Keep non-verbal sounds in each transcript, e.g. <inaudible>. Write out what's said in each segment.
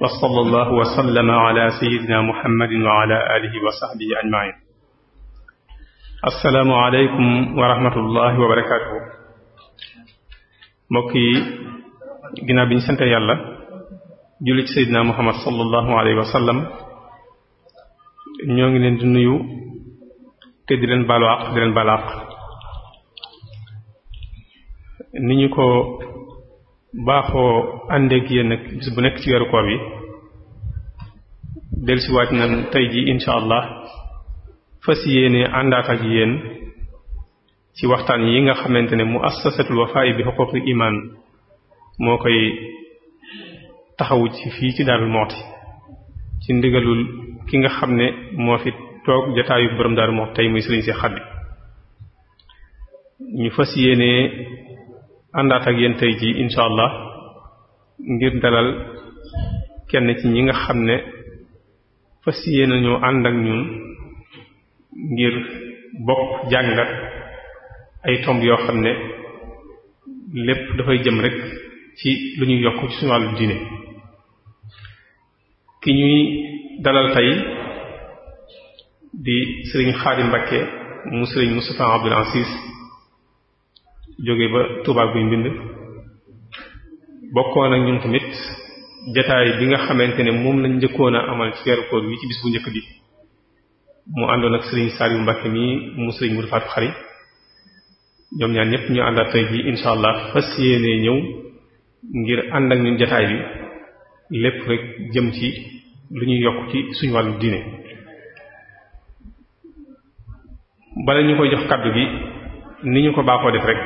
wa sallallahu wa sallama ala sayyidina muhammadin wa ala alihi wa sahbihi ajmain assalaamu aleykum wa rahmatullahi wa barakaatuhu mbokk yi ginnaaw bi ñu sant yàlla julli ci sayyidina muhammad sallallahu alayhi wa sallam ñoo ngi leen di nuyu te di leen baalu àq di leen baalu àq ni ñu ko baaxoo àndeek yéen bis bu nekk ci weeru koor bi dellusiwaat nañ tey ji incha allah fas yéene àndaat ak yéen ci waxtaan yi nga xamante ne mu assasatul wafa'i bi xuquqil iman moo koy taxawu ci fii ci Darou Moukhty ci ndigalul ki nga xam ne moo fi toog jataayu borom Darou Moukhty tey muy Serigne Cheikh Khady ñu fas yéene àndaat ak yenn tey jii incha allah ngir dalal kenn ci ñi nga xam ne fas yéene nañoo ànd ak ñun ngir bokk jàngat ay tomb yoo xam ne lépp dafay jëm rekk ci lu ñuy yokk ci suñu wàllu diine ki ñuy dalal tey di sëriñ Xaadim Mbakke mu sëriñ Moustapha Abdul Aziz jóge ba Touba guy mbind bokkoon ak ñun tamit jataay bi nga xamante ne moom lañ njëkkoon a amal ci weeru koor wi ci bis bu njëkk bi mu àndoon ak Serigne Saliou Mbacké mi mu Serigne Modou Fatou Khari ñoom ñaar ñëpp ñu àndaat tey jii incha allah ñëw ngir ànd ak ñun jataay bi lépp rek jëm ci lu ñuy yokk ci suñu wàllu diine. bala ñu koy jox kàddu gi ni ñu ko baaxoo def rek.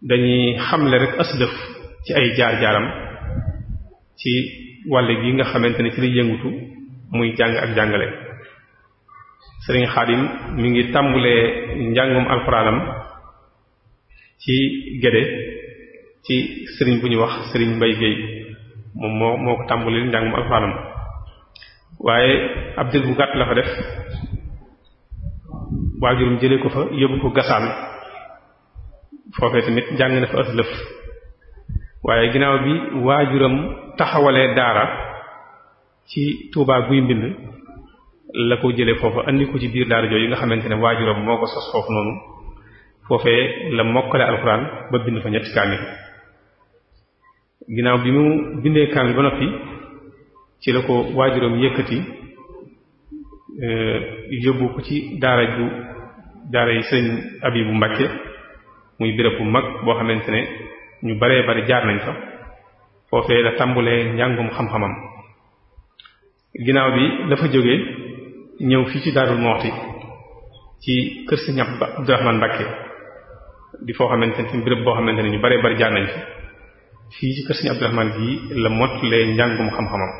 dañuy xamle rek aslëf ci ay jaar-jaaram ci wàll gi nga xamante ne ci li yëngutu muy jàng ak jàngale sëriñ Xaadim mi ngi tàmbulee njàngum alxuraanam ci géde ci sëriñ bu ñu wax sëriñ Mbay Géey moom moo moo ko tàmbalil njàngum alxuraanam waaye ab diir bu gàtt la fa def waajurum jële ko fa yóbbu ko gasaan foofee tamit jàng na fa aslëf waaye ginnaaw bi waajuram taxawalee daara ci Touba guy mbind la ko jëlee foofa andi ko ci biir daara jooju nga xamante ne waajuram moo ko sos foofu noonu foofee la mokkale alxuraan ba bind fa ñetti kaamil ginnaaw bi mu bindee kaamil ba noppi ci la ko waajuram yëkkati eh, yóbbu ko ci daara ju daara yi sëñ Abibu Mbàkke muy béréb bu mag boo xamante ne ñu baree bari jaar nañ fa foofee la tàmbulee njàngum xam-xamam ginnaaw bi dafa jógee ñëw fii ci Daarul Muxti ci kër Sëriñ Abdourahmane Mbacké di foo xamante ne béréb boo xamante ne ñu baree bari jaar nañ fa fii ci kër Sëriñ Abdourahmane gii la mottalee njàngum xam-xamam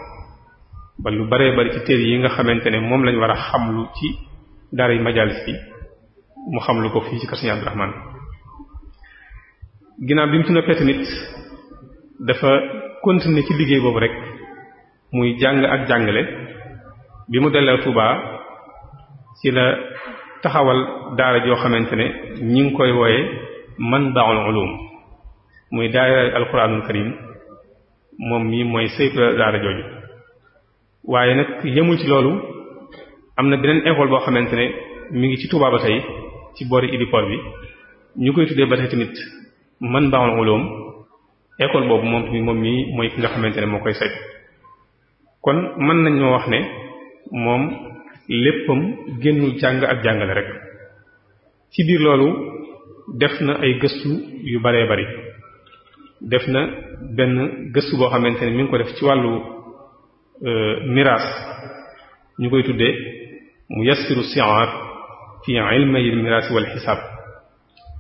ba lu baree bari ci téere yi nga xamante ne moom lañ war a xamlu ci daara yi majalis bi mu xamlu ko fii ci kër Sëriñ Abdourahmane ginaaw bi mu fi noppee tamit dafa continuer ci liggéey boobu rek muy jàng ak jàngale bi mu delloo Touba ci la taxawal daara joo xamante ne ñi ngi koy wooye Manbaul Ulum muy daara alquranul karim moom mi mooy saytu daara jooju waaye nag yemul ci loolu am na beneen école boo xamante ne mi ngi ci Touba ba tey ci boori idipol bi ñu koy tuddee ba tey tamit man baaxul ulum école boobu moom tamit moom mii mooy ki nga xamante ne moo koy saytu kon mën nañ ñoo wax ne moom léppam génnu jàng ak jàngale rek ci biir loolu def na ay gëstu yu baree bari def na benn gëstu boo xamante ne mi ngi ko def ci wàllu euh, miraas ñu koy tuddee mu yassiru si'ar fi ilmi al miraas wal xisaab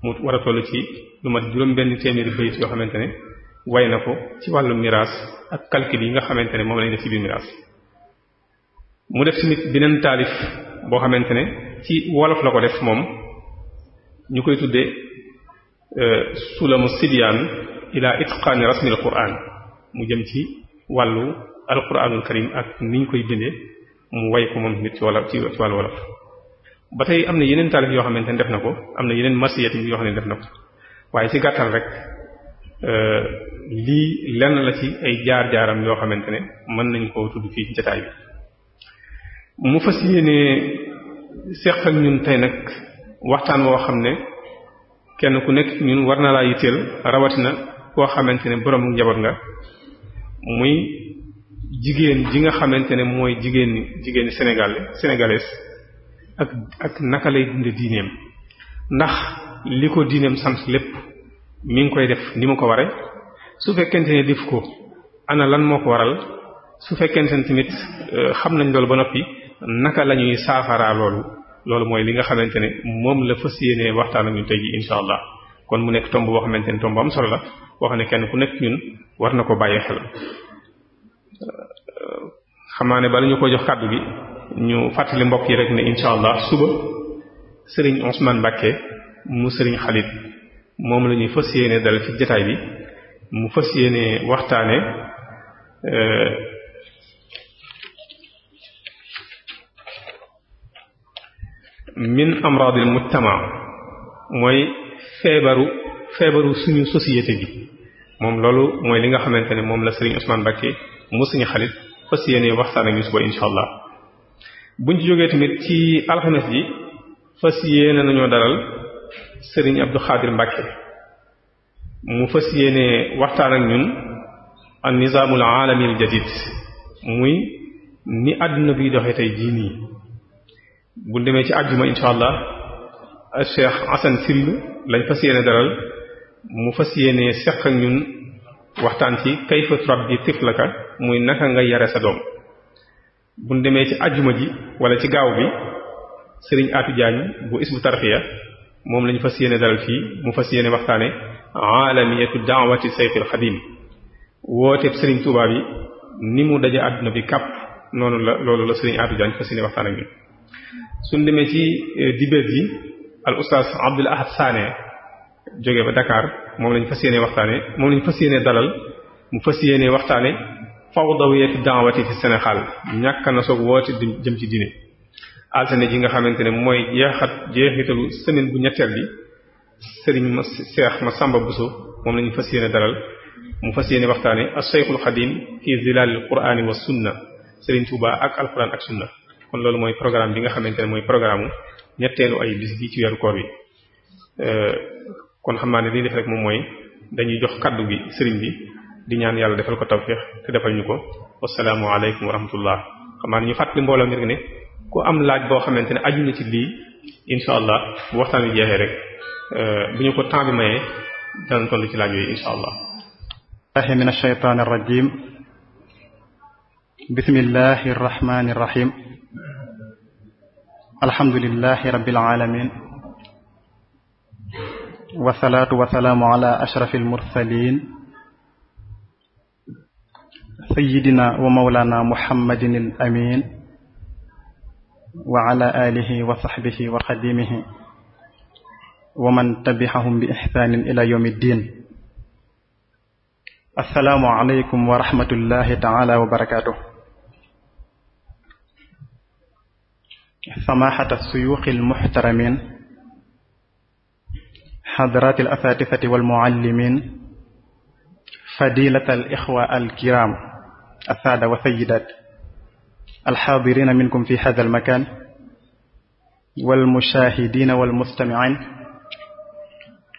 mu war a ci lu mat juróom-benn téeméeri bayit yoo xamante ne way na ko ci wàllu miraas ak calcul yi nga xamante ne moom lañu def ci biir miraas mu def tamit beneen taalif boo xamante ne ci wolof la ko def moom ñu koy tuddee euh, sulamu sibyaan ila itqaani rasmil quraan mu jëm ci wàllu alquraanul karim ak niñ koy bindee mu way ko moom nit ci wala ci wàllu wolof ba tey am na yeneen taalif yoo xamante ne def na ko am na yeneen masiyati yoo xam def na ko waaye ci gàttal rek euh, lii lenn la ci ay jaar-jaaram yoo xamante ne mën nañ koo tudd fii ci bi mu fas yéene seq ak ñun tey nag waxtaan woo xam ne kenn ku nekk ñun war na laa yitteel rawatina koo xamante ne borom njaboot nga muy jigéen ji nga xamante ne mooy jigéen jigéen sénégalais sénégalaise ak ak naka lay dunde diineem ndax li ko diineem sant lépp mi ngi koy def ni mu ko ware su fekkente ne def ko ana lan moo ko waral su fekkente ne tamit euh, xam nañ loolu ba noppi naka la ñuy saafaraa loolu loolu mooy li nga xamante ne moom la fas yéenee waxtaan ak ñun tey jii incha allah kon mu nekk tomb boo xamante ne tomb am solo la boo ne kenn ku nekk ñun war na ko bàyyi xel euh, xamaa ne bala ñu ko jox kàddu gi ñu fàttali mbokk yi rek ne incha allah suba Serigne Ousmane Mbacké mu sëriñ xalit moom la ñuy fas yéene dal ci jataay bi mu fas yéene waxtaane euh, min amradil mujtama mooy feebaru feebaru suñu société bi moom loolu mooy li nga xamante ne moom la sëriñ Ousmane Bakke mu sëriñ xalit fas yéene waxtaan ak ñu suba insha allah buñ ci jógee tamit ci alxames ji fas yéene nañoo dalal sëriñ Abdou Khadir Mbacke mu fas yéene waxtaan ak ñun an nizaamul aalami al jadid muy ni àdduna biy doxee tey jii nii bu demee ci àjjuma incha allah Cheikh Assane Syll lañ fas yéene daral mu fas yéene seq ak ñun waxtaan ci kayfa turabbi tiflaka muy naka nga yare sa doom bu demee ci àjjuma ji wala ci gaaw bi sëriñ Atou Diagne bu isbu tarxiya moom lañu fas yéene dalal fii mu fas yéene waxtaane aalamiyatu daawati sayxil xadim wooteeb sëriñ Tuubaa yi ni mu daje àdduna bi kàpp noonu la loolu la sëriñ Aatu Jaañ fas yéene waxtaan ak ñun ci eh, dibéer ji al ustaas Abdul Ahad Saane jóge ba dakaar moom lañu fas yéene waxtaane moom lañu fas yéene dalal mu fas yéene waxtaane fawdawiyatu daawati fi Sénégal ñàkk na soog woote jëm ci diine altine ji nga xamante ne mooy jeexat jeexitalu semaine bu ñetteel bi sëriñ ma seex ma sàmba buso moom lañu fas yéene dalal mu fas yéene waxtaane as-Shaykhul Xadim fi zilalil qur'ani wa sunna sëriñ Tuuba ak alquran ak sunna kon loolu mooy programme bi nga xamante ne mooy programme ñetteelu ay bis bi ci weeru koor bi euh, kon xam naa ne li def rek moom mooy dañuy jox kàddu gi sëriñ bi di ñaan yàlla defal ko tawfiix te defal ñu ko wasalaamu aleykum wa rahmatullah xam naa ne ñu fàttali mbooloo ngir ne ku am laaj boo xamante ne aju na ci lii incha allah bu waxtaan wi rek euh, bu ñu ko temps bi mayee danañ tontu ci laaj yooyu incha allah billahi min ashaytaan arrajim bismillahi arrahmani arrahim alhamdulillahi rabbil alamin wasalaatu wasalaamu ala ashrafil wa mawlana muhammadin al wa ala alihi wa sahbihi wa xadimihi wa man tabixahum bi ixsaanin ila yawmi ddin assalaamu aleykum wa rahmatullahi taala wa barakaatu samaxata suyuuxi almuxtaramin xadrat alasatifati walmuallimin fadilat alixwa alkiram assaada wa sayidaat alxaadirina minkum fi hada almakan walmushahidina walmustamiin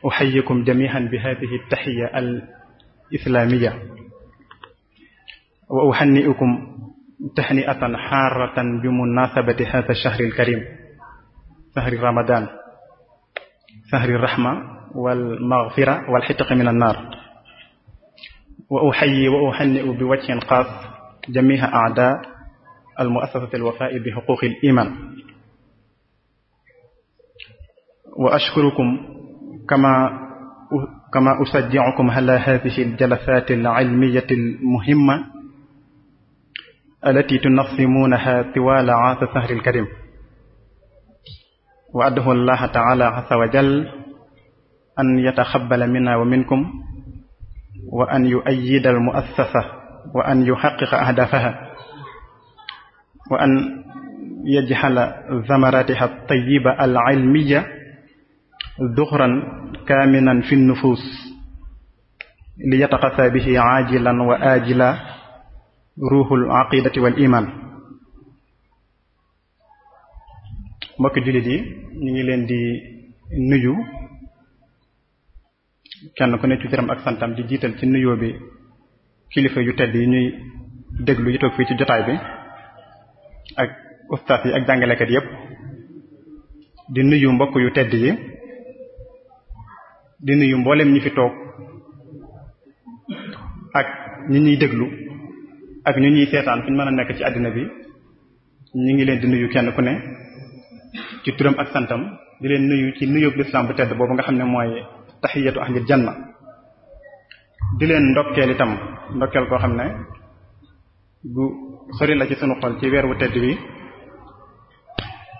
uxayikum jamihan bi hadihi taxiya al islaamiya wa uxanniukum taxniatan xaaratan bi munasabati hada shahri alkarim shahri ramadan shahri rahma wal magfira wal xitqi min annaar wa uxayi wa uxanniu bi wajhin xaas jamiha aadaa al muassasati al wafaa'i bi xuquuqi al iman wa ashkurukum kama kama usajji'ukum ala hadhihi al jalasaati al ilmiyati al muhimma allati tunaqsimunaha tiwala 'aasa shahri al karim wa ad'u allaha ta'ala 'azza wa jalla an yataxabbala minna wa minkum wa an yu'ayyida al muassasa wa an yuhaqqiqa ahdafaha wa an yajxala zamaratiha altayiba alilmiya duxran kaaminan fi nnufuus li yataqasa bihi aajilan wa aajila ruuxul aqidati wal iman mbokki jullit yi ñu ngi leen di nuyu kenn ku nekk ci jëram ak santam di jiital ci nuyoo bi kilifa yu tedd yi ñuy déglu yi toog fii ci jotaay bi ak ustaas yi ak jàngaleket yépp di nuyu mbokk yu tedd yi di nuyu mboolem ñi fi toog ak ñi ñuy déglu ak ñu ñuy seetaan fu mën a nekk ci àddina bi ñu ngi leen di nuyu kenn ku ne ci turam ak santam di leen nuyu ci nuyub lislaam bu tedd boobu nga xam ne mooy taxiyatu ahlil na di leen ndokkeel itam ndokkeel koo xam ne bu sori la ci sunu xol ci weer bu tedd bi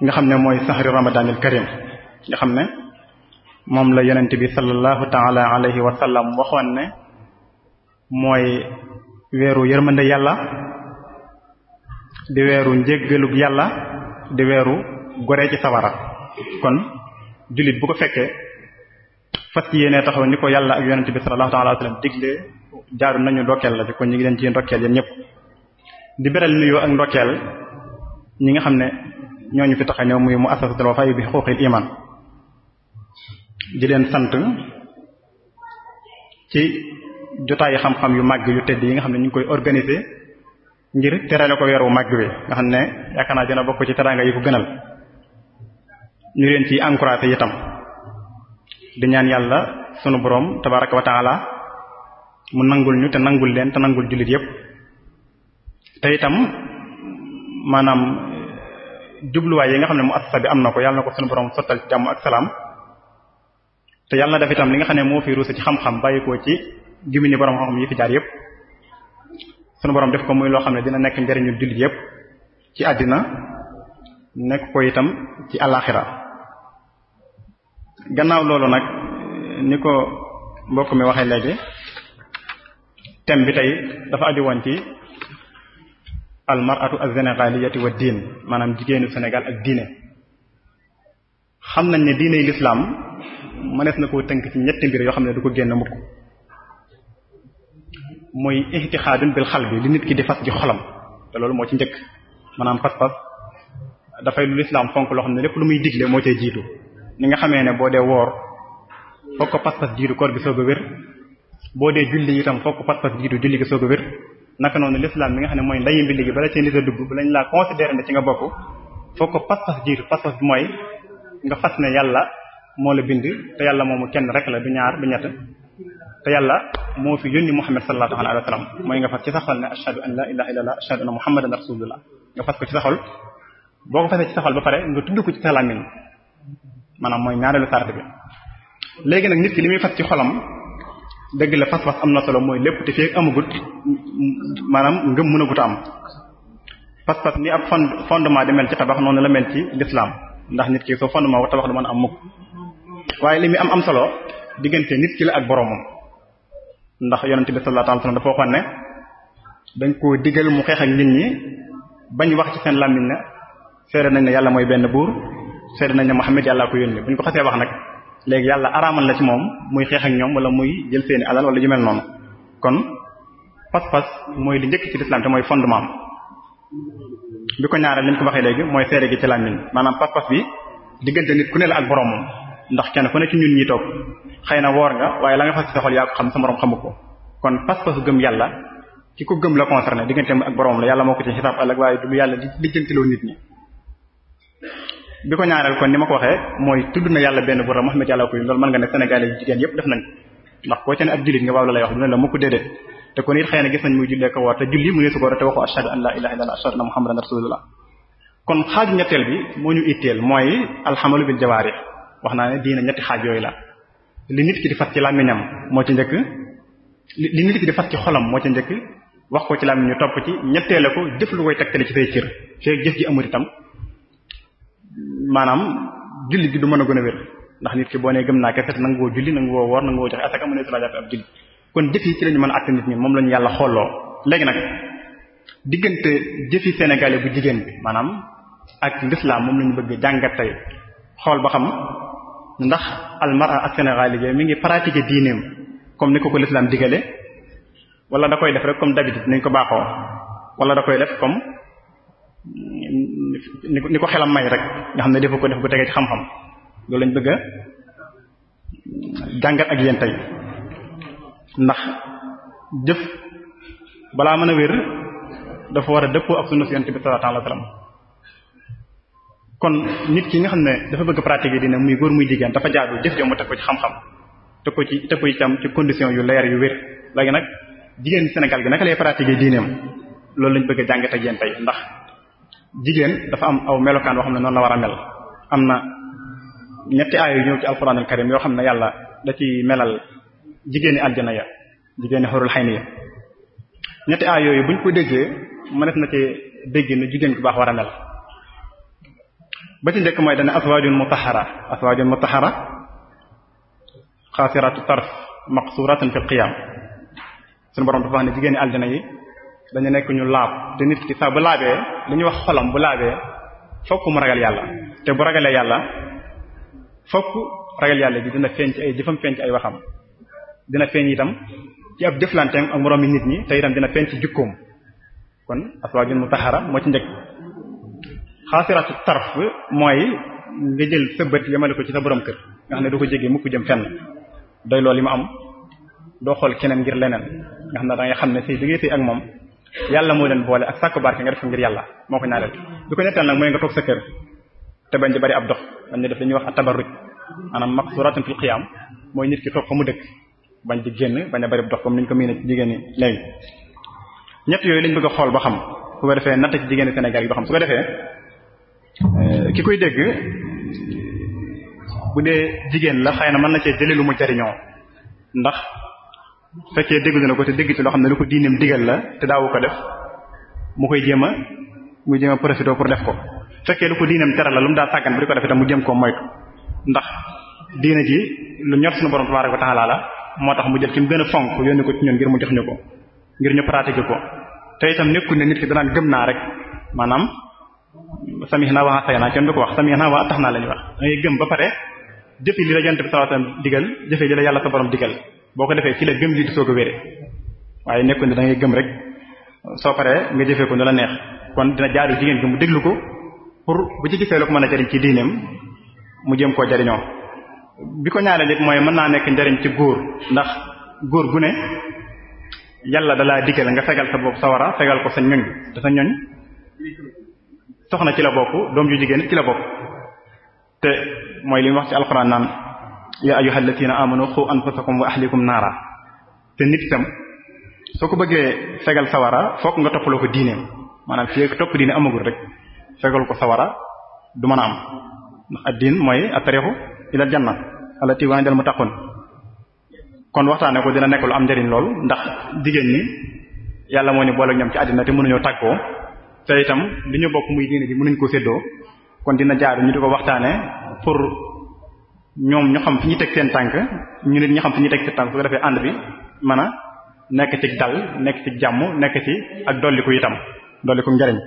nga xam ne mooy saxari ramadanil karim nga xam ne moom la yonent bi sallallahu taala alayhi wa sallam waxoon ne mooy weeru yërmande yàlla di weeru njéggalug yàlla di weeru gore ci sawara kon jullit bu ko fekkee fas yéenee taxaw ni ko yàlla ak yonent bi sallallahu taala alayhi wa sallam digle jaaru nañu ndokkeel la ci kon ñu ngi leen ci ndokkeel yéen ñëpp di beral nuyoo ak ndokkeel ñi nga xam ne ñooñu fi tax a ñëw muy mu assasatul ay bi xuquuqil iman di leen sant ci jotaayu xam-xam yu màgg yu tedd yi nga xam ne ñu ngi koy organiser ngir terale ko weer wu màgg bi nga xam ne yaakaar naa dina bokk ci teraanga yi ko gënal ñu leen ci encouragé itam di ñaan yàlla sunu borom tabaraka wa taala mu nangul ñu te nangul leen te nangul jullit yépp te itam maanaam jubluwaay yi nga xam ne mu assasa am na ko yàlla na ko sunu borom sottal ci jàmm ak salaam te yàlla na def itam li nga xam ne moo fi ruuse ci xam-xam bàyyi ci gimini borom xam-xam yi fi jaar yépp sunu borom def ko muy loo xam ne dina nekk njariñu jullit yépp ci àddina nekk ko itam ci alaxira gannaaw loolu nag ni ko mbokk mi waxee léegi thème bi tey dafa aju woon ci almaratu alsénégaliyati wa diin maanaam jigéenu Sénégal ak diine xam nañ ne diine lislaam mënees na koo tënk ci ñetti mbir yoo xam ne du ko génn mukk muy ixtixaadun bil xal bi li nit ki di fas ci xolam te loolu moo ci njëkk maanaam pas-pas dafay lu lislaam fonk loo xam ne lépp lu muy digle moo cay jiitu ni nga xamee ne boo dee woor fokk ko pas-pas jiitu koor gi soog a wér boo dee julli itam fokk ko pas-pas jiitu julli gi soog a wér naka noonu l'islam mi nga xam ne mooy ndayi mbi gi bala cee nit a dugg bala ñu laa considéré ci nga bokk foog ko pas-pas jiitu pas-pas bi mooy nga fas ne yàlla moo la bind te yàlla moomu kenn rek la du ñaar du ñett yàlla moo fi yónni Muhammad sallallahu alayhi wa sallam mooy nga fas ci sa xol ne ashhadu an la ilaha illallah ashhadu anna muhammadan rasulullah nga fas ko ci sa xol boo ko fasee ci sa xol ba pare nga tudd ko ci sa làmmiñ maanaam mooy ñaareelu sart bi léegi nag nit ki li muy fas ci xolam dëgg la pas am na solo mooy lépp te fii amagut maanaam ngëm mënagut a am pas-pas ni ab fond fondement di mel ci tabax noonu la mel ci l'islam ndax nit ki soo fondement ba tabax du mën a am mukk waaye li muy am am solo diggante nit ki la ak boroomam ndax yonente bi sallallahu alayhi wasallam dafa waxoon ne dañ koo digal mu xeex nit ñi bañ wax ci seen làmmiñ na nañ yàlla mooy benn buur seere nañ ne Muhammad yàllaa ko yónni buñ ko xasee wax nag léegi yàlla araamal na ci moom muy xeex ak ñoom wala muy jël seeni alal wala ju mel noonu kon pas-pas mooy li njëkk ci lislaam te mooy fondement bi ko ñaareel li mu ko waxee léegi mooy seere gi ci làmmiñ maanaam pas-pas bi diggante nit ku ne la ak boroomam ndax kenn ku ne ci ñun ñi toog xëy na woor nga waaye la nga fas ci sa xol yaa ko xam sa moroom xamu ko kon pas-pasu gëm yàlla ki ko gëm la concerné diggante mu ak boroomam la yàlla moo ko ci xisaab bi ko ñaareel kon ni ma ko waxee mooy tudd na yàlla benn bu a Muhammad yàlla ko yi loolu mën nga ne sénégalais yi jigéen yëpp def nañ ndax koo ci ne ab jullit nga waaw la lay wax du ne la mukk déedéet te kon it xëy na gis nañ muy jullee ko war te julli mu ne su ko te waxu ashhadu an la ilaha illallah ashhadu anna muhammadan rasulullah kon xaaj ñetteel bi moo ñu itteel mooy alxamalu bil jawaarih wax naa ne diina ñetti xaaj yooyu la li nit ki di fas ci làmmiñam moo ci njëkk li nit ki ci xolam moo ci njëkk wax ko ci làmmiñ ñu topp ci ñetteele ko jëf lu koy tegtale ci say cër fekk amul itam maanaam julli bi du mën a gën wér ndax nit ki boo nee gëm naa kese nangoo julli nangoo woor nangoo joxe asaka mu ne si laa jàppe ab julli kon jëf ci lañu mën a àtte nit ñi moom lañu yàlla xooloo léegi nag diggante jëfi sénégalais bu jigéen bi maanaam ak l'islam moom lañu bëgg jàngat tey xool ba xam ndax almara ak sénégalais mi ngi pratiquer diineem comme ni ko ko l'islam digale wala da koy def rek comme d'habitude nañ ko baaxoo wala da koy ni ko xelam may rek nga xam ne defu ko def ko tegee ci xam-xam loolu lañ bëgg a jàngat ak yéen tey ndax jëf balaa mën a wér dafa war a dëppoo ak sunna yonent bi sallallahu alayhi wasallam kon nit ki nga xam ne dafa bëgg pratiquer dina muy góor muy jigéen dafa jaadu jëf jom teg ko ci xam-xam teg ko ci teg ko itam ci condition yu leer yu wér léegi nag jigéen Sénégal gi naka lay pratiquer diineem loolu lañ bëgg jàngat ak yéen tey ndax jigéen dafa am aw melokaan boo xam ne noonu la war a mel am na ñetti aaya yu ñëw ci alquranul karim yoo xam ne yàlla da ci melal jigéeni aljana ya jigéeni xorul xayni ya ñetti aaya yooyu buñ ko déggee mënees na ci dégg ne jigéen bu baax war a mel ba ci njëkk mooy dana aswaajun mutahara aswaajun mutahara xaasiratu tarf maqsuratun fi qiyam suñu borom dafa aljana yi dañu nekk ñu laab te nit ki saa bu laabee li ñuy wax xolam bu laabee fokk mu ragal yàlla te bu ragalee yàlla fokk ragal yàlla bi dina feeñ ci ay jëfam feeñ ci ay waxam dina feeñ itam ci ab jëflanteem ak moroomi nit ñi te itam dina feeñ ci jukkoom kon aswaajul mutahara moo ci njëkk xaasiratu mooy nga jël sa bët yemale ko ci sa borom kër nga xam ne du ko jege mukk jëm fenn doy loolu yi mu am doo xool keneen ngir leneen nga xam ne da xam ne sëy bi ngay ak moom yàlla moo leen boole ak sàkku barke nga def ngir yàlla moo ko ñaareel bi ko ñetteel nag mooy nga toog sa kër te bañ di bari ab dox bañ ne def li ñuy wax a tabarruj maanaam maqsuratun fil qiyam mooy nit ki toog fa mu dëkk bañ di génn bañ a bari ab dox comme niñ ko miine ci jigéen léegi ñett yooyu lañ bëgg a xool ba xam su ko defee natt ci jigéen Sénégal yi ba xam su ko defee eh, ki koy dégg bu dee jigéen la xay na mën na cee jëlee lu mu jariñoo ndax su fekkee déglu na ko te dégg ci loo xam ne lu ko diineem digal la te daawu ko def mu koy jéem a mu jéem a pour def ko fekkee lu ko diineem teral la lu mu daa sàggan ba di ko def itam mu jéem koo moytu ndax diine ji lu ñor suñu borom tabaaraka wa ta'ala la moo tax mu jël ki mu gën a fonk yónni ko ci ñun ngir mu jox ñu ko ngir ñu pratiquer ko te itam nekkul ne nit ki danaan gëm naa rek maanaam samihna wa ata'na kenn du ko wax samihna wa ata'na la ñuy wax dangay gëm ba pare jëfe li la yonent bi sallallahu alayhi wasallam digal jëfe li la yàlla sa boo ko defee ci la gëm gi di soog a wére waaye nekkul ne da ngay gëm rek soo paree nga jëfee ko nu la neex kon dina jaadu jigéen gi mu déglu ko pour bu ci gisee lu ko mën a jariñ ci diineem mu jëm koo jariñoo bi ko ñaareel it mooy mën naa nekk njariñ ci góor ndax góor gu ne yàlla dalaa digal nga fegal sa bopp sa wara fegal ko sa ñoñ dasa sa ñoñ soxna ci la bokk doom ju jigéen ci la bokk te mooy li wax ci alxuraan naan yaa ayyuhal latiina amanu qu anfusakum wa ahlikum naara te nit itam soo ko bëggee fegal sawara fokk nga toppaloo ko diineem maanaam fii topp diine amagul rek fegal ko sawara du a am ndax ad-diin mooy at-tariiqu ilal janna allatii wa'ida al-muttaqun kon waxtaane ko dina nekk lu am njariñ lool ndax jigéen ñi yàlla moo ñu boole ak ñoom ci àddina te mënuñoo tàggoo te itam di ñu bokk muy diine bi mënuñ koo séddoo kon dina jaar ñu di ko waxtaane pour ñoom ñu xam fi ñu teg seen tànk ñu nit ñu xam fi ñu teg seen tànk su ko defee ànd bi mën a nekk ci dal nekk ci jàmm nekk ci ak dolliku itam dolliku njariñ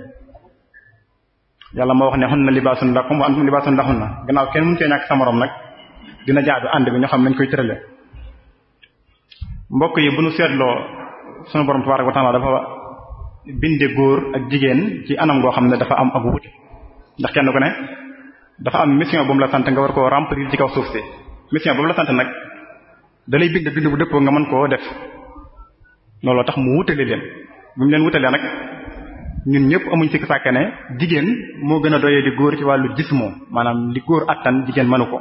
yàlla moo wax ne hunna libaasun lakum wa antum libaasun lahunna gannaaw kenn mënu cee ñàkk sa moroom nag dina ànd bi ñu xam nañ koy tërale mbokk yi bu ñu seetloo sunu borom tabarak wa taala dafa binde góor ak jigéen ci anam goo xam ne dafa am ak wute ndax kenn ku ne dafa am mission bu mu la sant nga war ko remplir ci kaw suuf si mission bu mu la sant nag dalay bind bind bu dëppoo nga mën koo def looloo tax mu wutale leen bu mu leen wutalee nag ñun ñëpp amuñ sikk sàkk ne jigéen moo gën a doyee di góor ci wàllu jismoo maanaam li góor attan jigéen mënu ko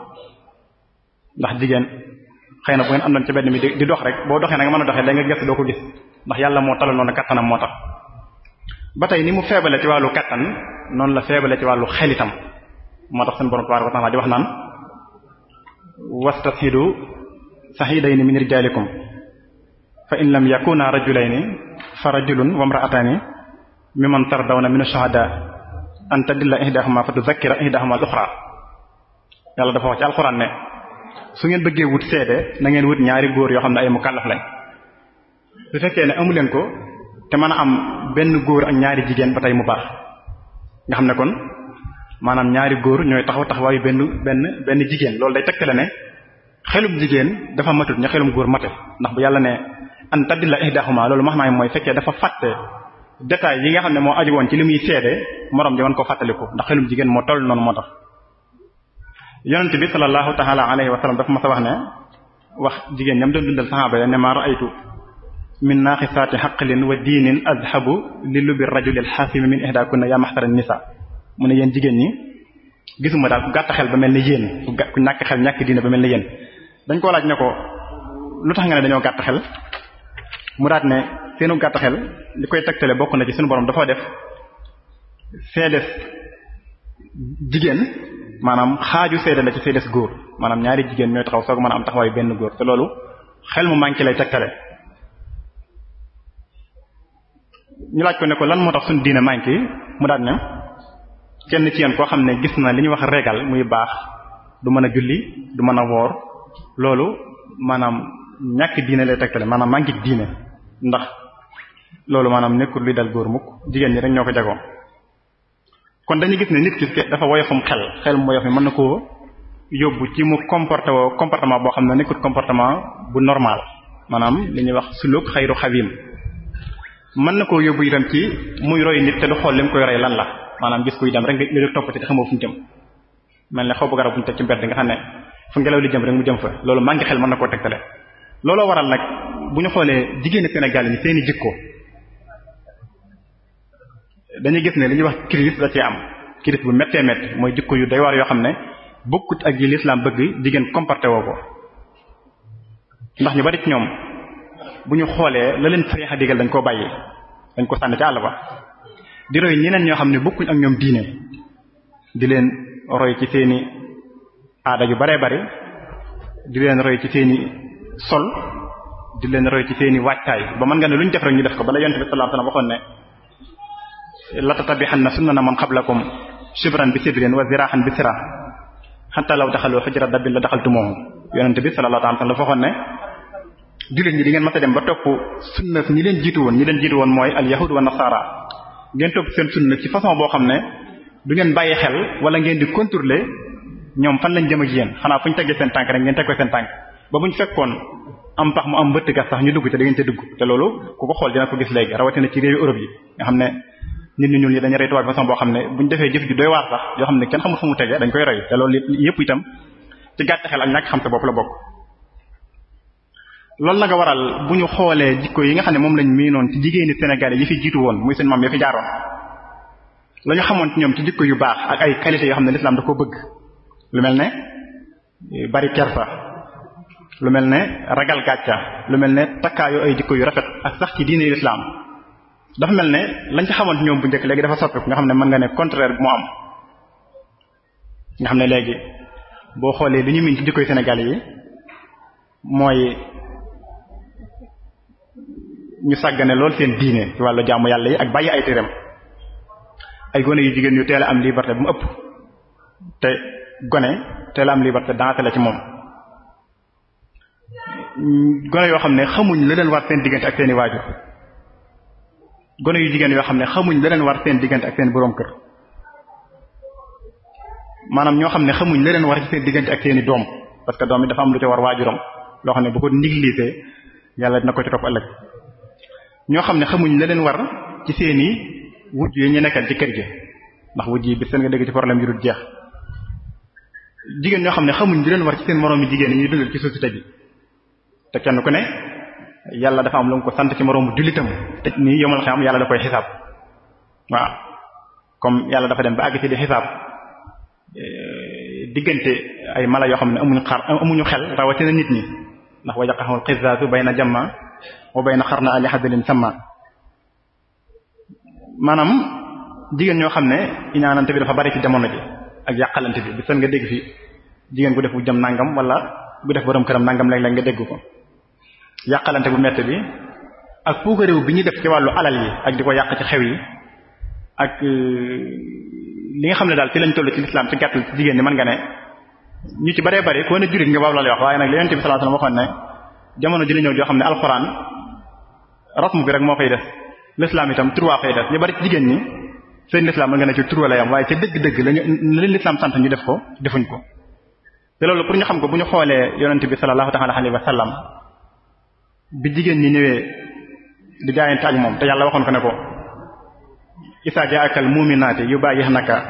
ndax jigéen xay na bu ngeen àndoon ci benn mi di dox rek boo doxee na nga mën a doxee léegi nga gëstu doo ko gis ndax yàlla moo talu noonu kattanam moo tax ba tey ni mu feebale ci wàllu kattan noonu la feebale ci wàllu xel moo tax seen borom tabaaraka wa taala di wax naan wastashhidu shahidayni min rijalikum fa in lam yakuna rajulayni fa rajulun wa imra'atani mimman tardawna min ash-shuhada an tadilla ihdahuma fa tuzakkira ihdahuma al-ukhra yàlla dafa wax ci alxuraan ne su ngeen bëggee wut seede na ngeen wut ñaari góor yoo xam ne ay mu mukallaf lañ su fekkee ne amuleen ko te mën a am benn góor ak ñaari jigéen ba tey mu baax nga xam ne kon maanaam ñaari góor ñooy taxaw taxawaayu benn benn benn jigéen loolu day tegtale ne xelum jigéen dafa matut ña xelum góor mate ndax bu yàlla ne an tadilla ihdahuma loolu max naa mooy fekkee dafa fàtte détail yi nga xam ne moo aju woon ci li muy seede morom di mën ko fàttaliku ndax xelum jigéen moo toll noonu moo tax yonent bi sallallahu taala alayhi wa sallam dafa ma sa wax ne wax jigéen ñam doon dundal saxaaba ya ne ma ra'aytu min naaqisaati xaqlin wa diinin azhabu li lubi rajulil xaasimi min ihdakunna yaa maxtara nisa mu ne yéen jigéen ñi gisuma daal ku gàtt xel ba mel ni yéen ku ku ñàkk xel ñàkk diina ba mel ni yéen dañ koo laaj ne ko lu tax nga ne dañoo gàtt xel mu daat ne seenu gàtt xel li koy tegtale bokk na ci suñu borom dafa def fee des jigéen maanaam xaaju seede la ci fee des góor maanaam ñaari jigéen ñooy taxaw soog man a am taxawaayu benn góor te loolu xel mu manqué lay tegtale ñu laaj ko ne ko lan moo tax suñu diina manqué mu daat ne kenn ci yéen koo xam ne gis na li ñuy wax régal muy baax du mën a julli du mën a woor loolu maanaam ñàkk diine lay tegtale maanaam mangi diine ndax loolu maanaam nekkul luy dal góor mukk jigéen ñi rek ñoo ko jagoo kon dañu gis ne nit ki dafa woyofum xel xel mu woyof mi mën na koo yóbbu ci mu comporté woo comportement boo xam ne nekkul comportement bu normal maanaam li ñuy wax suluk xayru xawim mën na koo yóbbu itam ci muy roy nit te du xool li mu koy roy lan la maanaam gis kuy dem rek nga jóg toppati te xamoo fu mu jëm mel ne xaw bu garab bu ñu ci mbedd nga xam ne fu ngelaw li jëm rek mu jëm fa loolu maa ngi xel mën na koo tegtale looloo waral nag bu ñu xoolee jigéen Sénégal yi seeni jikko dañuy gis ne li ñuy wax crise la ci am crise bu méttee métti mooy jikko yu day war yoo xam ne bokkut ak yi lislaam bëgg jigéen comporté woo ko ndax ñu bari ci ñoom bu ñu xoolee la leen sariya digal dañ koo bàyyi dañ ko sànni ci ba di roy ñeneen ñoo xam ne bokkuñ ak ñoom diine di leen roy ci seeni aada yu bare bare di leen roy ci seeni sol di leen roy ci seeni wàccaay ba mën nga ne lu ñu def rek ñu def ko bala yonte bi sallallahu alayhi wasallam waxoon ne la tatabihanna sunnana man qablakum shibran bi shibrin wa zirahan bi sira hatta law daxalu hujra dabbin la daxaltumuhu yonente bi sallallahu alayhi wasallam dafa waxoon ne jullit ñi di ngeen masa dem ba topp sunna ñi leen jiitu woon ñi leen jiitu woon mooy al yahud wa nasara ngeen topp seen sunna ci façon boo xam ne du ngeen bàyyi xel wala ngeen di contrôler ñoom fan lañ jëm ak yéen xanaa fu ñu tegee seen tànk rek ngeen teg seen tànk ba bu ñu fekkoon am pax mu am mbëtt gas sax ñu dugg te da ngeen ca dugg te loolu ku ko xool dina ko gis léegi rawatina ci réewi Europe yi nga xam ne nit ñu ñuul ñi dañu rey tubaab façon boo xam ne bu ñu defee jëf ju doy waar sax yoo xam ne kenn xamul fu mu tege dañ koy rey te loolu yëpp itam ci gàtt xel ak ñàkk xam la bokk loolu la nga waral bu ñu xoolee jikko yi nga xam ne moom lañ miinoon ci jigéeni Sénégal yi fi jiitu woon muy seen maam ya fi xamoon ñoom ci jikko yu baax ak ay qualités yoo xam ne l'islam da ko bëgg mel ne bari kersa lu mel ne ragal gàcca lu mel ne takkaayo ay jikko yu rafet ak sax ci diine l'islam dafa mel ne lañ ci xamoon ci ñoom bu njëkk léegi dafa soppiku nga xam ne mën nga ne contraire bi mu am nga xam ne léegi boo xoolee li ñu miin ci jikkoy Sénégal yi mooy ñu sàggane loolu seen diine ci wàllu jàmm yàlla yi ak bàyyi ay téram ay gone yu jigéen ñu teel a am liberté bu mu ëpp te gone teel a am liberté daante la ci moom gone yoo xam ne xamuñ la leen war seen diggante ak seeni waajur gone yu jigéen yoo xam ne xamuñ la leen war seen ak seen boroom kër maanaam ñoo xam ne xamuñ la leen war ci seen diggante ak seeni doom parce que doom yi dafa am lu ci war waajuram loo xam ne bu ko négligé yàlla dina ko ci topp ëllëg ñoo xam ne xamuñ la leen war ci seeni wujj yi ñu nekkal ci kër gi ndax wut yi bi seen nga dégg ci problème yu dul jeex jigéen ñoo xam ne xamuñ di leen war ci moroom moroomi jigéen yi ñuy dundal ci société bi te kenn ku ne yàlla dafa am lu mu ko sant ci moroomu jullitam te nii yomal xam yàlla da koy xisaab waaw comme yàlla dafa dem ba àgg ci di xisaab eh, diggante ay mala yoo xam ne amuñu xar amuñu xel rawatina nit ñi ndax wajaqa xamul xisaatu bay na jamma wa bayna xarna ali hadalin sama maanaam jigéen ñoo xam ne iñaanante bi dafa bari ci jamono ji ak yàqalante bi bi seen nga dégg fi jigéen bu def bu jëm nangam wala bu def borom këram nangam léeg-léeg nga dégg ko yàqalante bu métti bi ak puukaréew bi ñuy def ci wàllu alal yi ak di ko yàq ci xew yi ak euh, li nga xam ne daal fi lañ toll ci lislaam ci gàttal ci jigéen ñi mën nga ne ñu ci baree bari ko ne jurit nga boobu la lay wax waaye nag li yonent bi sallallahu alayhi wasallam waxoon ne jamono ji la ñëw joo xam ne alxuraan rasmu bi rek moo koy def l'islam itam turwaa koy def ñu bari ci jigéen ñi seen l'islam mën nga ne ci turwa la yam waaye ca dëgg-dëgg lañu leen ñu def ko defuñ ko te loolu pour ñu xam ko bu ñu xoolee yonent bi sallallahu ta'ala alayhi wa sallam bi jigéen ñi ñëwee di jaayante ak moom te yàlla waxoon ko ne ko isa jaaka al mu'minaati yubayihnaka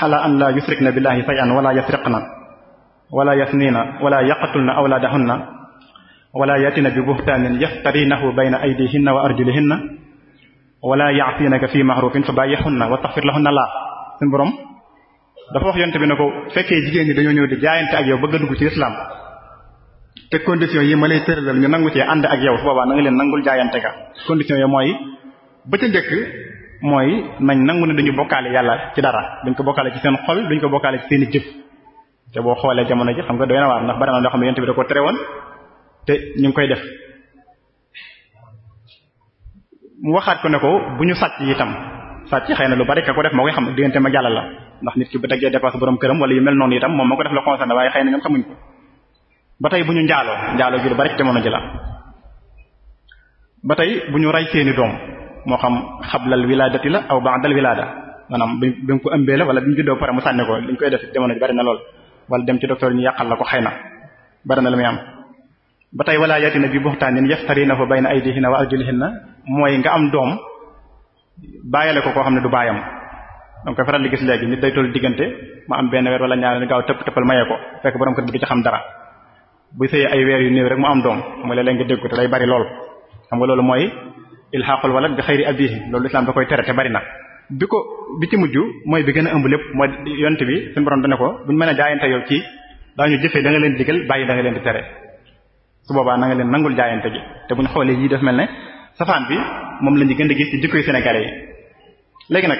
ala an la yusrikna billahi shay'an wala yasriqna wala yasnina wala yaqtulna awlaadahunna wala yatina bi buhtaanin yaftarinahu bayna aydihinna wa arjulihinna wala yaatinaka fi mahrufin fa bàyyixunna wa taxfir lahunna laa suñu borom dafa wax yonte bi na ko fekkee jigéen ñi dañoo ñëw di jaayante ak yow bëgg a dugg ci islam te condition yi ma lay tëralal ñu nangu ci ànd ak yow su boobaa na leen nangul jaayante ka condition yi mooy ba ca njëkk mooy nañ nangu ne duñu bokkaale yàlla ci dara dañ ko bokkaale ci seen ko bokkaale ci seen i jëf te boo xoolee jamono ji xam nga doy na waar ndax bari te ñu ngi koy def mu waxaat ko ne ko bu ñu sàcc itam sàcc xëy na lu bare ka ko def moo koy xam diggante ma jàll la ndax nit ki bu teggee dépasse borom këram wala yu mel noonu itam moom moo ko def la concerné waaye xëy na ñoom xamuñ ko ba tey bu ñu njaaloo njaaloo gi lu bari ci jamono ji la ba tey bu ñu rey seeni doom moo xam xablal wilaadati la aw ba'dal wilaada maanaam bi bi mu ko ëmbee la wala bi mu juddoo pare mu sànni ko li ñu koy def jamono bari na lool wala dem ci docteur ñu yàqal la ko xëy na bari na lu muy am ba tey walaa yatina bi buxtaanin yaftarinahu bayna aydihinna wa arjulihinna mooy nga am doom bàyyale ko koo xam ne du baayam donc feral di gis léegi nit day tollu diggante ma am benn weer wala ñaar ne gaaw tëpp tëppal mayee ko fekk borom kër gi ci xam dara bu sëyee ay weer yu néew rek mu am doom xam nga léeg-léeg nga dégg ko te day bari lool xam nga loolu mooy ilhaqul walad bi xayri abihi loolu islam da koy tere te bari na bi ko bi ci mujj mooy bi gën a ëmb lépp mooy yont bi suñu borom dane ko buñu mën a jaayante yow ci daañu jëfee da nga leen digal bàyyi da leen di tere su boobaa nanga leen nangul jaayante gi te bu ñu xoolee yii daf mel ne safaan bi moom la ñu gën a gis ci jikkoy Sénégalais yi léegi nag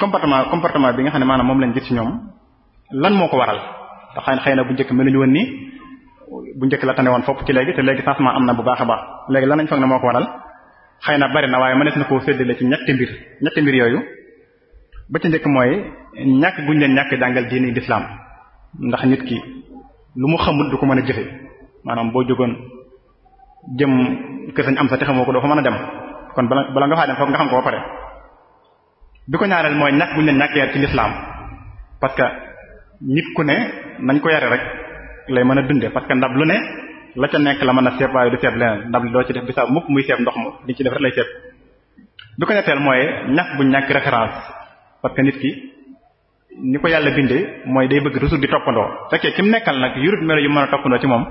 comportement comportement bi nga xam ne maanaam moom lañ gis ci ñoom lan moo ko waral te xëy xëy na bu njëkk meluñu woon nii bu njëkk la tane woon fopp ci léegi te léegi changement am na bu baax a baax léegi lan lañ foog ne moo ko waral xay na bari na waaye mënees na koo séddale ci ñetti mbir ñetti mbir yooyu ba ci njëkk mooy ñàkk guñ leen ñàkk jàngal diini lislaam ndax nit ki lu mu xamul du ko mën a jëfe maanaam boo jógoon jëm kër sañ am sa texe xamoo ko doo fa mën a dem kon bala bala nga faa dem foog nga xam ko ba pare bi ko ñaareel mooy ñàkk bu ñu leen ñàkk yar lislaam parce que nit ku ne nañ ko yare rek lay mën a dunde parce que ndab lu ne la ca la mën a seeb waaye du seeb leneen ndab li ci def bisaab mukk muy seeb ndox mu li ci def rek lay ko ñetteel mooy ñàkk bu ñàkk référence parce que nit ki ni ko yàlla bindee mooy day bëgg toujours di toppandoo fekkee ki mu nekkal nag yurut melo yu mën a toppandoo ci moom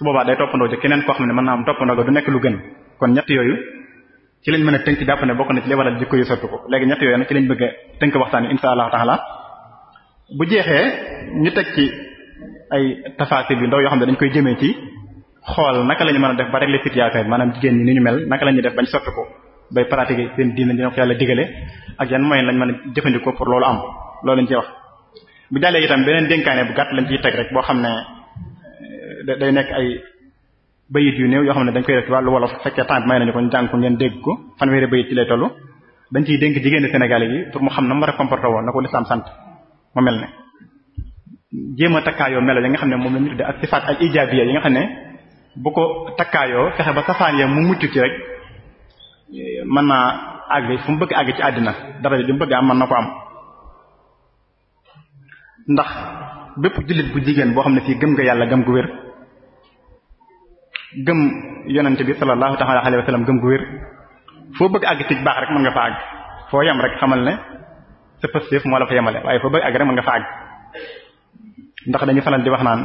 su boobaa day toppandoo ci keneen koo xam ne mën naa am toppandoo ga du nekk lu gën kon ñett yooyu ci lañ mën a tënk jàpp ne bokk na ci li ñett yooyu ci lañ bëgg a tënk waxtaan yi insha allah taala bu jeexee ñu teg ci ay tafaasir yu ndaw yoo xam ne dañ koy jëmee ci xool naka la ñu mën a def ba régler situation bi a jigéen ñi ni ñu mel naka la ñuy def bañ sottu ko bay pratiquer seen diine dina ko yàlla digale ak yan moyen lañ mën a day nekk ay bayit yu new yoo xam ne dañ koy def ci wàllu wolof fekkee temps bi may nañu ko ñu ko ngeen dégg ko fanweeri bayit ci lay tollu dañ ciy dénk jigéen Sénégal yi pour mu xam na mu war a comporté woo na ko lislaam sant mu mel ne jéem a takkaayoo melo yi nga xam ne moom la ñu tudde ak sifaat ak ijaabiya nga xam ne bu ko takkaayoo fexe ba safaan mu mujj ci rek mën naa àgg fu mu bëgg àgg ci àddina dara bi mu bëgg am mën na ko am ndax bépp jullit bu jigéen boo xam ne fii gëm nga yàlla gëm gu wér gëm yonente bi sallallahu ta'ala alayhi wa gëm gu wér foo bëgg àgg ci baax rek mën nga fa àgg foo yam rek xamal ne sa pëstéef moo la fa yemale waaye foo bëgg àgg rek mën nga fa àgg ndax dañu faral di wax naan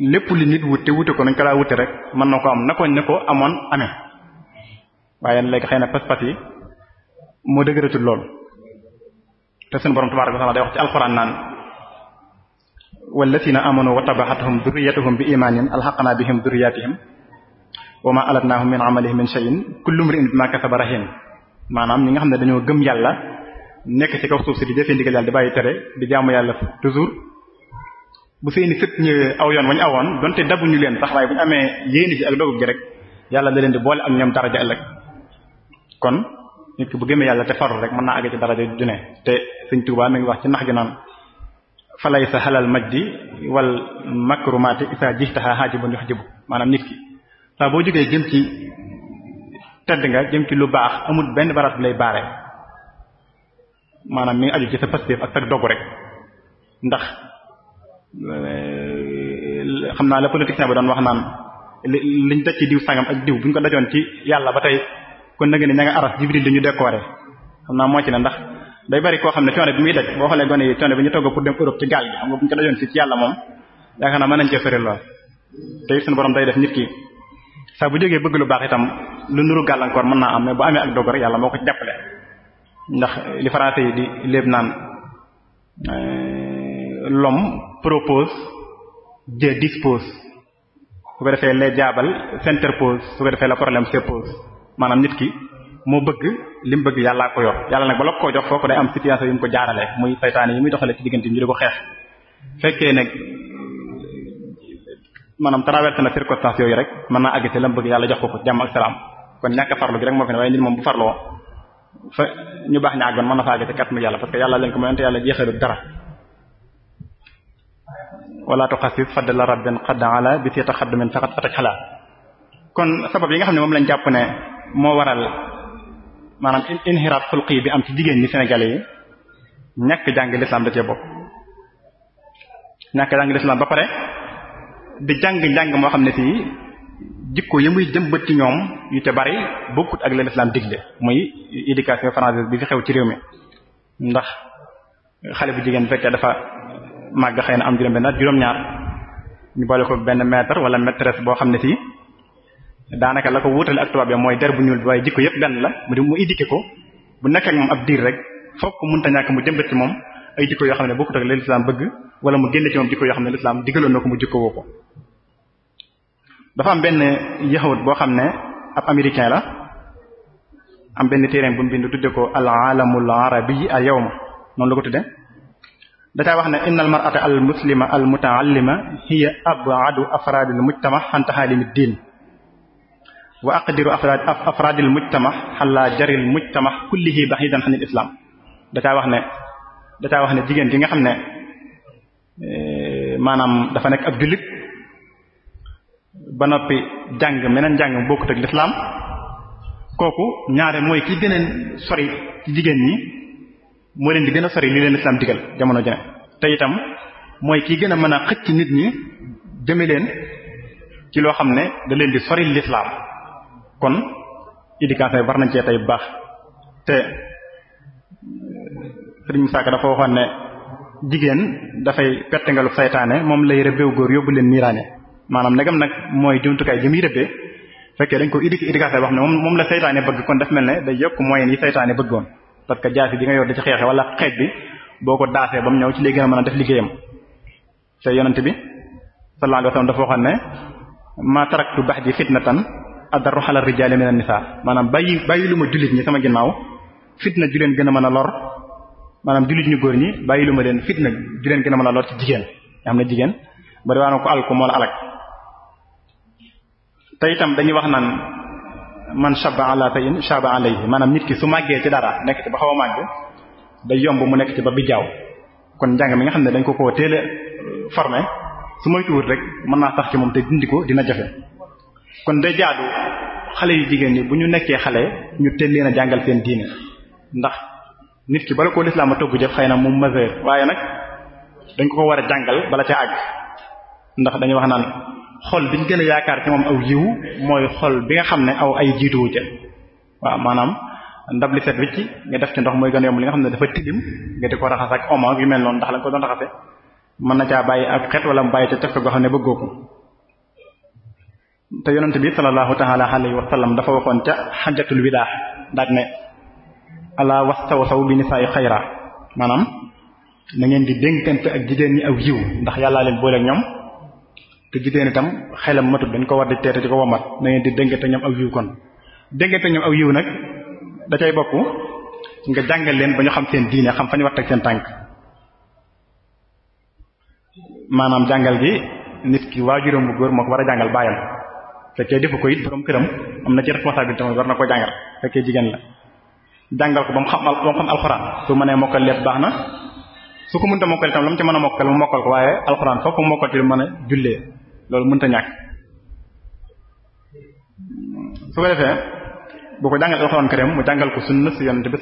lépp li nit wute wute ko nañ ko daa wute rek mën na ko am na ko amoon amee waaye léegi xay na pas-pas yi moo dëgëratul lool te sunu borom tabaaraka wa ta'ala day wax ci alxuraan naan wallazina amanu wa tabaxatuhum duriyatuhum bi imaanin alxaqnaa bihim duriyatihim wa ma alatnaahum min amalihi min shay'in kullu mri'in bima kasaba rahin maanaam ñi nga xam ne dañoo gëm yàlla nekk ci kaw suuf si di jëfee ndigal yàlla di bàyyi tere di jaamu yàlla toujours bu seeni sët ñëwee aw yoon wañu awoon donte ñu leen sax waaye bu ñu amee yéene ji ak dogu gi rek yàlla da leen di boole ak ñoom daraja ëllëg kon nit ki bu gëmee yàlla te farul rek mën naa àgg ci daraja ju ne te Sëriñ Tuubaa mi ngi wax ci nax gi naan falay sa xalal majdi wal makrumati isa jixtaha haajibun yuhjibu maanaam nit ki ndax boo jógee jëm ci tedd nga jëm ci lu baax amul benn barab bi lay baare maanaam mi ngi aju ci sa pasteef ak sa dogg rek ndax eh, xam naa la politicien bi doon wax naan liñ daj ci diw sangam ak diw buñ ko dajoon ci yàlla ba tey kon nag ne ña nga aras jibril dañu décorer xam naa moo ci ne ndax day bari koo xam ne coono bi muy daj boo xoolee gone yi coono bi ñu togg pour dem Europe ci gaal gi xam nga buñ ko dajoon ci ci yàlla moom yaakaar naa mën nañ cee sori lool borom day def saa bu jógee bëgg lu baax itam lu nuru gàllankoor mën naa am mais bu amee ak dogal rek yàlla moo ko jàppale ndax li français yi di léeb naan euh, l'homme propose Dieu dispose su ko defee les jaabal s'interpose su ko defee la problème se pose maanaam nit ki moo bëgg li mu bëgg yàllaa ko yor yàlla nag bala koo jox foofu day am situation yu mu ko jaarale muy saytaane yi muy doxalee ci diggante ñu di ko xeex fekkee nag maanaam traversé na circonstance yooyu rek mën naa àgg ci lam bëgg yàlla jox ko ko jàmm ak salaam kon ñàkk farlu gi rek moo fi ne waaye nit moom bu farloo fa ñu baax ña àggoon mën na fa àgg ci kàttanu yàlla parce que yàlla leen ko moyante yàlla jeexalut dara wala xadd ala bi si taxaddumin kon yi nga xam ne moom lañ jàpp ne moo waral maanaam inhiraat bi am ci jigéen ñi Sénégalais yi ñàkk jàng lislaam da cee bokk ñàkk jàng lislaam ba pare di jàng njàng moo xam ne si jikko yi muy jëmbat ci ñoom yu te bari bokkut ak la lislaam digle muy éducation française bi fi xew ci réew mi ndax xale bu jigéen bu fekkee dafa màgg xëy na am juróom benn at juróom-ñaar ñu boole ko benn maître wala maîtresse boo xam ne si daanaka la ko wutale ak tubaab ya mooy der bu ñuul waaye jikko yëpp benn la mu di mu éduqué ko bu nekk ak moom ab diir rek fokk mënta ñàkk mu jëmbat ci moom ay jikko yoo xam ne bokkut ak la lislaam bëgg wala mu génne ci moom xam ne lislaam digaloon na ko mu jikko dafa am benn yahud boo xam ne ab américain la am benn téereem bu mu bind tudde ko al alamul arabi al yawma noonu la ko wax ne inna al mar'ata al muslima al mutaallima hiya ab'adu afraadi al mujtama an tahaalimi diin wa aqdiru afraad afraadi al mujtama xalaa jari al mujtama kullihi ba'idan an al islam dacaa wax ne dacaa wax ne jigéen gi nga xam ne eh, maanaam dafa nekk ab jullit ba noppi jàng meneen njàng mu bokkut ak lislaam kooku ñaare mooy ki gën a sori ci jigéen ñi moo leen di gën a sori li leen lislaam digal jamono jane tey itam mooy ki gën a mën a xëcc nit ñi jëme leen ci loo xam ne da leen di sori lislaam kon éducation war nañ cee tey bu baax te eh, Sëriñ Musaa dafa waxoon ne jigéen dafay pettangalu saytaane moom lay rëbbeew góor yóbbu leen niiraane maanaam ndegam nag mooy jumtukaay jëm yi rëbbee fekkee dañ ko indi ci wax ne moom moom la saytaane bëgg kon daf mel ne day yokk moyens yi saytaane bëggoon parce que yor di ci xeexe wala xeej boo ko daasee ba mu ñëw ci lay gën a mën a def liggéeyam te yonent bi sallallahu alayhi wasallam dafa waxoon ne ma taraktu ba'di fitnatan adarru ala rijali min an-nisa maanaam bàyyi bàyyi lu ma jullit ñi sama ginnaaw fitna ju leen gën a mën a lor maanaam jullit ñu góor ñi bàyyi lu ma leen fitna ju leen gën mën a lor ci jigéen nga xam jigéen bari waa na ko alku moo la alak te itam dañuy wax naan man shaba ala tayin shaba alayhi maanaam nit ki su màggee ci dara nekk ci ba xaw a màgg day yomb mu nekk ci ba bijaaw kon njàng mi nga xam ne dañ ko ko teel a formé su may tuur rek mën naa tax ci moom te dindi ko dina jafe kon day jaadu xale yu jigéen ñi bu ñu nekkee xale ñu teel leen a jàngal seen diine ndax nit ki bala koo ma togg jëf xëy na moom majeur waaye nag dañ ko ko war a jàngal bala ca àgg ndax dañuy wax naan xol bi ñu gën yaakaar ci moom aw yiwu mooy xol bi nga xam ne aw ay jiituwu ja waaw maanaam ndab li set wicc nga def ci ndox mooy gën a yomb li nga xam ne dafa tilim nga di ko raxas ak omo ak yu mel noonu ndax lañ ko doon raxase mën na caa bàyyi ak xet wala mu bàyyi ca cafka goo xam ne bëggoo ko te yonent bi sallallahu taala alayhi wa sallam dafa waxoon ca xajatul widaa daaj ne ala wastaw saw bi nisaay xayra maanaam na ngeen di dénkante ak jigéen ñi aw yiw ndax yàllaa leen boole ak ñoom te jigéen itam xelam matut dañ ko war di teete di ko womat na ngeen di déngante ñoom aw yiw kon déngante ñoom aw yiw nag da cay bokk nga jàngal leen ba ñu xam seen diine xam fa ñu war teg seen tànk maanaam jàngal gi nit ki waa juróom góor moo ko war a jàngal baayam fekkee defu ko it borom këram am na ci responsabilité war na ko jàngal fekkee jigéen la jàngal ko ba mu xam ba mu xam alxuraan su mënee mokkal lépp baax na su ko mënta mokkal mën a mokkal mu mokkal waaye alxuraan foofu mu mën a jullee loolu mënta ñàkk su ko defee bu ko jàngal alxuraan karim mu jàngal ko sunna si yonent bi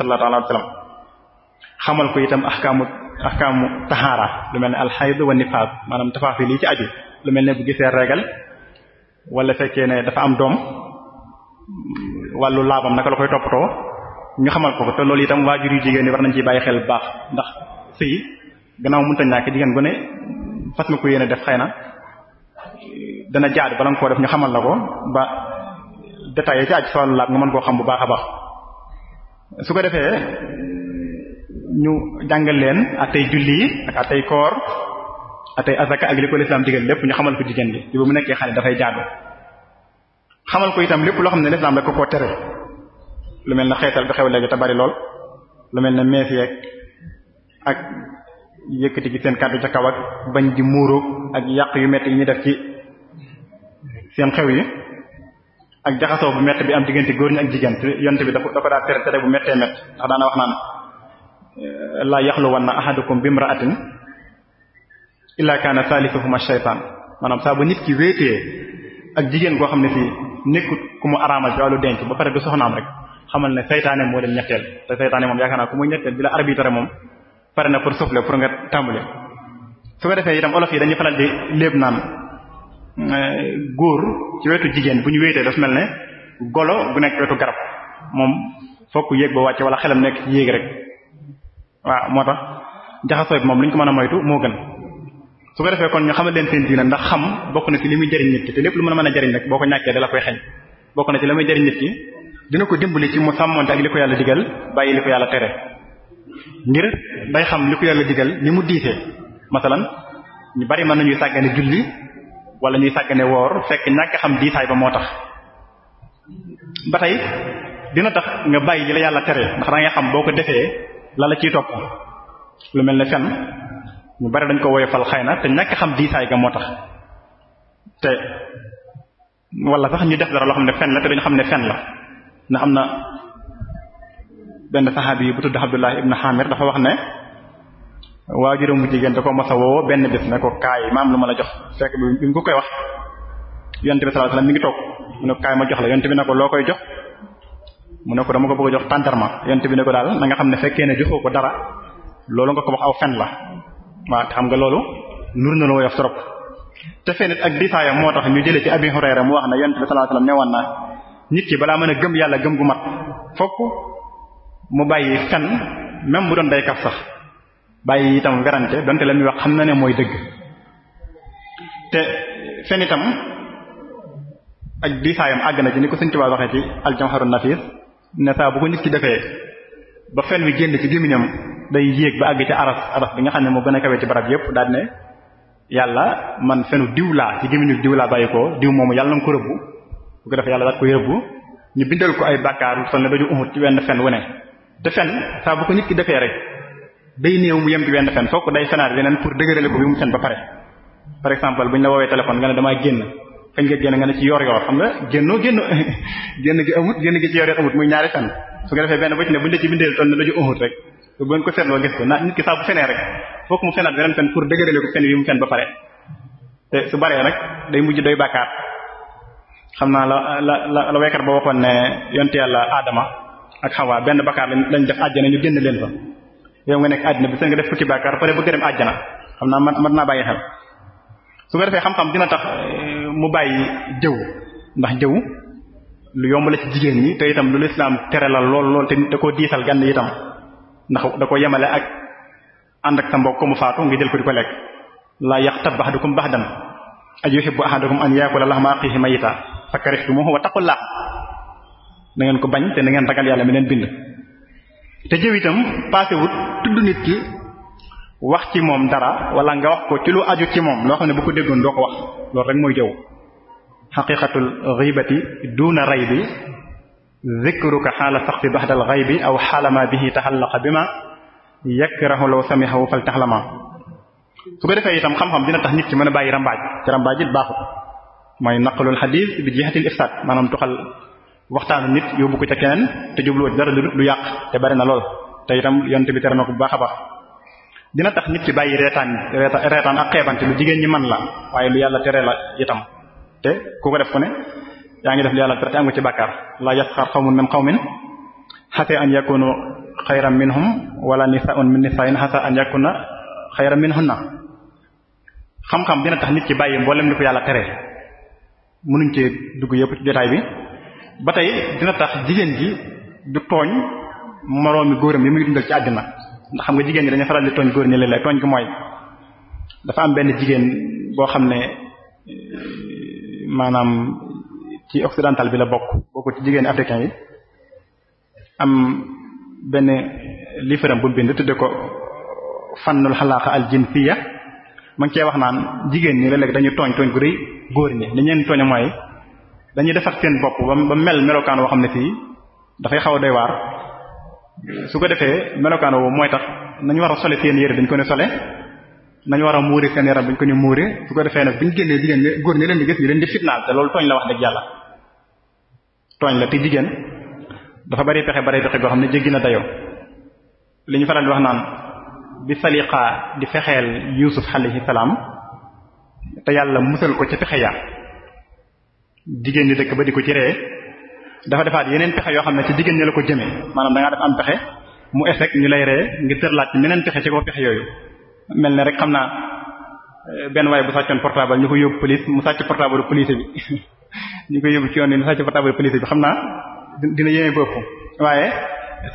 xamal ko itam ahkaamu ahkaamu taxaara lu mel ne alxayd wa nifaas maanaam tafaasi lii ci aju lu mel ne bu gisee regal wala fekkee ne dafa am doom wàllu laabam naka la koy toppatoo ñu xamal ko te loolu itam waajur yu jigéen ñi war nañ ci bàyyi xel baax ndax sëy gannaaw mënta ñàkk jigéen gu ne fas na ko yéene def xay na dana jaadu bala nga koo def ñu xamal la ko ba détails yi ci aj soll laab nga man koo xam bu baax a baax su ko defee ñu jàngal leen atay julli yi ak atay koor atay azaka ak li ko lislaam digal lépp ñu xamal ko jigéen bi li bu mu nekkee xale dafay jaadu xamal ko itam lépp loo xam ne lislaam da ko koo tere lu mel na xeetal bi xew léegi te bari lool lu mel ne mees yeeg ak yëkkati ci seen kàddu ca kaw ak bañ di muuróog ak yàq yu metti yi ñu def ci seen xew yi ak jaxasoo bu mett bi am diggante góor ñi ak jigéen yonte bi da ko daa tere tere bu mettee mett ndax daana wax naan laa yaxlu wan na ahadukum bi imra'atin illa kaana salisuhuma shaytaan maanaam saa bu nit ki wéetee ak jigéen koo xam ne fii nekkut ku mu araamal ci wàllu denc ba pare du soxnaam rek xamal ne saytaane moo leen ñetteel te saytaane moom yaakaar naa ku muy ñetteel pare na pour souffler pour nga tàmbali su ko defee itam olof yi dañu faral di léeb naan euh, góor ci wetu jigéen bu ñu wéetee daf mel ne golo bu nekk wetu garab moom fokk yéeg ba wàcce wala xelam nekk ci yéeg rek waaw moo tax jaxasoo bi moom lu ñu ko mën a moytu moo gën su ko defee kon ñu xamal leen seen diina ndax xam bokk na ci li muy jëriñ nit ki te lépp lu mën a mën a jëriñ rek boo ko ñàkkee da la koy xeñ bokk na ci la muy jëriñ nit ki dina ko dimbali ci mu sàmmonte ak li yàlla digal bàyyi li yàlla tere ngir day xam li ko yàlla digal ni mu diisee masalan ñu bari na ñuy sàggane julli wala ñuy sàggane woor fekk ñàkk xam diisaay ba moo tax ba tey dina tax nga bàyyi li la yàlla tere ndax da nga xam boo ko defee la la ciy topp lu mel ne fen ñu bari dañ ko fal xay na te ñàkk xam diisaay ga moo tax te wala sax ñu def dara loo xam ne fen la te xam ne fen la na benn saxaabi yi bu tudd Abdullah ibn Hamir dafa wax ne waajuram bu jigéen da ko mos a woo benn bés ne ko kaay maam lu ma la jox fekk bi mu ko koy wax yonte bi sallallahu alayhi mi ngi toog mu ko kaay ma jox la yonte bi ne ko loo koy jox mu ne ko dama ko bëgg a jox tàntarma yonte bi ne ko daal na nga xam ne fekkee ne joxoo ko dara loolu nga ko wax aw fen la waaw te xam nga loolu nur na lu woyof trop te fee nit ak diisaayam moo tax ñu jëlee ci Abi Hurayra mu wax ne yonte bi sallallahu alayhi wasallam ne woon na nit ki balaa mën a gëm yàlla gëm gu mat fokk mu bàyyi fen même bu doon day kaf sax bàyyi itam werante donte la muy wax xam na ne mooy dëgg te fen itam ak diisaayam àgg na ci ni ko Sëriñ Tuubaa waxee ci Al-Jawharun Nafiis ne saa bu ko nit ki defee ba fen wi génn ci gémmiñam day yéeg ba àgg ci aras aras bi nga xam ne moo gën a kawee ci barab yépp daal ne yàlla man fenu diw laa ci gémmiñu diw laa bàyyi ko diw moomu yàlla na ko rëbbu bu ko defee yàlla daat ko rëbbu ñu bindal ko ay bàkkaaru sol ne ba ñu uhut ci wenn fen wu ne te fen saa bu ko nit ki defee rek day néew mu yem ci wenn fen fokk day fenaat beneen pour dëgërale ko bi mu fen ba pare par exemple bu ñu la woowee téléphone nga ne damaa génn fañ nga génn nga ne ci yor yor xam nga génnoo génn <laughs> gi amut génn gi ci yor yor amut muy ñaari fen su ko defee benn bu ci ne buñu la ci bindeel toll ne la ju amut rek bu ngeen ko seetloo gis ko na nit ki saa bu fenee rek fokk mu fenaat beneen fen pour dëgërale ko fen bi mu pare su baree nag day mujj doy bàkkaar xam naa la la la waykat ba waxoon ne yonte yàlla aadama ak xawaa benn bakkaar lañ def àjjana ñu génn leen fa yow nga nekk àddina bi seen nga def fukki bakkaar pare bëgg dem àjjana xam naa mat naa bàyyi xel su ko defee xam-xam dina tax eh, mu bàyyi jëw ndax jëw lu yomb la ci jigéen ñi te itam lu lislaam tere la lool lool te da koo diisal gan itam ndax da ko yemale ak ànd ak sa mbokk mu faatu ngi jël ko di ko lekk laa yaxtab baxdukum baxdan ay yuhibbu ahadukum an yaakula lahma axiihi mayita fa karihtumu wa taqullah na ngeen ko bañ te na ngeen ragal yàlla mi bind te jëw itam passé wut tudd nit ki wax ci moom dara wala nga wax ko ci lu aju ci moom loo xam ne bu ko déggoon doo ko wax loolu rek mooy jëw xaqiqatul ghibati duna ray bi zikruka xaala sax bi baxdal ray bi aw xaalama bihi taxallaqa bi ma yakrahu law samihahu fal taxlama su ko defee itam xam-xam dina tax nit ki mën a bàyyi rambaaj te rambaaj it baaxut mooy naqalul xadiis bi jihatil ifsaad waxtaanu nit yóbbu ko ca keneen te jubluwoo dara lu yàq te bari na lool te itam yonte bi tere na ko bu baax a baax dina tax nit ki bàyyi reetaan reetaan ak xeebante lu jigéen ñi man la waaye lu yàlla tere la itam te ku ko def ku ne yaa ngi def lu yàlla tere te am nga ci bàkkaar la yasxar qawmun min qawmin hatta an yakunu xayran minhum wala nisaa'un min nisaa'in hatta an yakuna xayran minhunna xam-xam dina tax nit ci bàyyi mboolem li ko yàlla tere mënuñ ci dugg yëpp ci jotaay bi ba tey dina tax jigéen ji du tooñ moroomi góoram yi muy dundal ci àddina ndax xam nga jigéen ñi dañu faral di tooñ góor ñi léeg-léeg tooñ gi mooy dafa am benn jigéen boo xam ne maanaam ci occidental bi la bokk bokk ci jigéen africain yi am benn liifaram bu bind tudde ko fannul xalaaqa al jinsiya ma ngi cee wax naan jigéen ñi léeg-léeg dañu tooñ tooñ gu góor ñi li ñeen tooñe dañuy defar seen bopp ba ba mel melokaan woo xam ne fii dafay xaw day doy waar su ko defee melokaan woo mooy tax nañu war a sole seen yére dañ ko ne sole nañu war a muure seen yaram dañ ko ne muure su ko defee nag bi ñu génnee jigéen góor ñi leen di gis ñu leen di fitnaal te loolu tooñ la wax dëgg yàlla tooñ la te jigéen dafa bari pexe bari pexe goo xam ne jéggi na dayoo li ñu faral di wax naan bi saliqa di fexeel Yuusuf alayhi salaam te yàlla musal ko ca pexe yaa jigéen ñi dëkk ba di ko ci ree dafa defaat yeneen pexe yoo xam ne ci jigéen ñi la ko jëmee maanaam da def am pexe mu échec ñu lay ree ngir tërlaat ci meneen pexe ci ko pexe yooyu mel ne rek xam naa euh, benn waaye bu sàccoon portable ñu ko yóbbu police mu sàcc portable police bi <laughs> ñu ko yóbbu ci yoon bi mu sàcc portable police bi xam naa dina yéeme bopp waaye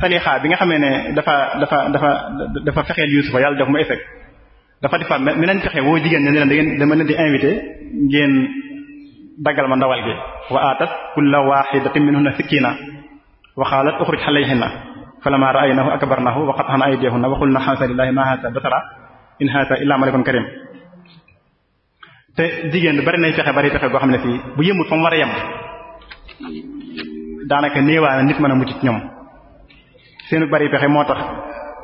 Saliha bi nga xamee ne dafa dafa dafa dafa fexeel Yuusufa yàlla def mu échec dafa defaat meneen pexe woo jigéen ñi ne leen da ngeen dama di invité ngeen daggal ma ndawal gi wa aatat kulla waxidatin minhunna sikkiina wa xaalat uxruj xalayhinna falamma ra'aynahu akbarnahu wa qat'ana aydiyahunna wa qulna xamsa lillahi ma haata basara in haata illa malakun karim te jigéen bari nay pexe bari fexe goo xam ne fii bu yëmut fa mu war a yem daanaka néewaana nit mën a mucc ñoom seenu bari pexe moo tax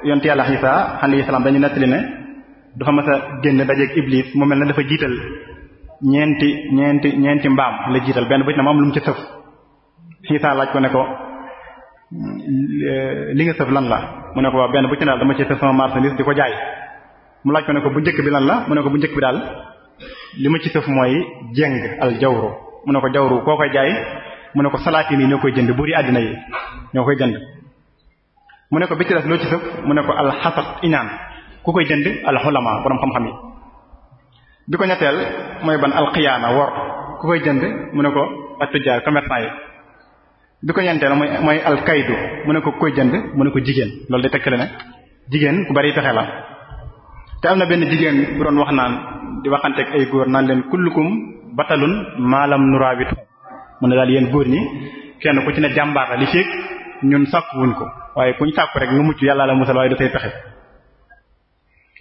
yonte yàlla Isaa alayhi salaam dañu nettali ne dafa mas a génn dajeeg Iblis mu mel ne dafa jiital ñeenti ñeenti ñeenti mbaam la jiital benn bu ci ne mu am lu mu ci sëf Isa laaj ko ne ko li nga sëf lan la mu ne ko waaw benn bu ci ne daal dama ci sëf sama di ko jaay mu laaj ne ko bu njëkk bi lan la mu ne ko bu njëkk daal li ma ci sëf mooy jeng al jawru mu ne ko jawru koo koy jaay mu ne ko salaatin yi ñoo koy jënd buri àddina yi ñoo koy jënd mu ne ko bi ci des loo ci sëf mu ne ko alxasat inaan ku koy jënd alxulamaa borom xam-xam yi bi ko ñetteel mooy ban alxiyaana wor ku koy jënd mu ne ko atujjaar commerçant yi bi ko ñeenteel mooy mooy alkaydu mu ne ko ku koy jënd mu ne ko jigéen loolu day tekkale ne jigéen ku bari pexe la te am na benn jigéen bu doon wax naan di waxanteeg ay góor naan leen kullukum batalun maalam nuraawitu mu ne daal yéen góor ni kenn ku ci ne jàmbaar la li feek ñun sàkku wuñ ko waaye kuñ sàkku rek nga mucc yàlla la musal waaye da pexe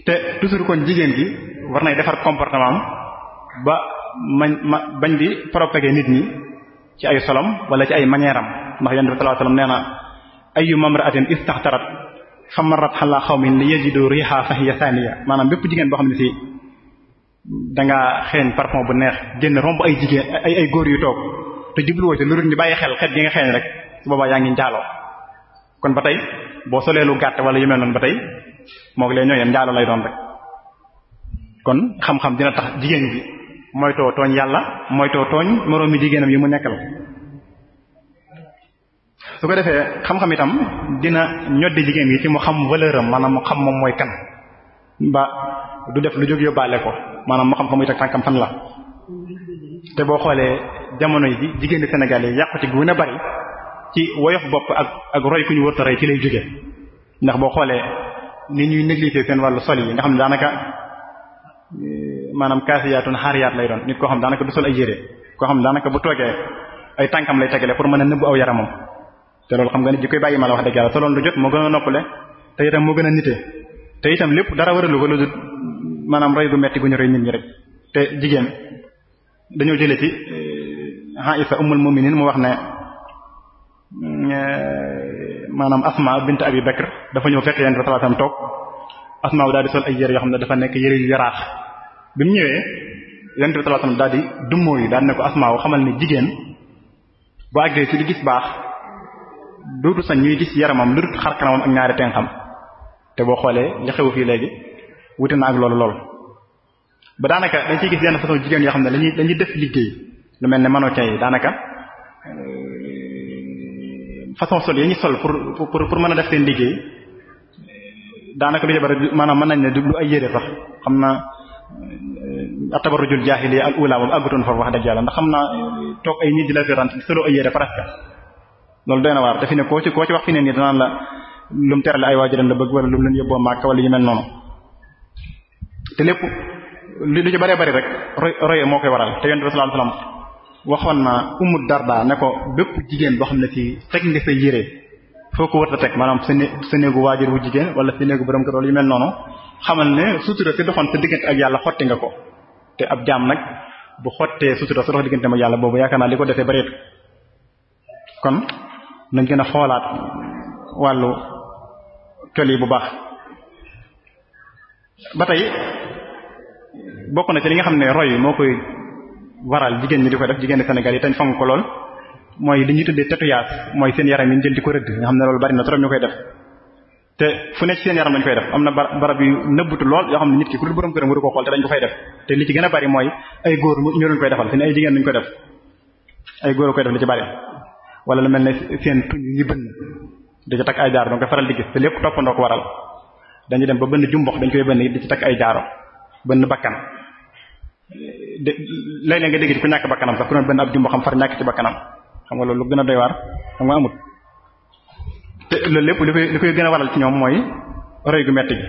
te toujours kon jigéen gi war nay defar comportement am ba mañ ma bañ di propager nit ñi ci ay solom wala ci ay manière am ndax yonent bi sallallahu alayhi wasallam nee na ayyu mamra'atin istaxtarat famarat ala xawmin li yajidu riha fahiya thaniya maanaam bépp jigéen boo xam ne si dangaa xeeñ parfum bu neex génn romb ay jigéen ay ay góor yu toog te jubluwoo ci lu dul ñu bàyyi xel xet gi nga xeeñ rek su boobaa yaa ngi njaaloo kon ba tey boo solee lu gàtt wala yu mel noonu ba tey moo gi lee ñoo njaaloo lay doon rek kon xam-xam dina tax jigéen bi moytoo tooñ yàlla moytoo tooñ moroomi jigéenam yi mu nekkal su ko defee xam-xam itam dina ñoddi jigéen bi ci mu xam valeur am maanaam mu xam moom mooy kan ba du def lu jóg yóbbaale ko maanaam mu xam ko muy teg tànkam fan la te boo xoolee jamono yi jigéen Sénégal yi yàqu ci gu ne bari ci woyof bopp ak ak roy ku ñu wërta rey ci lay jóge ndax boo xoolee ni ñuy négliger seen wàllu sol yi nga xam ne daanaka maanaam kaasiyaatun xaariyaat lay doon nit koo xam daanaka du sol ay yére koo xam daanaka bu toogee ay tànkam lay tegale pour mën a nëbbu aw yaramam te loolu xam nga nit ji koy bàyyi ma la wax dëgg yàlla te loolu lu jot moo gën a noppale te itam moo gën a nite te itam lépp dara waralu ko lu maanaam rey gu metti gu ñu rey nit ñi rek te jigéen dañoo jële ci eh, Aïsa ummul mu'minin mu wax ne eh, maanaam Asma bint Abi Bakr dafa ñëw fekk yonent bi sallallahu alayhi wasallam toog asmaaw daal di sol ay yére yoo xam ne dafa nekk yére yu yaraax bi mu ñëwee yonent bi sallallahu alayhi wasallam daal di dummoo yi daal ne ko asmaaw xamal ne jigéen bu àggee ci di gis baax dootu sañ ñuy gis yaramam lu dul xar kanamam ak ñaari tenxam te boo xoolee li xew fii léegi wute na ak loolu lool. ba daanaka dañ ciy gis yenn façon jigéen yoo xam ne dañuy dañuy def liggéey lu mel ne mannequin yi daanaka euh, façon sol yi ñu sol pour pour mën a def seen liggéey. daanaka lu jabar maanaam mën nañ ne du ay yére sax xam na euh, atabarujul jaahiliya al ula boobu àggutoon fa wax dëgg yàlla ndax xam naa euh, toog ay nit di la firante solo ay yére presque loolu doy na waar te fi ne koo ci koo ci wax fi ne nii danaan la lu mu terale ay waajuram la bëgg wala lu mu leen yóbboo màkk wala yu mel noonu te lépp lu ci bëree bëri rek roy roye moo koy waral te yonent bi sallallahu alayhi wasallam waxoon na Ummu ne ko bépp jigéen boo xam ne ci teg nga sa yére foo ko wër teg maanaam sa né sa waajur bu jigéen wala sa néegu borom kër wala yu mel noonu xamal ne sutura si doxoon sa diggante ak yàlla xotti nga ko te ab jaam nag bu xottee sutura sa dox diggante ak yàlla boobu yaakaar naa li ko defee bareetu kon nañ gën a xoolaat bu baax ba tey bokk li nga xam ne roy moo koy waral jigéen ñi di ko def jigéen Sénégal yi tañ fonk ko lool mooy li ñuy tuddee tatouage mooy seen yaram yi ñu jël di ko rëdd nga xam ne loolu bari na trop ñu koy def te fu ne ci seen yaram lañ koy def am na barab yu nëbbutu lool yoo xam ne nit ki ku dul borom këram waru ko xool te dañ ko fay def te li ci gën a bari mooy ay góor ñu leen koy defal fi ne ay jigéen lañ ko def ay góor koy def li ci bari wala lu mel ne seen tuñ yi bënn di ci takk ay jaaro donc faral di gis te lépp toppandoo ko waral dañu dem ba bënn jumbox dañ koy bënn di ci ay jaaro bënn bakkan léeg-léeg nga dégg ci ku ñàkk bakkanam sax ku jumboxam far ñàkk bakkanam xam nga loolu lu gën a doy waar xam nga amut te loolu lépp li koy gën a waral ci ñoom mooy roy gu metti gi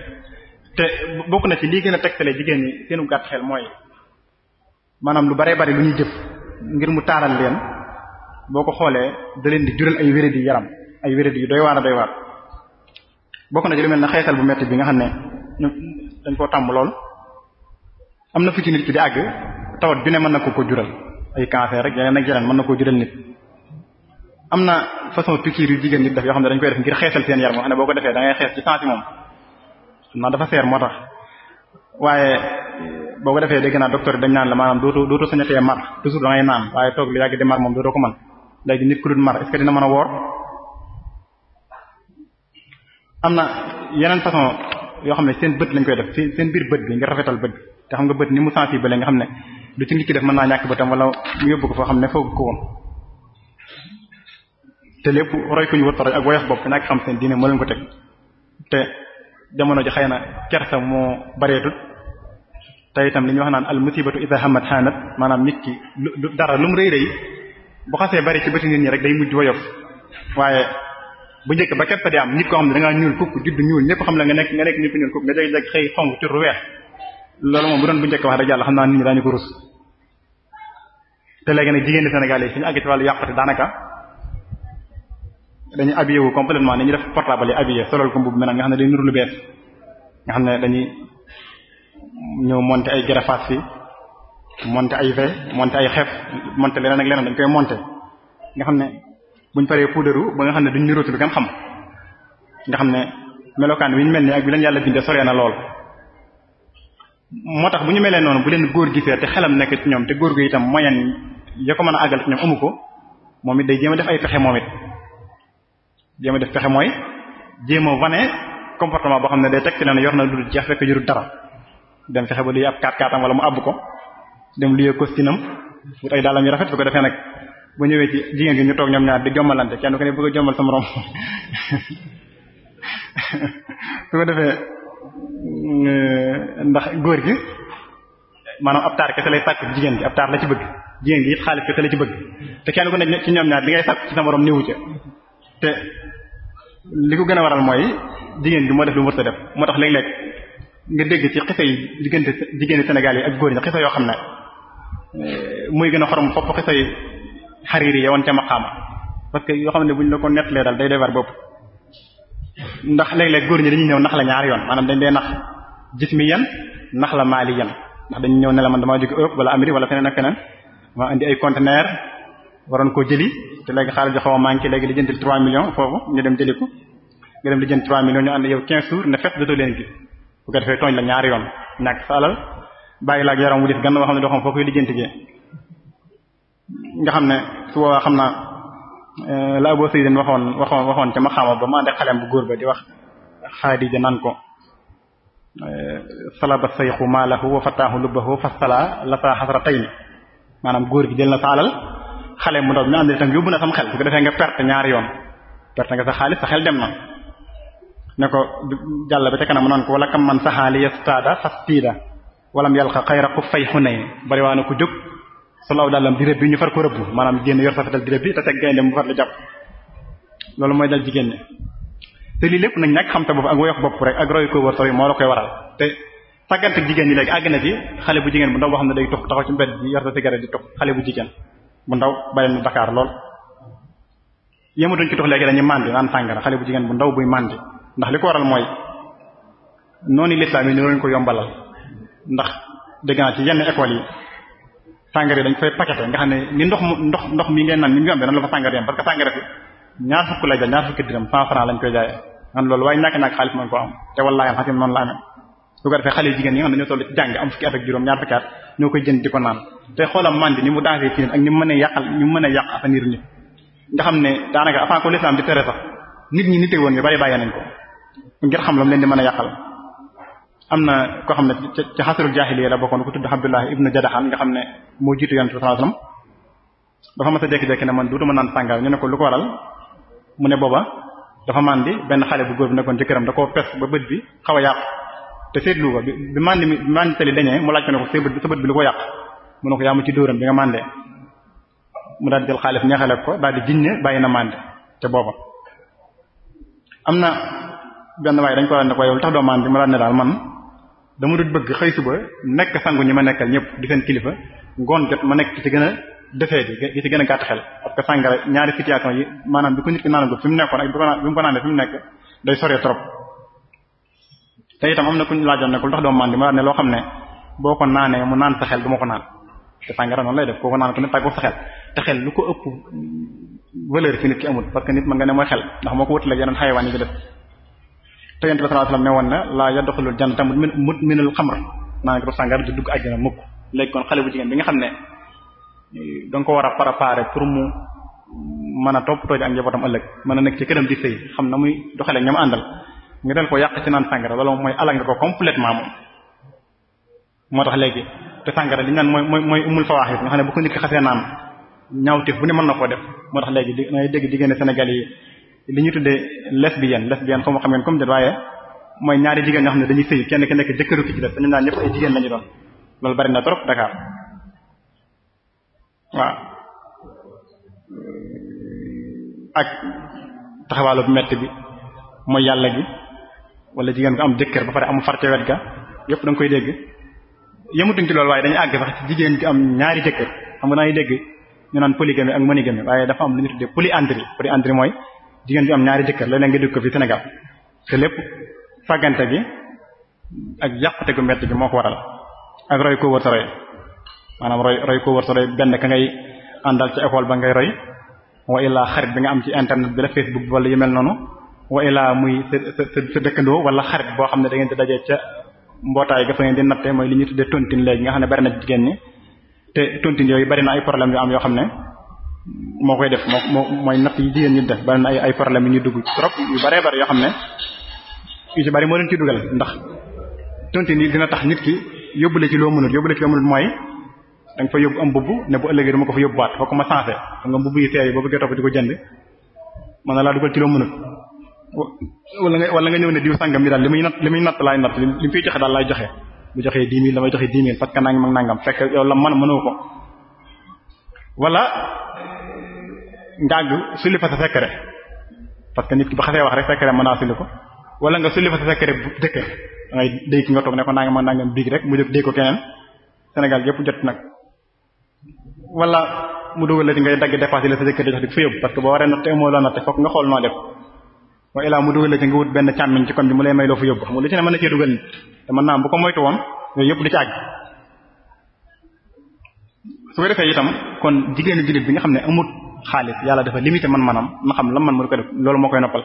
te bokk na ci lii gën a tegtale jigéen ñi seenu gàtt xel mooy maanaam lu baree bari lu ñuy jëf ngir mu taaral leen boo ko xoolee da di jural ay wéradi yaram ay wéradi yu doy waar a doy waar bokk na ci lu mel ne xeesal bu metti bi nga xam ne dañ koo tàmm lool am na fi ci nit ci di àgg tawat ju ne mën na ko ko jural ay cancer rek yeneen ak yeneen mën na koo jural am na façon piqûre yu jigéen ñi def yoo xam ne dañ koy def ngir xeesal seen yaram moo xam ne boo ko defee da xees ci sens moom naa dafa seer moo tax waaye boo ko defee dégg naa docteur yi dañ naan la maanaam dootu dootu sañatee mar toujours da ngay naan waaye toog lu moom dootoo ko mën léegi nit ku dul mar est-ce que dina mën a na yeneen façon yoo xam ne seen bët lañ koy def seen biir bët bi nga rafetal bët te xam nga bët ni mu sensibiliser nga xam ne lu ci nit ki def mën naa ñàkk bëtam wala mu yóbbu ko foo xam ne foog ko woon te lépp roy ko ñu wër roy ak woyof bopp ñàkk xam seen diine moo leen ko teg te jamono ji xëy na kersa moo bareetut te itam li ñuy wax naan al musibatu idha hammat hanat maanaam nit ki lu dara lu mu rëy rëy xasee bari ci bëti nit ñi rek day mujj woyof waaye bu njëkk ba kersa di am nit koo xam da ngaa ñuul kukk juddu ñuul ñëpp xam la nga nekk nga nekk nit ñuul kukk nga jeg-jeg xëy xong tur weex loolu moom bu doon bu njëkk wax rek yàlla xam naa nit ñi daañu ko rus te léegi nag jigéen di Sénégal yi suñu àgg ci wàllu yàqute daanaka dañuy habillé wu complètement dañuy def portable yi habillé solal ko mbubb mi nag nga xam ne day nuru lu bees nga xam ne dañuy ñëw monter ay greffage fi monter ay ve monter ay xef monter leneen ak leneen dañ koy monter nga xam ne buñ paree puudaru ba nga xam ne duñ niróotu lu kenn xam nga xam ne melokaan wi ñu mel nii ak bi leen yàlla bindee soree na lool moo tax bu ñu melee noonu bu leen góor gisee te xelam nekk ci ñoom te góor gi itam moyen ya ko mën a àggal ci ko moom it day jéem a def ay pexe moom jéem def pexe mooy jéem a wane comportement boo xam ne day teg ci leen yor na lu dul jeex fekk jurul dara dem fexe ba luy ab kaat kaatam wala mu àbb ko dem luyee costinam wut ay daalam yu rafet su ko defee nag bu ñëwee ci jigéen gi ñu toog ñoom ñaar di jommalante kenn ku ne bëgg a jommal sa morom <laughs> su ko euh, ndax góor gi maanaam ab taar kese lay sàkk jigéen gi ab la ci bëgg jigéen gi it xaalis kese la ci bëgg te kenn ku ne ci ñoom ñaar li ngay ci sa morom néewu ca te li ko gën a waral mooy jigéen bi moo def lu mu war a def moo tax léeg-léeg nga dégg ci xisa yi diggante jigéeni Sénégal yi ak góor ñi xisa yoo xam ne eh, muy gën a xorom fopp xisa yi xariir yi yowoon ca maqaama parce que yoo xam ne bu ñu la ko nettalee daal day day war bopp ndax léeg-léeg góor ñi dañuy ñëw nax la ñaari yoon maanaam dañ dee nax gis mi yan nax la maali yan ndax dañu ñëw ne la man damaa jóge Europe wala Amérique wala feneen ak feneen maa indi ay conteneur waroon koo jëli te léegi xaalis bi xaw a manqué léegi li jëntil 3 millions foofu ñu dem jëli ko nga dem li jënd 3 millions ñu ànd yow 15 jours ne fekk dootoo leen gis bu ko defee tooñ la ñaari yoon ñàkk sa alal bàyyi la ak yaram wu dis gan boo ne doo xam foo koy lijjanti jee nga xam ne su boobaa xam na euh, la Abu Sayyid waxoon waxoon waxoon ca ma xaama ba ma ànd ak xalem bu góor ba di wax Xaadija naan ko euh, salaba sayxu maalahu wa fataahu lubbahu fasala la sa xasra tey ni maanaam góor gi jël xale mu ndaw bi ñu àndal itam yóbbu na sam xel su ko defee nga perte ñaari yoon perte nga sa xaalis sa xel dem na ne ko jàll ba ca kanam naan ko wala kam man saxaali yastaada fastiida walam yalqa xayra ku fay xunay bari waa na ku jóg solaw dàllam di rëbb bi ñu far ko rëbb maanaam génn yor sa fetal di rëbb bi te teg gaynde mu far la jàpp loolu mooy dal jigéen ñi te lii lépp nag ñàkk xam te bopp ak woyof bopp rek ak roy ko wër sori moo la koy na ci xale bu jigéen bu ndaw boo xam ne xale bu jigéen bu ndaw bàyyam na dakaar lool yëmatuñ ci tux léegi dañuy màndi naan tàngara xale bu jigéen bu ndaw buy màndi ndax li ko waral mooy noonu lislaam yi ñu ko yombalal ndax dégg naa ci yenn école yi tàngar yi dañ koy paqueté nga xam ne ni ndox mu ndox ndox mi ngeen naan ni mu yombee noonu la fa tàngar yem parce que tàngar fi ñaar fukk lay jël ñaar fukki dërëm cent francs lañ koy jaayee man loolu noonu la amee su ko defee xale jigéen yi nga xam ñoo koy jënd di ko naan te xoolam mandi ni mu dansé ci nit mën a yàqal ni mu mën a yàq avenir nit nga xam ne daanaka avant ko l'islam di tere sax nit ñi nit woon ñu bari bàyyi nañ ko ngir xam lam leen di mën a yàqal am na koo xam ne ci xasarul jaahiliya la bokkoon ku tudd Abdullah ibnu Jadaxaan nga xam ne moo jiitu yonent sallallahu alayhi wasallam dafa mas a jékki-jékki ne man duutuma naan sàngaar ñu ne ko lu ko waral mu ne booba dafa màndi benn xale bu góor bi nekkoon jëkkëram da koo pes ba bët bi xaw a te seetlu ko bi bi màndi mi bi màndi tali dañee mu laaj ko ne ko sa bi lu ko yàq mu ne ko yaa mu ci dóoram bi nga màndee mu daal jël xaalis ñaxale ko daal di giñ ne bàyyi na màndi te booba am na benn waaye dañ ko daan ne ko yow lu tax doo màndi mu daal ne daal man dama dut bëgg xëy suba nekk sangu ñi ma nekkal ñëpp di seen kilifa ngoon jot ma nekk ci gën a defee bi gi ci gën a gàtt xel parce sàngara ñaari situation yi maanaam bi ko nit ki naanagul fi mu nekkoon ak bi ko naan bi mu ko naanee fi trop te itam am na ku ñu laajo ne ko lu tax doo màndi mu daal ne loo xam ne boo ko naanee mu naan sa xel du ko naan te sàngara noonu lay def boo ko naanee ku ne sa xel te xel lu ko ëpp valeur fi nit ki amul parce que nit mën nga ne mooy xel ndax moo ko wutaleeg yeneen xayawaan yi ci def te yonent bi sallallahu alayhi wasallam ne woon na laa yadxulul jannata mudminul xamr naan ko sàngara du dugg àjjana mukk léegi kon xale bu jigéen bi nga xam ne danga ko war a préparer pour mu mën a toppatoo ji ak njabootam ëllëg mën a nekk ci këram di sëy xam na muy doxalee ñoom àndal nga del ko yàq ci naan sàngara loolu mooy alal nga ko complètement moom moo tax léegi te sàngara li ñu naan mooy mooy mooy umul fawaaxis nga xam ne bu ko nit ki xasee naan ñaawtif bu ne mën na koo def moo tax léegi di ngay dégg jigéen Sénégal yi li ñu tuddee lesbienne lesbienne comme xam ngeen comme de waaye mooy ñaari jigéen ñoo xam ne dañuy sëy kenn ki nekk jëkkëru ki ci def dañu naan ñëpp ay jigéen lañu doon loolu bari na trop Dakar waaw ak taxawaalu bu metti bi mooy yàlla gi wala jigéen gu am jëkkër ba pare amu far ca wet ga yëpp da nga koy dégg yemutuñ ci loolu waaye dañu àgg sax ci jigéen gi am ñaari jëkkër xam nga naa ngi dégg ñu naan polygamie ak monogamie waaye dafa am lu ñu tuddee polyandrie polyandrie mooy jigéen ju am ñaari jëkkër léeg-léeg nga dégg ko fi Sénégal te lépp fàggante gi ak yàqute gu métti gi moo ko waral ak roy ko wër sa roy maanaam roy roy ko wër sa roy benn ka ngay àndal ci école ba ngay roy wa illaa xarit bi nga am ci internet bi la Facebook wala yu mel noonu wa laa muy sa sa sa dëkkandoo wala xarit boo xam ne da ngeen di dajee ca mbootaay ga fa ngeen di natte mooy li ñu tuddee tontine léegi nga xam ne bari na jigéen ñi te tontin yooyu bari na ay problème yu am yoo xam ne moo koy def moo moo mooy natt yi jigéen ñi def bari na ay problème yu ñu dugg trop yu baree bari yoo xam ne yu ci moo leen ciy dugal ndax tontine yi dina tax nit ki yóbbule ci loo mënul yóbbule ci loo mënul mooy da nga fa yóbbu am mbubb ne bu ëllëgee dama ko fa yóbbuwaat foo ko ma sensé xam nga mbubb yi teer yi boo bëggee topp di ko jënd mën na laa dugal ci loo mënul wala nga wala nga ñëw ne diw sàngam mi daal li muy natt li muy natt laay natt li mu fiy joxe daal laay joxe bu joxee dix mille damay joxe dix mille parce que nangam ak ko wala ngàgg sulli fa sa secret parce que nit ki ba xasee wax rek secret mën naa sulli ko wala nga sulli fa sa secret bu jëkkër dangay déy nga toog ne ko nangam ak nangam biig rek mu def déy ko keneen Sénégal yépp jot nag wala mu dugal la di ngay dagg dépassé la sa secret di fa yóbbu parce que boo waree natt te amoo loo natt fokk nga xool noo def wa ilaa mu dugal la ci nga wut benn càmmiñ ci kon bi mu lay may loo yóbbu xam nga ne mën na cee dugal nit te naa bu ko moytu woon yooyu yëpp du ci àgg su ko defee itam kon jigéenu jullit bi nga xam ne amut xaalis yàlla dafa limité man-manam na xam lan man mu ko def loolu moo koy noppal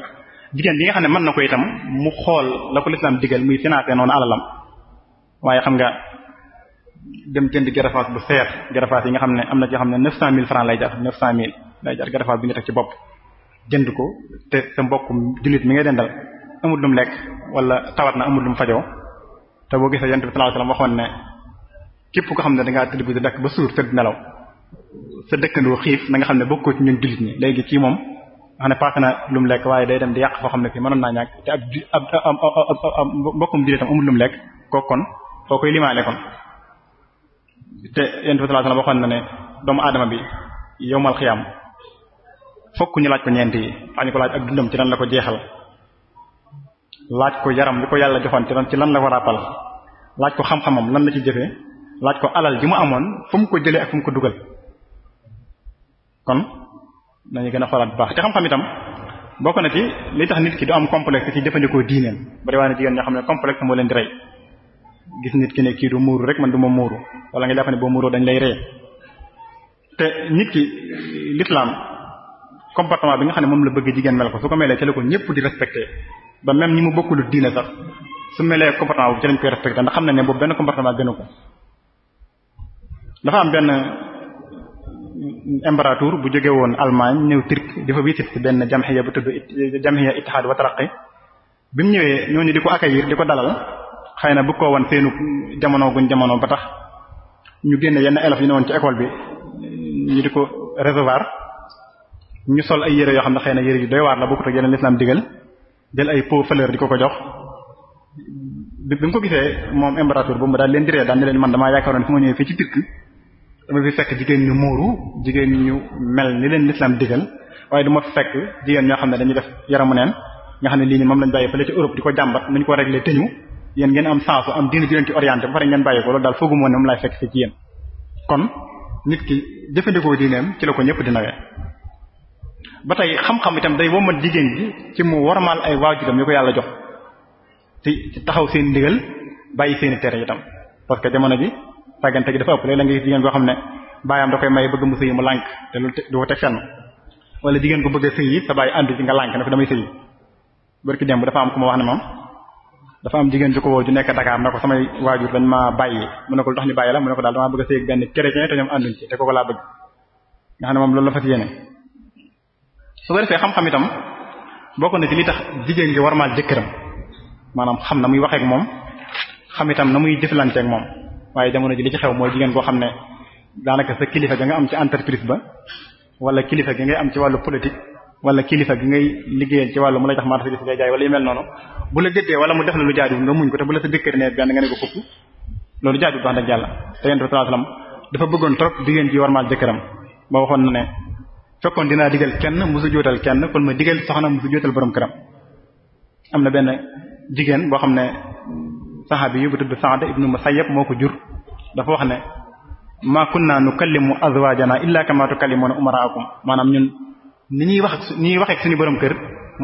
jigéen bi nga xam ne man na ko itam mu xool la ko lislaam digal muy financé noonu alalam waaye xam nga dem jënd garafaas bu seer garafaas yi nga xam ne teg ci bopp jënd ko te sa mbokkum jullit mi ngay dendal amul mu lekk wala tawat na amul mu fajoo te boo gisee yonent bi sallallahu waxoon ne képp ko xam ne dangaa tëdd guddi dakk ba suur tëdd nelaw sa dëkkandoo xiif na nga xam ne bokkoo ci ñun jullit ñi léegi ci moom xam ne paase na lum lekk waaye day dem di yàq foo xam ne fii mënoon naa ñàkk te ab ab ab mbokkum jullitam amul lum lekk kooku kon foo koy limaale kon waxoon na ne doomu aadama bi yowmal xiyaam fokk ñu laaj ko ñeent yi daañu ko laaj ak dundam ci lan la ko jeexal laaj ko yaram li ko yàlla joxoon ci lan ci lan la ko ràppal laaj ko xam-xamam lan la ci jëfee laaj ko alal ji mu amoon fu mu ko jëlee ak fu mu ko dugal kon nañu gën a xoolaat bu baax te xam-xam itam bokk na ci li tax nit ki du am complexe ci jëfandikoo diineen bari waa ne jigéen ñoo xam ne complexe moo leen di rey gis nit ki ne kii du muuru rek man du ma muuru wala nga jàpp boo muuroo dañ lay comportement bi nga xam ne moom la bëgg jigéen mel ko su ko melee ci la ko ñëpp di respecté ba même ñi mu bokkul diine sax su melee comportement boobu ci lañ koy respecté xam na ne boobu benn comportement gënu am benn impérature bu jóge woon Allemagne ñëw Turquie dafa wisit ci benn jamhiya bu tudd jamhiya Ittihad wa Taraqi bi mu ñëwee ñooñu di ko accueillir di ko dalal xëy na bu ko woon seenu jamono guñ jamono ba tax ñu génne yenn élèves yi ne woon ci école bi ñu di ko recevoir ñu sol ay yére yoo xam ne xëy na yére yu doy waar la bokkut ak yeneen lislaam digal jël ay pot fleur di ko ko jox bi mu ko gisee moom impérature boobu mu daal leen diree ree daal ne leen man damaa yaakaaroon fi ma ñëwee fii ci Turki dama fi fekk jigéen ñu muuru jigéen ñu mel ni leen lislaam digal waaye du ma fekk jigéen ñoo xam ne dañu def yaramu neen nga xam ne lii nii moom lañ bàyyi fële ci Europe di ko jàmbat nañu ko réglé te ñu yéen ngeen am sensu am diine di leen ci orienté ba daal foogu moo ne moom laay fekk kon nit ki jëfandikoo diineem ci la ko ñëpp di nawee ba tey xam-xam itam day womat jigéen ji ci mu war a warmaal ay waajuram yu ko yàlla jox ci taxaw seen ndigal bàyyi seeni tere itam parce que jamono bi tàggante gi dafa ëpp léeg la nga gis jigéen goo xam ne baayam da koy may bëgg mu sëyi mu lànk te loolu du ko teg fenn wala jigéen ko bëgg a sëyi sa baay ànd ci nga lànk ne ko damay sëyi barki démb dafa am ku ma wax ne moom dafa am jigéen ju ko woo ju nekk Dakar na ko samay waajur dañ ma bàyyi mu ne ko lu tax ñu bàyyi la mu ne ko daal damaa bëgg a sëy ak benn chrétien te ñoom moom loolu la fas yéene su ko defee xam-xam itam bokk na ci li tax jigéen gi warmaal jëkkëram maanaam xam na muy waxeek moom xam na muy jëflanteek moom waaye jamono ji li ci xew mooy jigéen boo xam ne daanaka sa kilifa ga nga am ci entreprise ba wala kilifa gi ngay am ci wàllu politique wala kilifa gi ngay liggéeyal ci wàllu mu lay tax marché bi ngay jaay wala yu mel noonu bu la gëddee wala mu def la lu jaaju nga muñ ko te bu la sa jëkkër ne benn nga ne ko fukk loolu jaaju wax dëgg yàlla te yonent bi sallallahu alayhi wasallam dafa bëggoon trop jigéen ji warmaal jëkkëram ba waxoon na ne fekkoon dinaa digal kenn mu sujjóotal kenn kon ma digal soxna mu sujjóotal borom këram am na benn jigéen boo xam ne saxaabi yi bu tudd Sa'd ibnu Musayyab moo ko jur dafa wax ne ma kunna nukallimu azwaajana illa kama tukallimuna umaraakum maanaam ñun ni ñuy wax ni ñuy waxee ak suñu borom kër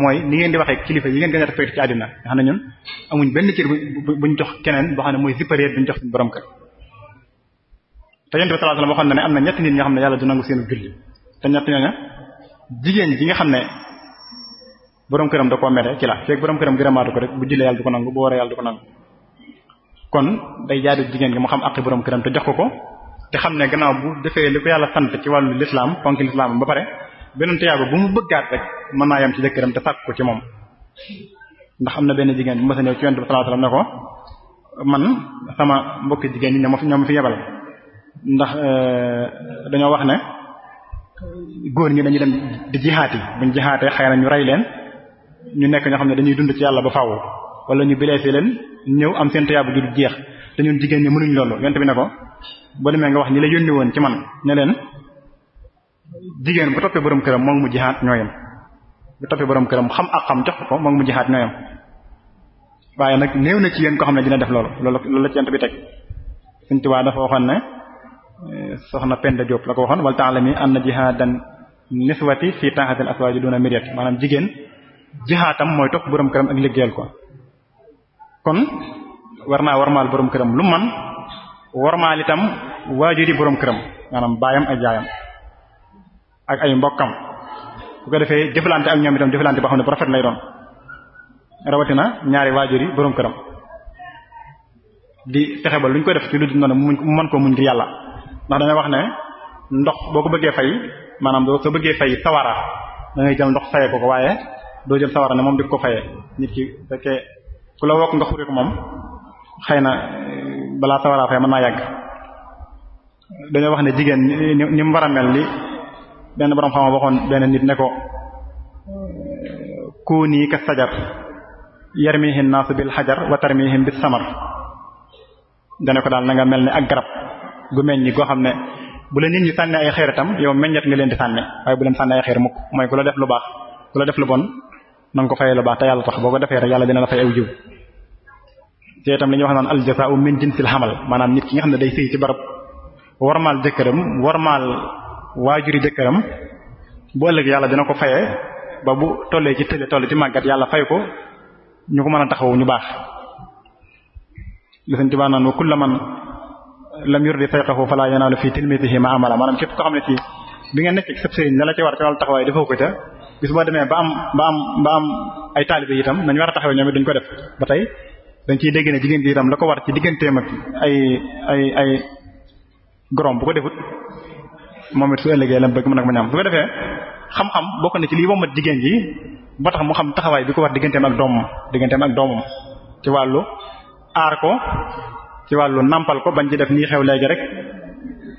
mooy ni ngeen di waxee kilifa yi ngeen gën a respecté ci àddina nga xam ne ñun amuñ benn cër bu buñ keneen boo xam ne mooy supérieur buñ jox suñu borom kër te yonent bi sallallahu alayhi ne am na xam ne yàlla seen julli te ñett ñooña jigéen ji nga xam ne borom këram da koo mere ci la feeg borom këram gërëmaatu ko rek bu jilee yàlla du ko nangu bu waree yàlla du ko nangu kon day jaadu jigéen gi mu xam aqi boroom këram te jox ko ko te xam ne gannaaw bu defee li ko yàlla sant ci wàllu lislaam ponk lislaam ba pare beneen tiyaaba bu mu bëggaat rek mën naa yem ci jëkkëram te sàkk ko ci moom ndax am na benn jigéen bu mësa ñëw ci yonent bi sallallahu alayhi wasallam ne ko man sama mbokki jigéen ñi ñoo ma fi ñoo ma eh, wax ne góor ñi dañuy dem di jihaat yi buñ jihaatee xay na ñu rey leen ñu nekk ñoo xam ne dañuy dund ci yàlla ba faw wala ñu blessé leen ñëw am seen tuyaaba ju jeex te ñun jigéen ñi mënuñ loolu yonent bi ne ko boo demee nga wax ñi la yónni woon ci man ne leen jigéen bu toppee borom këram moom mu jihaat ñooyam bu toppee borom këram xam ak xam jox ko moom mu jihaat ñooyam waaye nag néew na ci yéen ko xam ne dina def loolu loolu loolu la ci yonent bi teg Sëriñ Tuubaa Eh, soxna Penda Diop la ko waxoon wal mi anna jihadan niswati fi ta'atil aswaji duna miryat maanaam mooy topp borom këram ak liggéeyal ko kon war naa warmaal borom këram lu man warmaal itam waajuri borom këram maanaam baayam ak jaayam ak ay mbokkam bu ko defee jëflante ak ñoom itam jëflante boo xam ne bu rafet lay doon rawatina ñaari waajuri borom këram di fexe ba luñ ko def ci lu dul noonu mu mën ko muñ ngir yàlla ndax dana wax ne ndox boo ko bëggee fay maanaam boo ko bëggee fay sawara dangay ngay jël ndox fayee ko ko waaye doo jël sawara ne moom di ko fayee nit ki fekkee ku la wokk nga xuree ko moom xëy na eh, balaa sawara fay mën naa yàgg dañoo wax ne jigéen ni mu war a mel ni benn borom xam waxoon benn nit ne ko eh, kuuni ka sajar yarmihim naasu bil xajar wa tarmihim bis samar dane ko daal na mel ni ak garab gu meññ goo xam ne bu la nit ñi sànne ay xeer tam yow meññet nga leen di sànne waaye bu leen sànne ay xeer mukk mooy ku la def lu baax ku la def lu bon na ko fayee lu baax te yàlla tax boo ko defee rek yàlla dina la fay aw jiw te itam li ñuy wax naan aljazaa'u min jinsil xamal maanaam nit ki nga xam ne day sëy ci barab warmaal jëkkëram warmaal yàlla dina ko fayee ba bu tollee ci tële toll ci màggat yàlla fay ko ñu ko mën a taxawu ñu baax li sëñ Tuubaa naan wa kullu man lam yurdi fayqahu fala yanaalu fi tilmitihi ma amala maanaam képp ko xam ne ci bi nga nekk ci sab sëriñ na war ci taxawaay defoo ko ca bis boo demee ba am ba am ba am ay taalibe itam nañ war a taxawee ñoom dañ ko def ba tey dañ ciy dégg ne jigéen gi itam la ko war ci digganteem ak ay ay ay gorom bu ko defut moom it su ëllëgee lam bëgg mën ak ma ñaam bu ko defee xam-xam bokk na ci lii wommat jigéen ji ba tax mu xam taxawaay bi ko war digganteem ak doomam digganteem ak doomam ci wàllu ko ci wàllu nàmpal ko bañ ci def nii xew léegi rek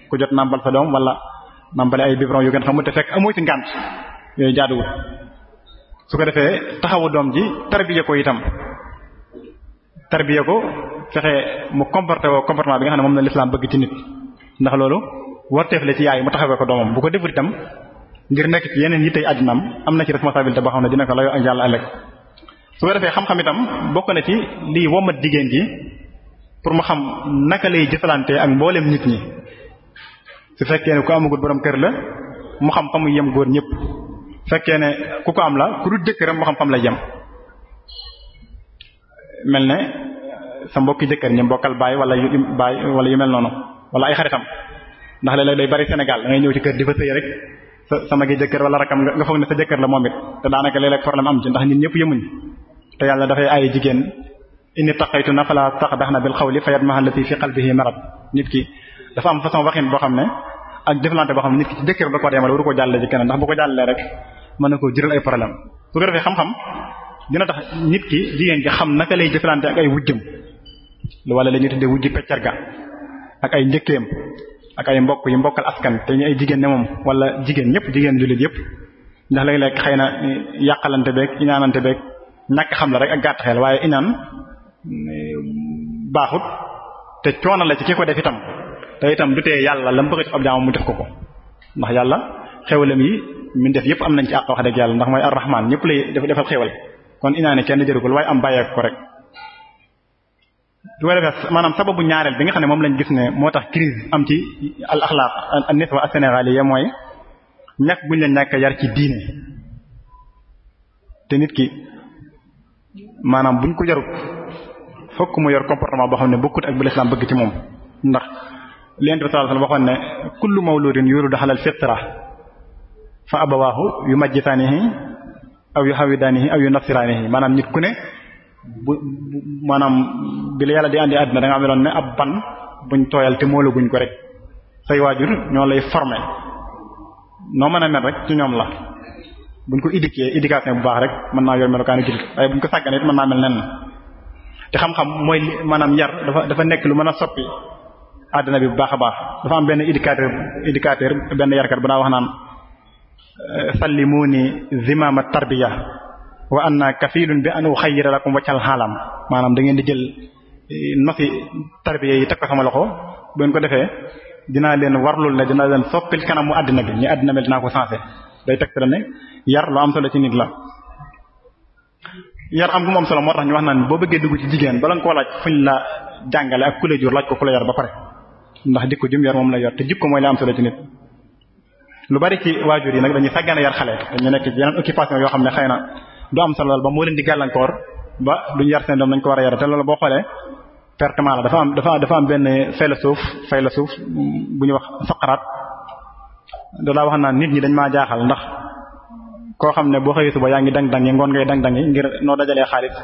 ku jot nampal sa doom walla nampale ay biberon yu gën xamut te fekk amoo ci ngànt yooyu jaaduwul su ko defee taxawu doom ji tarbiya ko itam tarbiya ko fexe mu comporté woo comportement bi nga xam ne moom na lislaam bëgg ci nit ndax loolu warteef la ci yaay mu taxawee ko doomam bu ko defut itam ngir nekk ci yeneen yittey àddinaam am na ci responsabilité boo xam ne dina ko layoo ak yàlla ëllëg su defee xam-xam itam bokk na ci lii womat pour mu xam naka lay jëfalante ak mboolem nit ñi su fekkee ne ku amagut borom kër la mu xam fa yem góor ñëpp fekkee ne ku ko am la ku dul jëkkëram mu xam fa mu lay yem mel ne sa mbokki jëkkër ñi mbokkal baay wala yu baay wala yu mel noonu wala ay xaritam ndax léeg-léeg day bari Sénégal da ngay ñëw ci kër di fa sëy rek sa sama gi jëkkër wala rakam nga foog ne sa jëkkër la moom it te daanaka léeg-léeg problème am ci ndax nit ñëpp yemuñ te yàlla dafay ay jigéen indi inni taqaytu na fala taqdaxna bil xawli fayadmaha allati fi qalbihi marad nit ki dafa am façon waxin boo xam ne ak jëflante boo xam ne nit ki ci jëkkër da ko ko jàlle ci keneen ndax bu ko jàllee rek mën na koo jural ay problème su ko defee xam-xam dina tax nit ki jigéen gi xam naka lay jëflante ak ay wujjam wala la ñuy tuddee wujj ga ak ay njëkkeem ak ay mbokk yi mbokkal askan te ñu ay jigéen ne moom wala jigéen ñëpp jigéen jullit yëpp ndax léeg-léeg xëy na yàqalante beeg inaanante beeg ñàkk xam la rek ak gàtt xel waaye inaan baaxut te coono la ci ki ko def itam te itam du tee yàlla la mu bëgg ci ab jaam mu def ko ko ndax yàlla xewalem yi min def yëpp am nañ ci àq wax dëgg yàlla ndax mooy arrahman ñëpp lay defal xewal kon inaane kenn jërugul waaye am bàyyeek ko rek du ko defee maanaam sababu ñaareel bi nga xam ne moom lañ gis ne moo tax crise am ci al axlaaq an niswa sénégalais mooy ñàkk buñ la ñàkk yar ci diine te nit ki maanaam buñ ko jarut fokk mu yor comportement boo xam ne bokkut ak bu lislaam bëgg ci moom ndax leent bi sallallahu alayhi wasallam waxoon ne kullu mawludin yuladu ala al-fitra fa abawaahu yu majjitaanihi aw yu xawidaanihi aw yu nasiraanihi maanaam nit ku ne bu maanaam bi la yàlla di andi àddina da nga am ne ab ban buñ tooyal te moolaguñ ko rek say waajur ñoo lay forme noo mën a mel rek ci ñoom la buñ ko éduquer éducation bu baax rek mën naa yor melokaanu jullit waaye buñ ko sàggane it mën naa mel nen te xam-xam mooy maanaam yar dafa dafa nekk lu mën a soppi àddina bi bu baax a baax dafa am benn éducateur éducateur benn yarkat bu daa wax naan euh, sallimuni zimama tarbiya wa anna kafilun bi an uxayyira lakum waccal xaalam maanaam da ngeen di jël e, nosi tarbiya yi teg ko sama loxo bu ngeen ko defee dinaa leen warlul ne dinaa leen soppil mu àddina bi ñu àddina mel dinaa ko sensé day teg la ne yar lu am solo ci nit la yar am gu mu am solo moo tax ñu wax naan boo bëggee dugg ci jigéen bala nga koo laaj fuñ la jàngale ak ku jur laaj ko ku la yar ba pare ndax ko jum yar moom la yor te jikko mooy la am solo ci lu bari ci waajur yi nag dañuy sàggane yar xale dañu nekk ci yeneen yoo xam ne xëy na du am solo ba moo leen di gàllankoor ba duñu yar seen doom nañ ko war a yar te loolu boo xoolee pertement la dafa am dafa dafa am benn suuf la suuf bu ñu wax Socrate da laa wax naan nit ñi dañ maa jaaxal ndax koo xam ne boo xëyee suba yaa ngi dang-dangi ngoon ngay dang-dangi ngir noo dajalee xaalis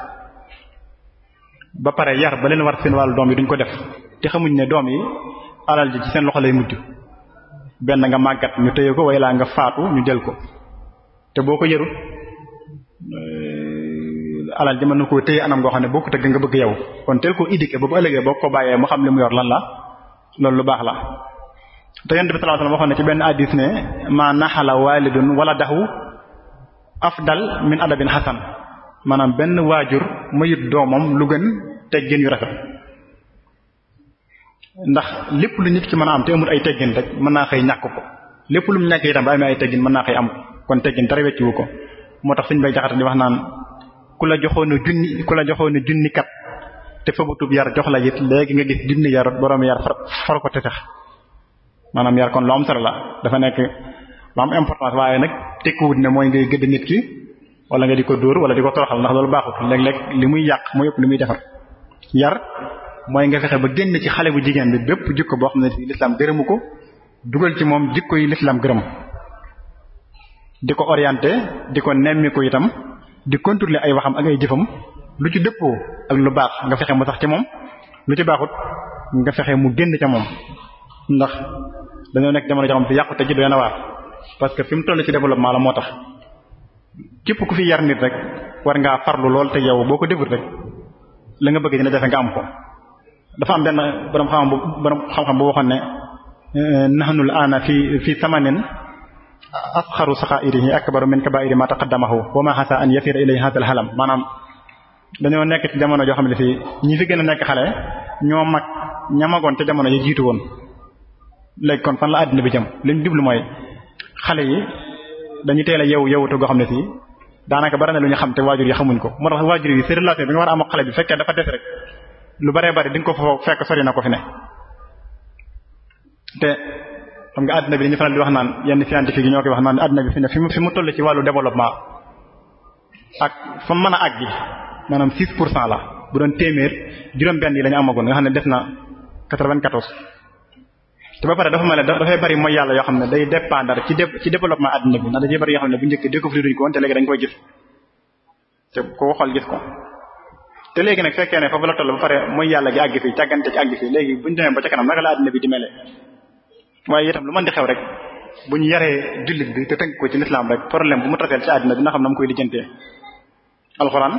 ba pare yar ba leen war seen wàllu doom yi duñ ko def te xamuñ ne doom yi alal ji ci seen loxo lay mujj benn nga màggat ñu téye ko way laa nga faatu ñu jël ko te boo ko yarul eh, alal ji mën na koo téye anam goo xam ne boo ko tëgg nga bëgg yow kon teel koo éduquer ba bu ëllëgee boo ko bàyyee mu xam li mu yor lan la loolu lu baax la te yonent bi sallallahu alayhi wasallam waxoon ne ci benn hadiis ne ma naxala walidun waladahu afdal min adabin xasan maanaam benn waajur mayut doomam lu gën teggin yu rafet ndax lépp lu nit ki mën a am te amul ay teggin rek mën naa xëy ñàkk ko lépp lu mu ñàkk itam ba amee ay teggin mën naa xëy am kon teggin dara wecciwu ko moo tax suñ bay jaxata di wax naan ku la joxoonu junni ku la joxoonu junni kat te fëbatub yar jox la it léegi nga gis junni yar boroom yar far ko te sax maanaam yar kon lu am solo la dafa nekk ma am importance waaye nag tekkiwut ne mooy ngay gëdd nit ki wala nga di ko dóor wala di ko toroxal ndax loolu baaxut léeg-léeg li muy yàq moo yëpp li muy defar yar mooy nga fexe ba génn ci xale bu jigéen bi bépp jikko boo xam ne ci lislaam gërëmu ko dugal ci moom jikko yi lislaam gërëm di ko orienté di ko nemmiku itam di contrôler ay waxam ak ay jëfam lu ci dëppoo ak lu baax nga fexe mu sax ci moom lu ci baaxut nga fexe mu génn ca moom ndax dañoo nekk jamono joo xam te yàqute ji doy na waar parce que fi mu toll ci développement la moo tax képp ku fi yar nit rek war ngaa farlu lool te yaw boo ko defut rek la nga bëgg dina defe nga am ko dafa am benn borom xam borom xam-xam bu waxoon ne euh, naxnul aana fi fi samanin asxaru saxaa'irihi akbaru min kabaa'iri ma taqaddamahu wa ma xasa an yasira ilay hadal halam maanaam dañoo nekk ci jamono joo xam ne fii ñi fi gën a nekk xale ñoo mag ñamagoon te jamono yi jiitu woon léegi kon fan la àddina bi jëm liñ jublu mooy xale yi dañu teel a yeewu yeewute goo xam ne fii daanaka bari na lu ñu xam te waajur yi xamuñ ko moo tax waajur yi ci relation bi nga war a am ak xale bi fekkee dafa lu baree bari di ko foofu fekk sori na ko fi ne te xam nga àddina bi dañu faral di wax naan yenn scientifique yi ñoo koy wax naan àddina bi fi ne fi mu fi ci wàllu développement ak fa mën a àgg maanaam 6 pour cent la bu doon téeméer juróom-benn yi la ñu nga xam ne des na 94 te ba pare dafa mel ne dafay bari mooy yàlla yoo xam ne day dépendre ci ci développement adduna bi ndax dafay bari yoo xam ne bu njëkk découvrir duñ ko te léegi dañ koy gis te ko xool gis ko te léegi nag fekkee ne foofu la toll ba pare mooy yàlla gi àgg fii càggante ci àgg fii léegi buñu demee ba ca kanam naka la adduna bi di mele waaye itam lu man di xew rek bu ñu yaree jullit bi te tënk ko ci lislaam rek problème bu mu tafeel ci adduna bi dina xam na mu koy lijjantee alxuraan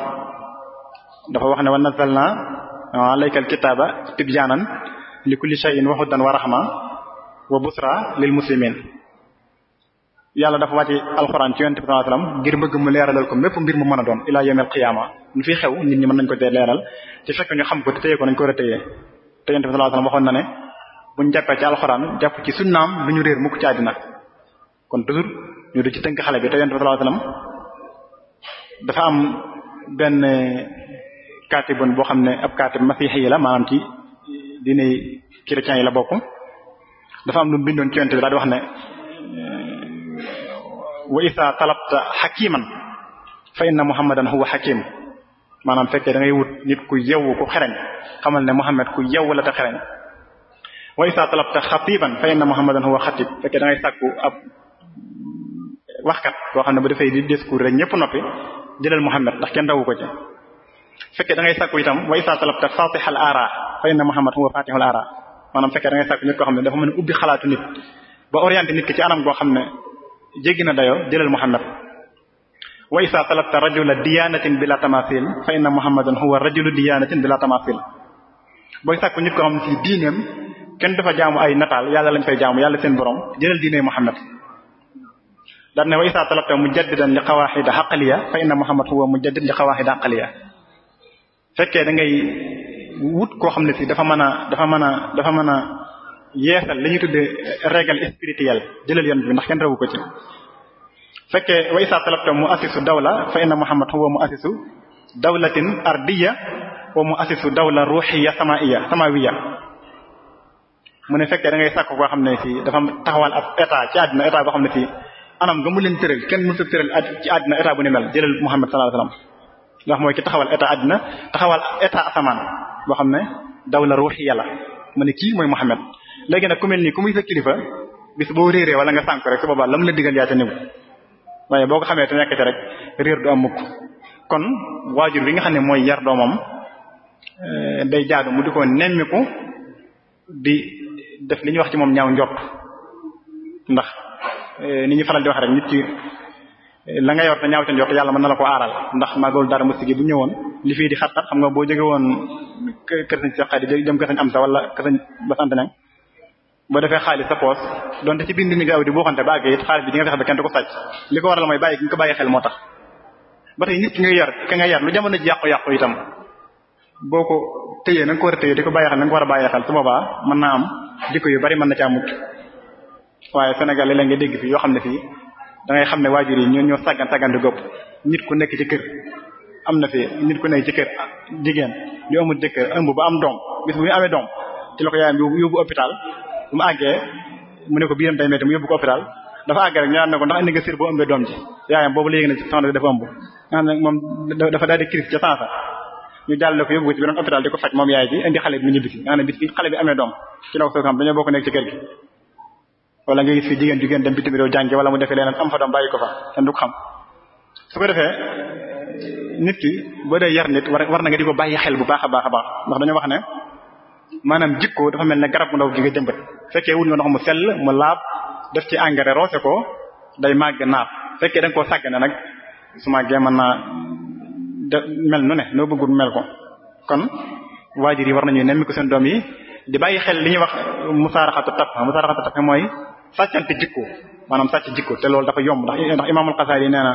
dafa wax ne wa nazzalna alaykal kitaaba tibyaanan li kulli shay'in wa hudan wa rahma wa busra lil muslimin yàlla dafa wàcce alxuraan ci yonent bi sallallahu alayhi ngir bëgg mu leeralal ko mépp mbir mu mën a doon ilaa yawmil qiyaama ñu fi xew nit ñi mën nañ ko dee leeral te fekk ñu xam ko te téye ko nañ ko war a te yonent bi sallallahu alayhi waxoon na ne buñ jàppee ci alxuraan jàpp ci sunnaam duñu réer mukk ci àddina kon toujours ñu ci tënk xale bi te yonent bi dafa am benn kaatibun boo xam ne ab kaatib masiixi la maanaam ci diine chrétien yi la bokk dafa am lu bindoon ci yonent bi daal di wax ne wa isa talabta xakiman fa inna muhammadan huwa xakim maanaam fekkee da ngay wut nit ku yewwu ku xereñ xamal ne muhammad ku yewwu la te xereñ wa isa talabta xatiban fa inna muhammadan huwa xatib fekkee da ngay sàkku ab waxkat boo xam ne bu defee di discours rek ñëpp noppi jëlal muhammad ndax kenn dawu ko ci fekkee da ngay sàkku itam wa isa talabta fatihal ara fa inna muhammad huwa fatihul ara maanaam fekkee da ngay sàkk nit koo xam ne dafa mën a ubbi xalaatu nit ba orienté nit ki ci anam goo xam ne jéggi na dayo jëlal Muhammad wa isa talabta rajula diyaanatin bila tamasil fa inna Muhammadan huwa rajulu diyaanatin bila tamasil booy sàkk nit koo xam ne ci diineem kenn dafa jaamu ay nataal yàlla lañ fay jaamu yàlla seen borom jëlal diine Muhammad daan ne wa isa talabta mujaddidan li qawaaxida xaqaliya fa inna Muhammad huwa mujaddid li qawaaxida xaqaliya fekkee da wut koo xam ne si dafa mën a dafa mën a dafa mën a yeesal li ñuy tuddee règle spirituelle jëlal yoon bi ndax kenn rawu ko ci fekke fekkee wa isa talabta mu assisu dawla fa inna muhammad huwa mu assisu dawlatin ardiya wa mu assisu dawla ruhiya samaiya samawiya mu ne fekkee da ngay sàkk koo xam ne si dafa taxawal ab état ci àddina état boo xam ne si anam nga mu leen tëral kenn mënut a tëral ci àddina état bu ne mel jëlal muhammad sallallahu alayhi wasallam nga mooy ki taxawal état àddina taxawal état asamaan boo xam ne daw la ruux yàlla ma ne kii mooy Muhammad léegi nag ku mel nii ku muy sa kilifa bis boo réeree wala nga sànk rek su boobaa lam la digal yaa ca néew waaye boo ko xamee te nekk rek réer du am mukk kon waajur bi nga xam ne mooy yar doomam eh, day jaadu mu di ko nemmiku di def li ñuy wax ci moom ñaaw njort ndax eh, ni ñu faral di wax rek nit ki la nga yor te ñaaw te njort yàlla mën na la ko aaral ndax màggalu dara mu sigi bu ñëwoon li fii di xat-xat xam nga boo jóge woon kër sañ seqat yi jëm kër sañ am sa wala kër sañ ba sant nañ boo defee xaalis sa poos donte ci bind mi nga awdi boo xante ba àggee it xaalis bi di nga fexe ba kenn du ko sàcc li ko waral mooy bàyyi gi nga ko bàyyi xel moo tax ba tey nit ki nga yar ka nga yar lu jamono ji yàqu-yàqu itam boo ko téyee na nga ko war a téyee di ko bàyyi xel na nga ko war a bàyyi xel su boobaa mën naa am jikko yu bari mën na ci amut waaye Sénégal léeg-léeg nga dégg fi yoo xam ne fii da ngay xam ne waajur yi ñoo ñoo sàggan sàggan di gopp nit ku nekk ci kër am na fi nit ku nekk ci kër jigéen ñu amul jëkkër ëmb am doom bis bu ñu amee doom ci la ko mu àggee mu ne ñu naan ne doom ji yaayam boobu léegi na soxna dafa ëmb dafa daal di crise ca sansa ñu jàlle ko yóbbu ko ci beneen hôpital di ko faj moom yaay ji indi xale bi mu ñibbisi nga xam ne bis bi xale bi amee doom ci la ko soo xam dañoo bokk nekk ci kër gi wala nga gis fi jigéen jigéen dem bitim réew jànge wala mu defee leneen am fa doom bàyyi ko fa te du ko xam su ko defee nit ki boo dee yar nit war war na nga di ko bàyyi xel bu baax a baax a baax ndax dañoo wax ne maanaam jikko dafa mel ne garab ndaw gi nga jëmbat fekkee wut nga ndox mu sell mu laab def ci engrais roose ko day màgg naat fekkee da nga koo sàggane nag su màggee mën naa de mel nu ne noo bëggul mel ko kon waajur yi war nañu nemmi seen doom yi di bàyyi xel li ñuy wax musaaraxatu taq musaaraxatu taq mooy sàccante jikko maanaam sàcc jikko te loolu dafa yomb ndax ndax imaamul Xasaali nee na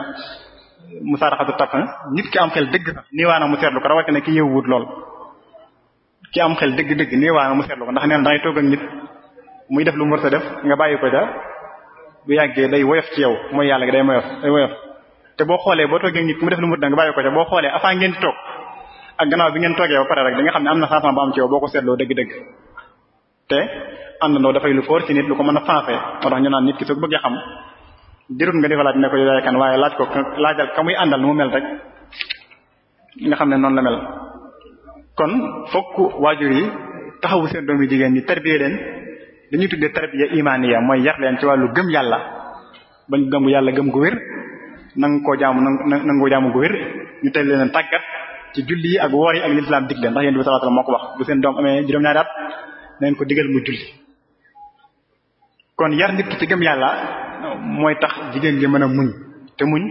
musaaraxatu tapin nit ki am xel dëgg sax nii waa na mu seetlu ko rawatina ki yëwwut lool ki am xel dëgg-dëgg nii waa na mu seetlu ko ndax nee na dangay toog ak nit muy def lu mu war a def nga bàyyi ko ca bu yàggee day woyof ci yow mooy yàlla gi day woyof day woyof te boo xoolee boo toogee nit mu def lu mu da nga bàyyi ko ca boo xoolee avant ngeen toog ak gannaaw bi ngeen toogee rek da xam ne am na changement bu am ci yow boo ko seetloo àndandoo dafay lu foor ci nit lu ko mën a faafee moo tax ñu naan nit ki soo bëggee xam dirut nga di fa laaj ne ko yaay kan waaye laaj ko laajal ka muy àndal nu mu mel rek nga xam ne noonu la mel kon fokk waajur yi taxawu seen doom yu jigéen ñi tarbiya leen dañuy tuddee tarbiya imaaniya mooy yar leen ci wàllu gëm yàlla bañ gëm yàlla gëm gu wér nang koo jaamu nang ko jaamu gu wér ñu te leen tàggat ci julli yi ak woor yi ak lislaam dig leen ndax moo ko wax bu seen doom amee juróom-ñaari at nañ ko digal mu julli kon yar nit ki ci gëm yàlla mooy tax jigéen gi mën a muñ te muñ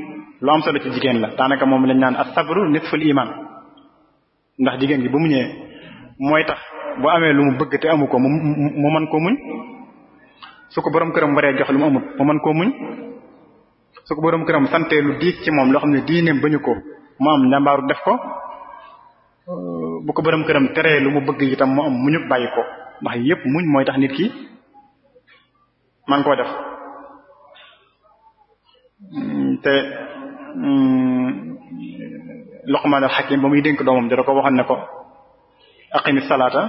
lu am solo ci jigéen la daanaka moom lañ naan as-sabru nisful iman ndax jigéen gi bu muñee mooy tax boo amee lu mu bëgg te amu ko mu mu mën koo muñ su borom këram waree jox lu mu amut mu mën koo muñ su ko borom këram sante lu diis ci moom loo xam ne diineem bañu ko mu am njàmbaaru def ko bu ko borom këram teree lu mu bëgg itam mu am muñu bàyyi ko ndax yépp muñ mooy tax nit ki. maa ngi koo def mm, te mm, Luqmaan al-Hakim ba muy dénk doomam dara ko waxoon ne ko aqimi salaata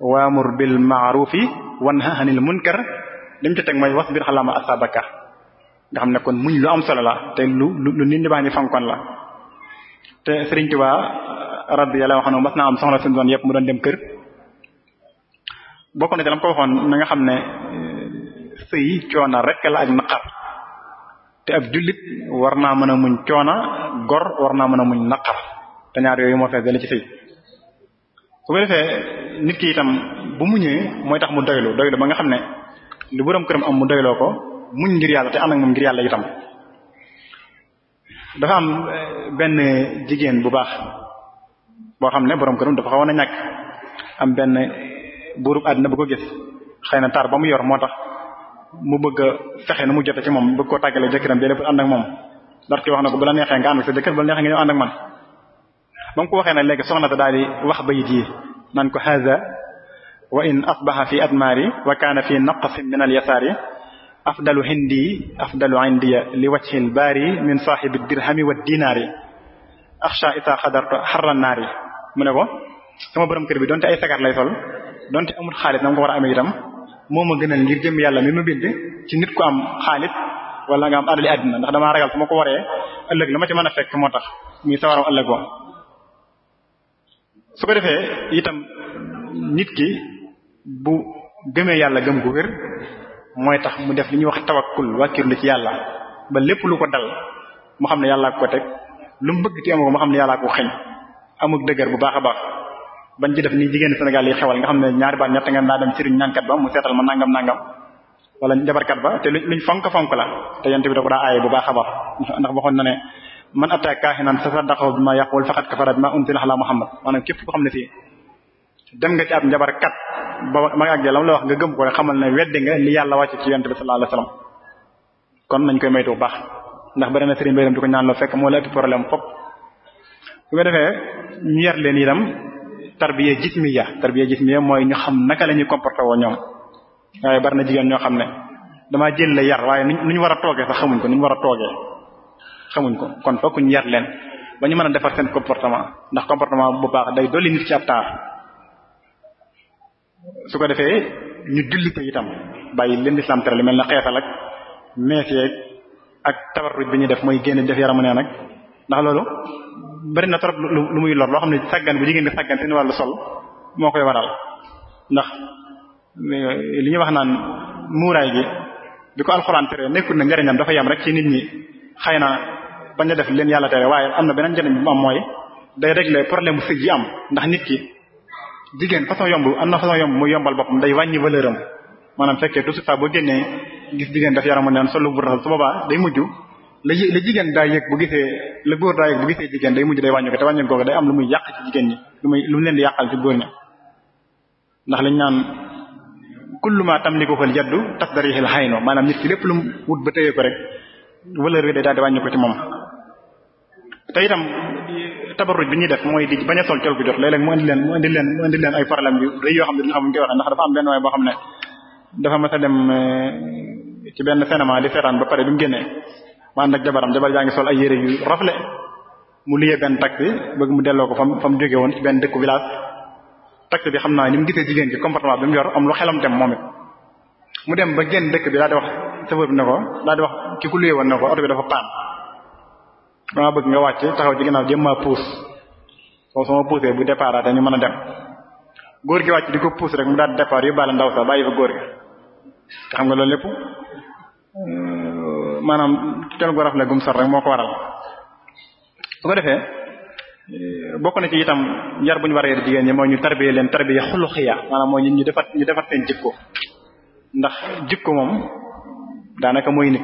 waamur bil ma'rufi wanha anil munkar lim ci teg mooy wasbir ala ma asabaka nga xam ne kon muñ lu am solo la te lu lu nit ñi baax ni fankoon la te Sëriñ Tuubaa radiyallahu anhu mas naa am soxna si doon yëpp mu doon dem kër bokk na ci lam ko waxoon na xam ne sëy coona rek la ak naqar te ab jullit war naa mën a muñ coona gor war naa mën a muñ naqar te ñaar yooyu moo fees dale ci sëy bu mu defee nit ki itam bu muñee mooy tax mu doylu doylu ba nga xam ne lu borom këram am mu doyloo ko muñ ngir yàlla te ànd ak moom ngir yàlla itam dafa am eh, benn jigéen bu baax xam ne borom këram dafa xawoon a ñàkk am benn buurub àddina bu ko gis xëy na tar ba mu yor moo tax mu bëgg a fexe na mu jote ci moom bëgg koo tàggale jëkkëram dee lépp ànd ak moom dara ki wax na ko bu la neexee nga ànd ak sa jëkkër ba mu waxee nag léegi soxna ta daal wax bayit yi naan ko haza wa in asbaha fi admari wa kaana fi naq naqsin min al yasaari afdalu hindi afdalu indiya li wajhi al baari min saahibi dirhami wa dinaari axsha isa xadartu xarra naari mu ne ko sama borom kër bi donte ay sagar lay sol donte amul xaalis na nga ko a amee itam moom ma gënal ngir jëm yàlla mi ma bind ci nit ku am xaalis wala nga am alali àddina ndax damaa ragal su ma ko waree ëllëg la ma ci mën a fekk moo tax muy sawaram ëllëg wa su ko defee itam nit ki bu gëmee yàlla gëm gu wér mooy tax mu def li ñuy wax tawakkul wàkkirlu ci yàlla ba lépp lu ko dal mu xam ne yàllaa ko teg lu mu bëgg ci amoo mu xam ne yàllaa ko xeñ amul dëgër bu baax a baax bañ ci def ni jigéen Sénégal yi xewal nga xam ne ñaari baat ñett nga naa dem sëriñ ñaankat ba mu seetal ma nangam nangam wala njabarkat ba te luñ fonk fonk la te yent bi da ko daa aaye bu baax na ne man atta kaahinan ba ma nga ak lam la wax nga gëm ko rek xamal ne weddi nga li yàlla wàcc ci yent bi sallallahu alayhi wasallam kon nañ koy maytu bu baax ndax ba na sëriñ ba dem di ko ñaan loo fekk moo la ëpp problème fop bu ko defee ñu yar leen itam tarbiya jismiya tarbiya jismiya mooy ñu xam naka la ñuy comporté woo ñoom waaye bari na jigéen ñoo xam ne damaa jël la yar waaye nu ñu war a toogee sax xamuñ ko nu ñu war a toogee xamuñ ko kon fokk ñu yar leen ba ñu mën a defar seen comportement ndax comportement bu baax day dolli nit ci ab taar su ko defee ñu jullite itam bàyyi leen di tere li mel na xeesal ak mees yeeg ak tabarruj bi ñuy def mooy génn def yaramu nee nag ndax loolu bari na trop lu muy lor loo xam ne sàggan bu jigéen di sàggan seen wàllu sol moo koy waral ndax li ñu wax naan muuraay gi bi ko alxuraan tere nekkul na njariñam dafa yam rek ci nit ñi xëy na bañ a def leen yàlla tere waaye am na beneen njariñ bi mu am mooy day régler problème bu sëy yi am ndax nit ki jigéen façon yomb am na façon yomb muy yombal boppam day wàññi valeur am maanaam fekkee tout ce temps boo génnee gis jigéen daf yaramu neen solu bu rafet su la la jigéen daa yëg bu gisee la góor daa yëg bu gisee jigéen day mujj day wàññi ko te wàññi googu day am lu muy yàq ci jigéen ñi lu muy mu leen di yàqal ci góor ñi ndax lañ naan kullu ma tamliku al yaddu tasdarihi al hayno maanaam nit ki lépp lu mu wut ba téye ko rek valeur bi day daal di ci moom te itam tabarruj bi ñu def mooy di bañ a sol col gu jot léeg-léeg leen mu indi leen mu indi leen ay problème bi yoo xam ne duñu xam ñu koy waxee ndax dafa boo xam ne dafa mas a dem eh, ci benn cinéma di seetaan ba pare bi mu génnee mu ànd ak jabaram jabar jaa ngi sol ay yére yu rafle mu liyee benn taxi bëgg mu delloo ko fam fa mu jóge woon ci benn dëkku village taxi bi xam naa ni mu gisee jigéen ci comportement bi mu yor am lu xelam dem moom it mu dem ba génn dëkk bi daal di wax chauffeur bi ne ko daal di wax ki ku luyee woon ne ko oto bi dafa paan dama bëgg nga wàcc taxaw ci ginnaaw puus soo sama puusee bu départ ñu mën a dem góor gi wàcc di ko puus rek mu daal di départ yóbbaale ndaw sa bàyyi maanaam tel gu rafle gum sor rek moo ko waral su ko defee eh, bokk na ci itam yar bu ñu war a yar jigéen ñi mooy ñu tarbiya leen tarbiya xuluxiya maanaam mooy ñu defat ñu defat leen jikko ndax jikko moom daanaka mooy nit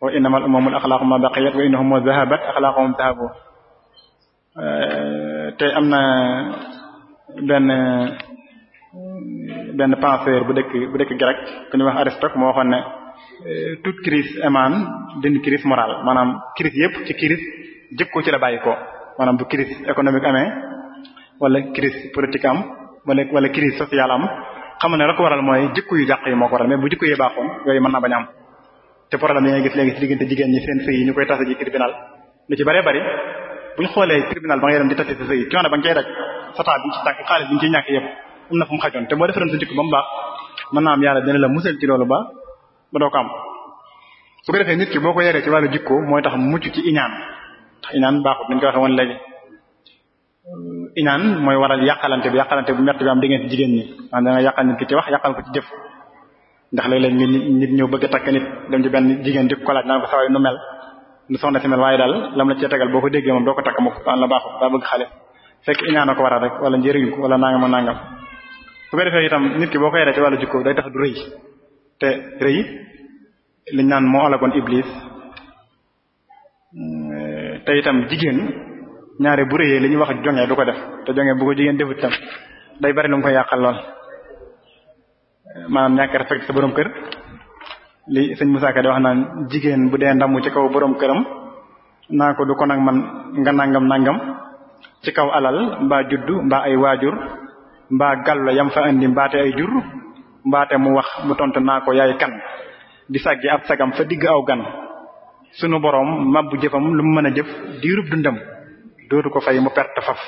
wa innamal umamul axlaaqu ma baqiyat wa innahum dhahabat axlaaquhum dhahabu eh, te am na benn benn penseur bu dëkk bu dëkk Grèce ku ñuy wax Aristote moo waxoon Euh, toute crise émane d'une crise morale maanaam crise yépp ci crise jikko ci la bàyyi ko maanaam bu crise économique amee wala crise politique am wala wala crise sociale am xam ne la waral mooy jikko yu jàq yi moo ko waral mais bu jikko yi baaxoon yooyu mën na bañ am te problème yi nga gis léegi ci diggante jigéen ñi seen sëy yi ñu koy tase ji tribunal lu ci bëree bëri bu xoolee tribunal ba ngay dem di tase sa sëy coono ba nga cay daj sa taa bi ci tàkk na fu mu xajoon te boo defaroon sa jikko ba mu baax mën loolu ba ba doo ko am su ko defee nit ki boo ko yaree ci wàllu jikkoo mooy tax mucc ci iñaan ndax iñaan baaxut nañ ko waxee woon léegi mooy waral yàqalante bi yàqalante bu mett bi am diggante jigéen ñi maanaam da nga yàqal nit ki wax yàqal ko ci jëf ndax léeg-léeg ngi nit ñëw bëgg takk nit dem ci benn jigéen di ko laaj naan ko saway nu mel nu soxna si mel waaye daal lam la cee tegal boo ko déggee moom doo ko takk mukk daan la baaxut daa bëgg xale fekk iñaan a ko waral rek wala njëriñ ko wala nangam a nangam su ko defee itam nit ki boo ko yaree ci wàllu jikko day tax du rëy te rëy liñ naan moo alagoon iblis mm, te itam jigéen ñaare bu rëyee li ñuy wax jonge du ko def te jonge bu ko jigéen defut itam day bari lu mu ko yàqal lool maanaam ñàkk respect sa boroom kër li sëñ Moussa Ka di wax naan jigéen bu dee ndamu ci kaw boroom këram naako ko du ko nag man nga nangam nangam ci kaw alal mba juddu mbaa ay waajur mba gallo yam fa indi mbaate ay jur mbaate mu wax mu tontu naa ko yaay kan di sàggi ab sagam fa digg aw gan sunu boroom mabbu jëfam lu mu mën a jëf diirub dundam dootu ko fay mu perte faf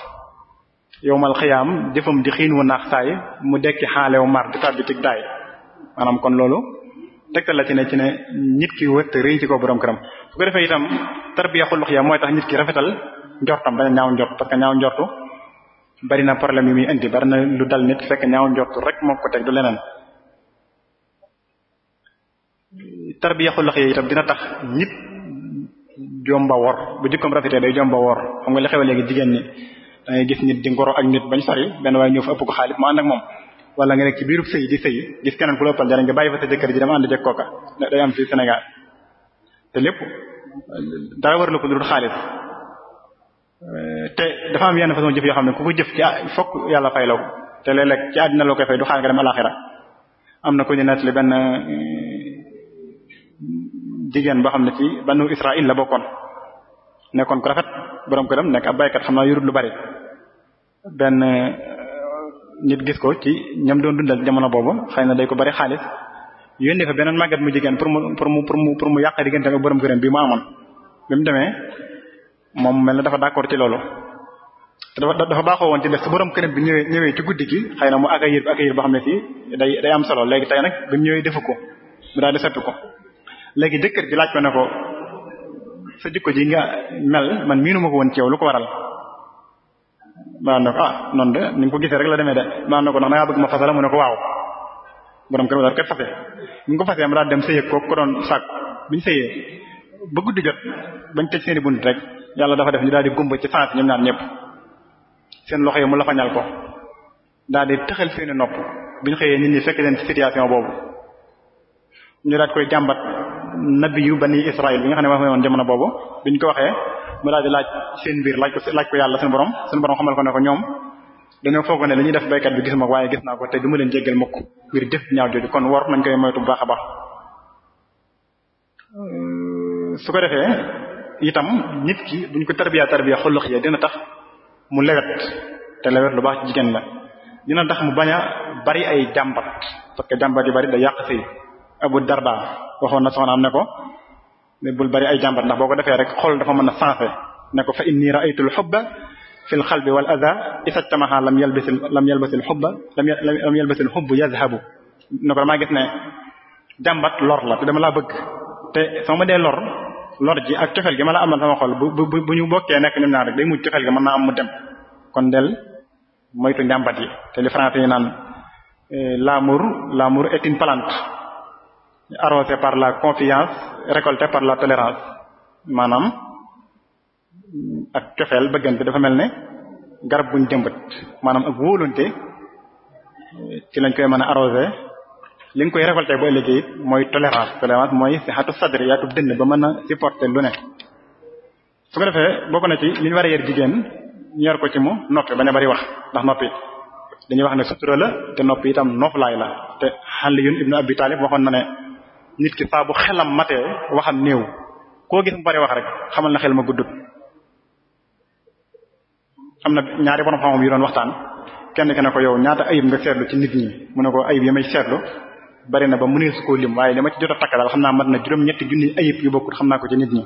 yowmal xiyaam jëfam di xiin wu naax saay mu dekki xaalew mar di tàbbitig daay maanaam kon loolu tegtal la ci ne ci ne nit ki wëtt rëy ci ko boroom këram su defee itam tarbiya xulux ya mooy tax nit ki rafetal njortam bañ a ñaaw njort parce que ñaaw njortu bari na yi muy indi bari na lu dal nit fekk ñaaw njortu rek moo ko teg tarbiya xulux yi tam dina tax nit jomba wor bu jikkoom rafetee day jomba wor xam nga li xew léegi jigéen ñi da ngay gis nit di ngoro ak nit bañ sori benn waaye ñëw fa ëpp ko xaalis mu ànd ak moom wala nga nekk ci biirub sëy di sëy gis keneen ku loppal jara nga bàyyi fa sa jëkkër ji te lépp dara war te dafa am yenn façon jëf yoo xam ne ku ko jëf ci ah, fokk yàlla fay la te léeg-léeg ci àddina loo koy fay du xaar nga dem alaxira am na ko ñu nettali benn jigéen boo xam ne ci banu Israël la bokkoon nekkoon ku rafet boroom këram nekk ab baykat xam naa yurut lu bari benn euh, nit gis ko ci ñam doon dundal jamono boobu xëy na day ko bari xaalis yónnee fa beneen màggat mu jigéen pour mu pour mu pour mu pour mu yàq diggante ak boroom këram bi mu amoon bi mu demee moom mel na dafa d'accord ci loolu te dafa dafa baaxoo woon ci def su borom këram bi ñëwee ñëwee ci guddi gi xëy na mu accueillir accueillir boo xam ne si day day am solo léegi tey nag bi mu ñëwee ko mu daal di ko léegi jëkkër ji laaj ko ne ko sa jikko ji nga mel man miinu ma ko woon ci lu ko waral maanaam ne ko ah noonu de ni nga ko gisee rek la deme de maanaam ne ko ndax da ngaa bëgg ma fasala mu ne ko waaw borom kër daal kat fase mu ko fasee ma daal dem sëyeeg kooku ko doon sàkk bi ñu sëyee ba guddi bañ tëj seen i rek yàlla dafa def ñu daal di ci sens ñoom ñaar ñëpp seen loxo yi mu lafañal ko daal di tëxal seen i nopp bi ñu xëyee nit ñi fekk leen ci situation boobu ñu daal koy jàmbat nabiyu bani Israël bi nga xam ne mooy woon jamono boobu biñ ko waxee mu daal di laaj seen biir laaj ko laaj ko yàlla seen borom seen borom xamal ko ne ko ñoom dañoo foog ne li def baykat bi gisuma waaye gis naa ko te du ma leen jéggal mukk ngir jëf ñaaw jooju kon war nañ koy moytu bu baax a baax. Euh, ko defee itam nit buñ ko tarbiya tarbiya xulux ya dina tax mu lewet te lewet lu baax ci jigéen la dina tax mu bañ a bari ay jàmbat parce que jàmbat yu bari da yàq sëy Abu Darda waxoon na soxnaam ne ko bul bari ay jàmbat ndax boo ko defee rek xol dafa mën a sensé ne ko fa inni ra'aytul hubba fil qalbi wal adha isajtamaha lam yalbis lam yalbisil hubba lam yalbisil hubbu yazhabu ne ko damaa gis ne jàmbat lor la te dama laa bëgg te soo ma dee lor ji ak cofeel gi ma la amal sama xol bu bu bu ñu bokkee nekk ñoom ñaar rek day mujj cofeel gi mën naa am mu dem kon del moytu njàmbat yi te li français yi naan eh, l'amour l'amour est arrosé par la confiance récolter par la tolérance maanaam ak cofeel bëggante dafa mel ne garab buñ jëmbat maanaam ak wóolunte ci lañ koy mën a arrosé li nga koy récolté boo ëllëgee it mooy tolérance tolérance mooy si xatu sadri yaatu dënn ba mën a supporter lu ne su ko defee bokk na ci li ñu war a yar jigéen ñu yar ko ci mu noppi bañ a bari wax ndax noppi dañuy wax ne sutura la te noppi itam nooflaay la te Aliyun ibnu Abi Talib waxoon na ne nit ki saa bu xelam matee waxam néew koo gis mu bari wax rek xamal na xel ma guddut am na ñaari borom xam-xam yu doon waxtaan kenn ki ne ko yow ñaata ayib nga seetlu ci nit ñi mu ne ko ayib yi may seetlu bari na ba mënees koo lim waaye li ma ci a takk xam naa mat na juróom-ñetti junni ayib yu naa ko ci nit ñi.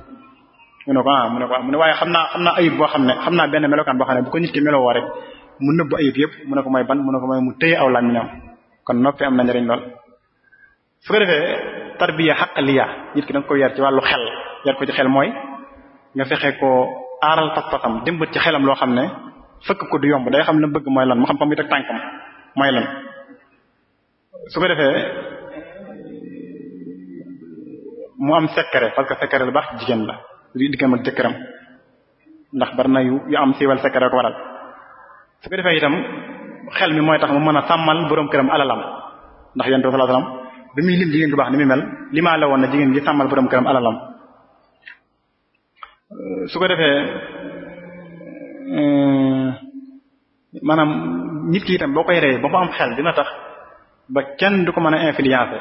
mu ne ko ah mu ne ko ah waaye xam naa xam naa ayib boo xam ne xam naa benn melokaan boo xam ne bu ko nit ki meloo rek mu nëbb ayib yëpp mu ne ko may ban mu ne ko may mu téye aw làmmiñam kon noppi am na njariñ lool su ko defee tarbiya xaqaliya nit ki da nga koy yar ci wàllu xel yar ko ci xel mooy nga fexe ko aaral pas-pasam démbat ci xelam loo xam ne fëkk ko du yomb day xam ne bëgg mooy lan mu xam fa muy teg tànkam mooy lan su defee mu am secret parce que lu baax jigéen la lu diggam ak ndax bari na yu yu am siiwal secret ko waral su ko defee itam xel mi mooy tax mu mën a sàmmal boroom këram alalam ndax yonent bi bi muy lim jigéen ju baax ni muy mel limaa la woon na jigéen ji sàmmal borom këram alalam euh, su ko defee euh, maanaam nit ki tam boo koy rey ba mu am xel dina tax ba kenn du ko mën a influencer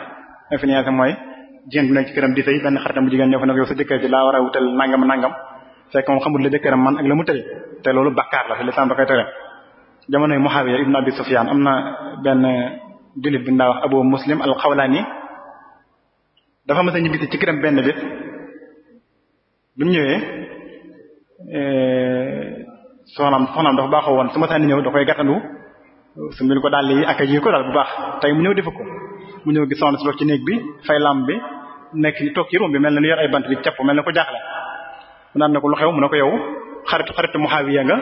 influencer mooy jigéen bu nekk ci këram di sëy benn xaritam bu jigéen ñëw fa nekk yow sa jëkkër ji laa war a wutal nangam nangam fekk moom xamul la jëkkëram man ak la mu tëri te loolu bakkaar la fi lislaam da koy tere jamonoy Muawiya ibn Abi Sufyan am na benn jullit bi ndaw wax abu muslim alxawlaani dafa mas a ñibbisi ci këram benn bi mu ñëwee eh, soxnaam soxnaam dafa baaxoo woon su ma sànni ñëw da koy gàttandu su mu ko daal yi accueillir ko daal bu baax tey mu ñëw defu ko mu ñëw gi soxna si ci néeg bi fay lam bi nekk ni toog ci bi mel na nu yor ay bant bi capp mel na ko jaaxle mu naan ne ko lu mu ne ko yow xaritu xaritu a nga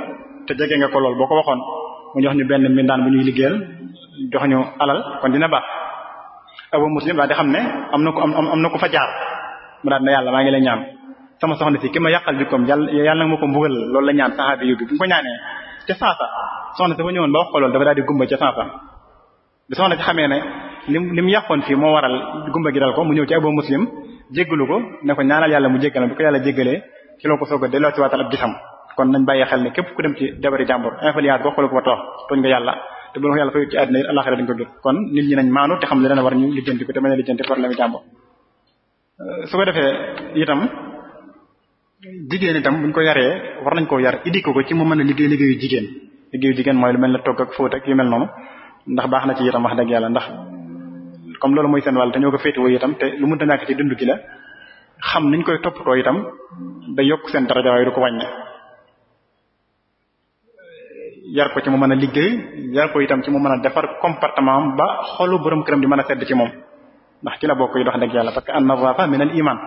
te jege nga ko lool boo ko waxoon mu jox ñu benn mindaan bu jox ñu alal kon dina baax abu muslim daal di xam ne am na ko am am na ko fa jaar mu daal ne yàlla maa ngi lay ñaan sama soxna si ki ma yàqal jikkoom yàlla yàlla nga ma ko mbugal loolu la ñaan saxaabi yóbbi bu ñu ko ñaanee ca saasa soxna si ba dafa daal di gumba ca saasa xamee ne lim li mu yàqoon fii moo waral gumba gi dal ko mu ñëw ci abu muslim jéggalu ko ne ko ñaanal yàlla mu jéggal bi ko yàlla jéggalee ci loo ko soog a delloo ci waatal ab gisam kon nañ bàyyi xel ne képp ku dem ci dabari jàmbur influence boo xool ko ba toox yàlla te bu la ko yàlla fayut ci àddina yi alaxira dañ ko jot kon nit ñi nañ maanu te xam li a war ñu lijjanti ko te mën a lijjanti problème jàmbur euh, su ko defee itam jigéen itam buñ ko yaree war nañ koo yar indi ko ko ci mu mën a liggéey liggéeyu jigéen liggéeyu jigéen mooy lu mel ne togg ak fóot ak yu mel noonu ndax baax na ci itam wax dëgg yàlla ndax comme loolu mooy seen wàll te ñoo ko féetewoo itam te lu mënta ñàkk ci dund gi la xam niñ koy toppatoo itam da yokk seen daraja waaye du ko wàññi yar ko ci mu mën a liggéey yar ko itam ci mu mën a defar comportement ba xolu borom këram di mën a sedd ci moom ndax ci la bokk yi dox dëgg yàlla parce que an-nazaafa min al-iman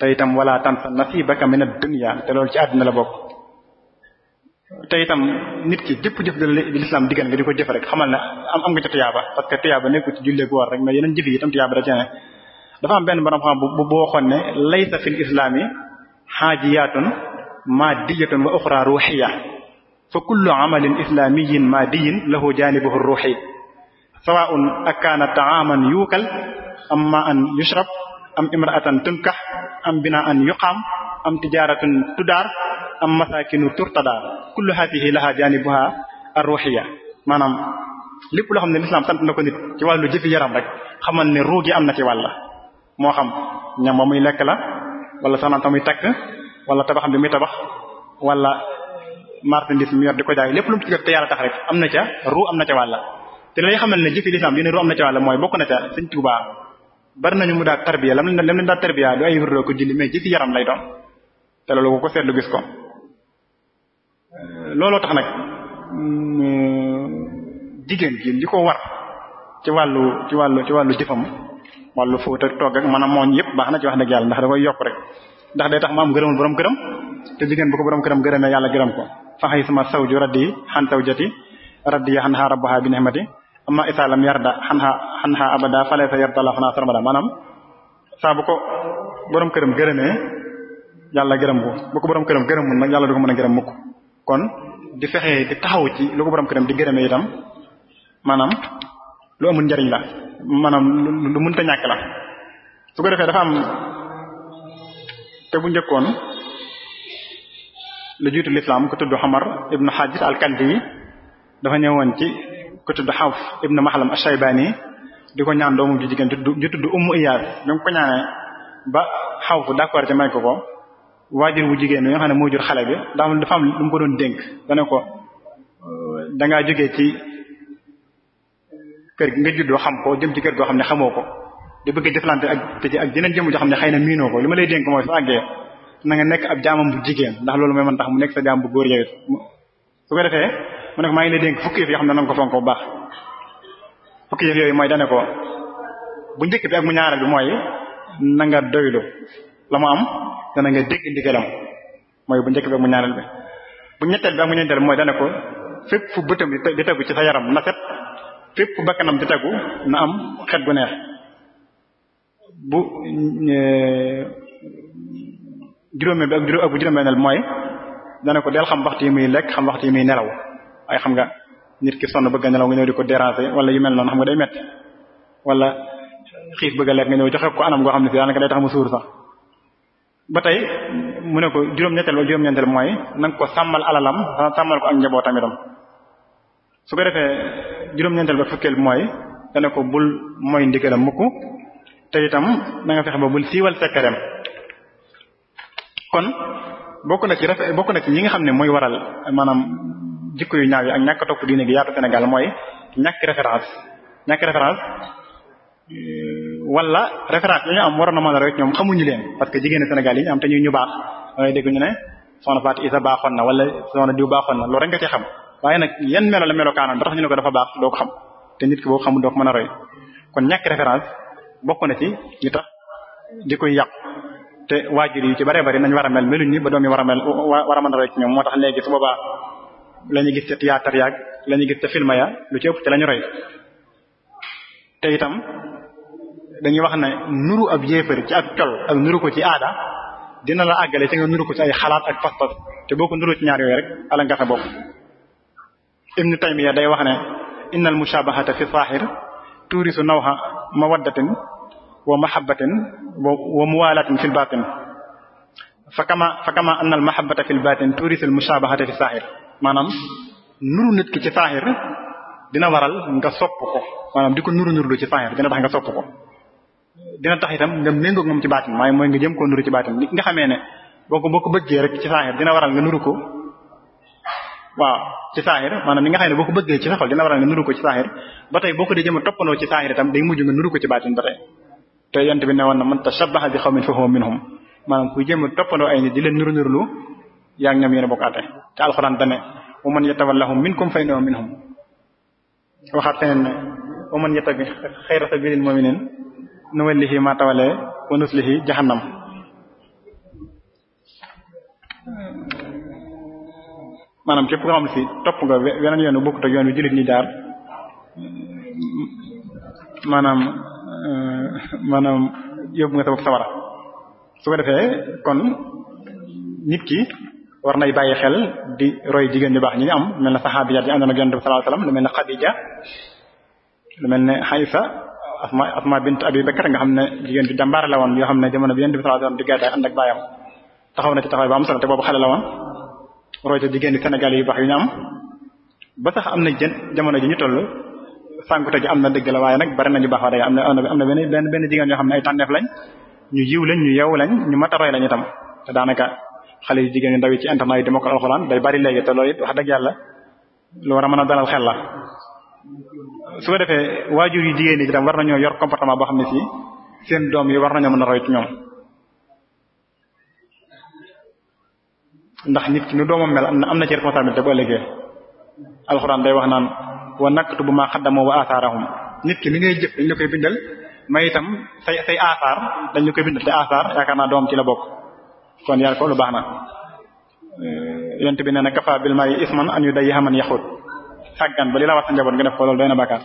te itam wala tansa nasibaka min ad-dunya te loolu ci àddina la bokk te itam nit ki jëpp jëf di lislaam diggan nga di ko jëf rek xamal na am am nga ci tuyaaba parce que tuyaaba nekkul ci jullee gu war rek mais yeneen jëf yi itam tuyaaba da ci ne dafa am benn borom xam bu boo xoon ne laysa fil islaami xaajiyaatun maadiyatun wa fa kullu amalin islamiyin maadiyin lahu janibuhu ruuxi sawaun ak kaana taaman yuukal am ma an yushrab am imraatan tunkax am bina an yuqaam am tijaaratun tudaar am masaakinu turtadaa kullu haatihi lahaa jaanibuha ar-ruuxiya maanaam lépp loo xam ne lislaam sant na ko nit ci wàllu jëfi yaram rek xamal ne ruu gi am na ci wàlla moo xam ñam ba lekk la wala soxnaam ta takk wala tabaxam bi muy tabax wala marchandise mi yor di ko jaay lépp lu mu ci jot te yàlla tax rek am na ca ru am na ca wàlla te lay xamal ne jëfi lislaam yu ne ru am na ca wàlla mooy bokk na ca Sëriñ Tuubaa bari nañu mu daal tarbiya lam lam leen daal tarbiya du ay wérdoo ko julli mais jëfi yaram lay doon te loolu ko ko seetlu gis ko euh, looloo tax nag mm, euh, jigéen ji li ko war ci wàllu ci wàllu ci wàllu jëfam wàllu fóot ak togg ak mën a mooñ yëpp baax na ci wax dëgg yàlla ndax da koy yokk rek ndax day tax am gërëmul borom gërëm te jigéen bu ko borom gërëm gërëmee yàlla gërëm ko faxay sama sawju raddi xan sawjati raddi xan xaa a bi nihmati amma isalam yarda xan xaa xan xaa abada falaysa yarda la xanaa sarmada maanaam saa bu ko borom këram gërëmee yàlla gërëm ko bu ko borom këram gërëmul nag yàlla du ko mën a gërëm mukk kon di fexe di taxaw ci lu borom këram di gërëmee itam maanaam lu amul njariñ la maanaam lu mënta ñàkk la su ko defee dafa am te bu njëkkoon lu jiitu lislaam ku tudd Xamar ibn Xaajis al-Kalbi yi dafa ñëwoon ci ku tudd xaw ibn Maxlam ash-Shaybani yi di ko ñaan doomu ju jigéen ju tudd Ummu Iyaas bi ko ñaanee ba Xawf d'accord ci may ko ko waajur wu jigéen bi nga xam ne moo jur xale bi dafa am lu mu ko doon dénk dana ko dangaa jógee ci kër gi nga juddoo xam ko jëm ci kër goo xam ne xamoo ko di bëgg jëflante ak te ci ak jeneen jëmm joo xam ne xëy na miinoo ko li ma lay dénk mooy su àggee na nekk ab jaamam bu jigéen ndax loolu mooy mën tax mu nekk sa jaam bu góor yowet su ko defee mu ne maa ngi lay dénk fukki yëf yoo xam ne na nga ko fonk bu baax fukki yëf yooyu mooy dane ko bu njëkk bi ak mu ñaareel bi mooy na nga doylu am dana nga dégg ndigalam mooy bu njëkk mu ñaareel bi bu ñetteel bi ak mu ñeenteel mooy dane ko fépp fu bëtam di tegu ci sa yaram na set fépp fu bakkanam di tegu na am xet gu neex bu juróomeel bi ak juróom ak bu juróom-benneel mooy dana ko del xam waxtu yi muy lekk xam waxtu yi muy nelaw ay xam nga nit ki sonn bëgg a nelaw nga ñëw di ko déranger wala yu mel noonu xam nga day metti wala xiif bëgg a lekk nga anam goo xam ne si daanaka day tax mu suur sax ba tey mu ne ko juróom-ñetteel ba juróom-ñeenteel mooy na nga ko sàmmal alalam dana sàmmal ko ak njabootam su ko defee juróom-ñeenteel ba fukkeel mooy dana ko bul mooy ndigalam mukk te itam da nga fexe ba bul siiwal sekkereem kon bokk na ci ref bokk na ci ñi nga xam ne mooy waral maanaam jikko yu ñaaw yi ak ñàkk topp diine gi yaatu Sénégal mooy ñàkk référence ñàkk référence euh, wala référence yi am waroon na mën a rek ñoom xamuñu leen parce que jigéen Sénégal yi ñu am te ñu ñu baax dangay dégg ñu ne soxna Fatou Isa baaxoon na wala soxna diw baaxoon na loolu rek nga ci xam waaye nag yan melo la melokaanoon ba tax ñu ne ko dafa baax doo ko xam te nit ki boo xamul doo man a roy kon ñàkk référence bokk na ci ñu tax di koy yàqu te waajur yi ci bare bari nañ war a mel meluñ ni ba doom yi war a mel war a mën moo tax léegi su boobaa la gis ca théâtre yaag la gis ca film ya lu ci ëpp ci la ñu te itam dañuy wax ne nuru ab yéefar ci ab col ak nuru ko ci aada dina la àggale ci nga nuru ko ci ay xalaat ak pas-pas te boo ko nuru ci ñaar yooyu rek ala nga sa bopp Ibnu Taymiya day wax ne innal mushabahata fi sahir turisu nawha mawaddatin wa mahabbatin wa muwalatin fil batin fa kama fa kama anna al mahabbata fil batin turisu al mushabahata fi sahir maanaam nuru nit ki ci sahir dina waral nga sopp ko maanaam di nuru nuru ci sahir dina tax nga sopp ko dina tax itam nga méngoog moom ci baatin waaye mooy nga jëm koo nuru ci baatin nga xamee ne boo ko boo ko bëggee rek ci sahir dina ko waaw ci saaxir maanaam li nga xam ne boo ko bëggee ci sa xol dina waral nga nuru ko ci saaxir ba tey boo ko dee jëm toppandoo ci saaxir itam day mujj nga nuru ko ci baatin ba tey te yent bi ne woon na man tashabbaha bi xawmin fa huwa minhum maanaam kuy jéem a toppandoo ay a bokk àtte te alxuraan dane wa man man yattabi xayra sabilil mu'minin nuwallihi ma tawalee wa nuslihi nga xam ne si topp nga weneen yoon bu bokkut yoon wi jullit ñi jaar maanaam maanaam yóbbu nga sa bopp sawara su ko defee kon nit ki war nay bàyyi xel di roy jigéen ñu baax ñi ñu am mel na saxaabiyaat yi àndoon ak yonent bi sallallahu alayhi wasallam lu mel ne Xadija lu mel ne Aysa Asma Asma bint Abi Bakr nga xam ne jigéen bi jàmbaar la woon yoo xam ne jamono bi yonent bi sallallahu alayhi di gàddaay ànd ak baayam taxaw na ci am solo te boobu xale la woon roy te di Sénégal yu baax yu am ba sax am na jën jamono ji ñu toll sànkute gi am na dëgg la waaye nag bari nañu baax waaye am na am na benn benn benn jigéen ñoo xam ne ay tànneef lañ ñu yiw lañ ñu yew ñu a roy lañ itam te daanaka xale yu jigéen yu ndaw yi ci internet yi di mokkal alxuraan day bari léegi te loolu it wax dëgg yàlla lu war a mën a dalal xel la su ko defee waajur yu jigéen yi itam war nañoo yor comportement boo xam ne fii seen doom yi war nañoo mën a roy ci ñoom ndax nit ki nu doomam mel am na am na ci responsabilité bu ëllëgee alxuraan day wa naktubu ma xaddamoo wa athaarahum nit ki li ngay jëf dañ la koy bindal may itam say say asaar dañ la koy bindal te asaar yaakaar naa doom ci la bokk kon yar ko lu baax na eh, yonent bi nee na kafa bil mayi isman an yu dayyi xaman yaxut sàggan ba li la war sa njaboot nga def ko loolu doy na bàkkaar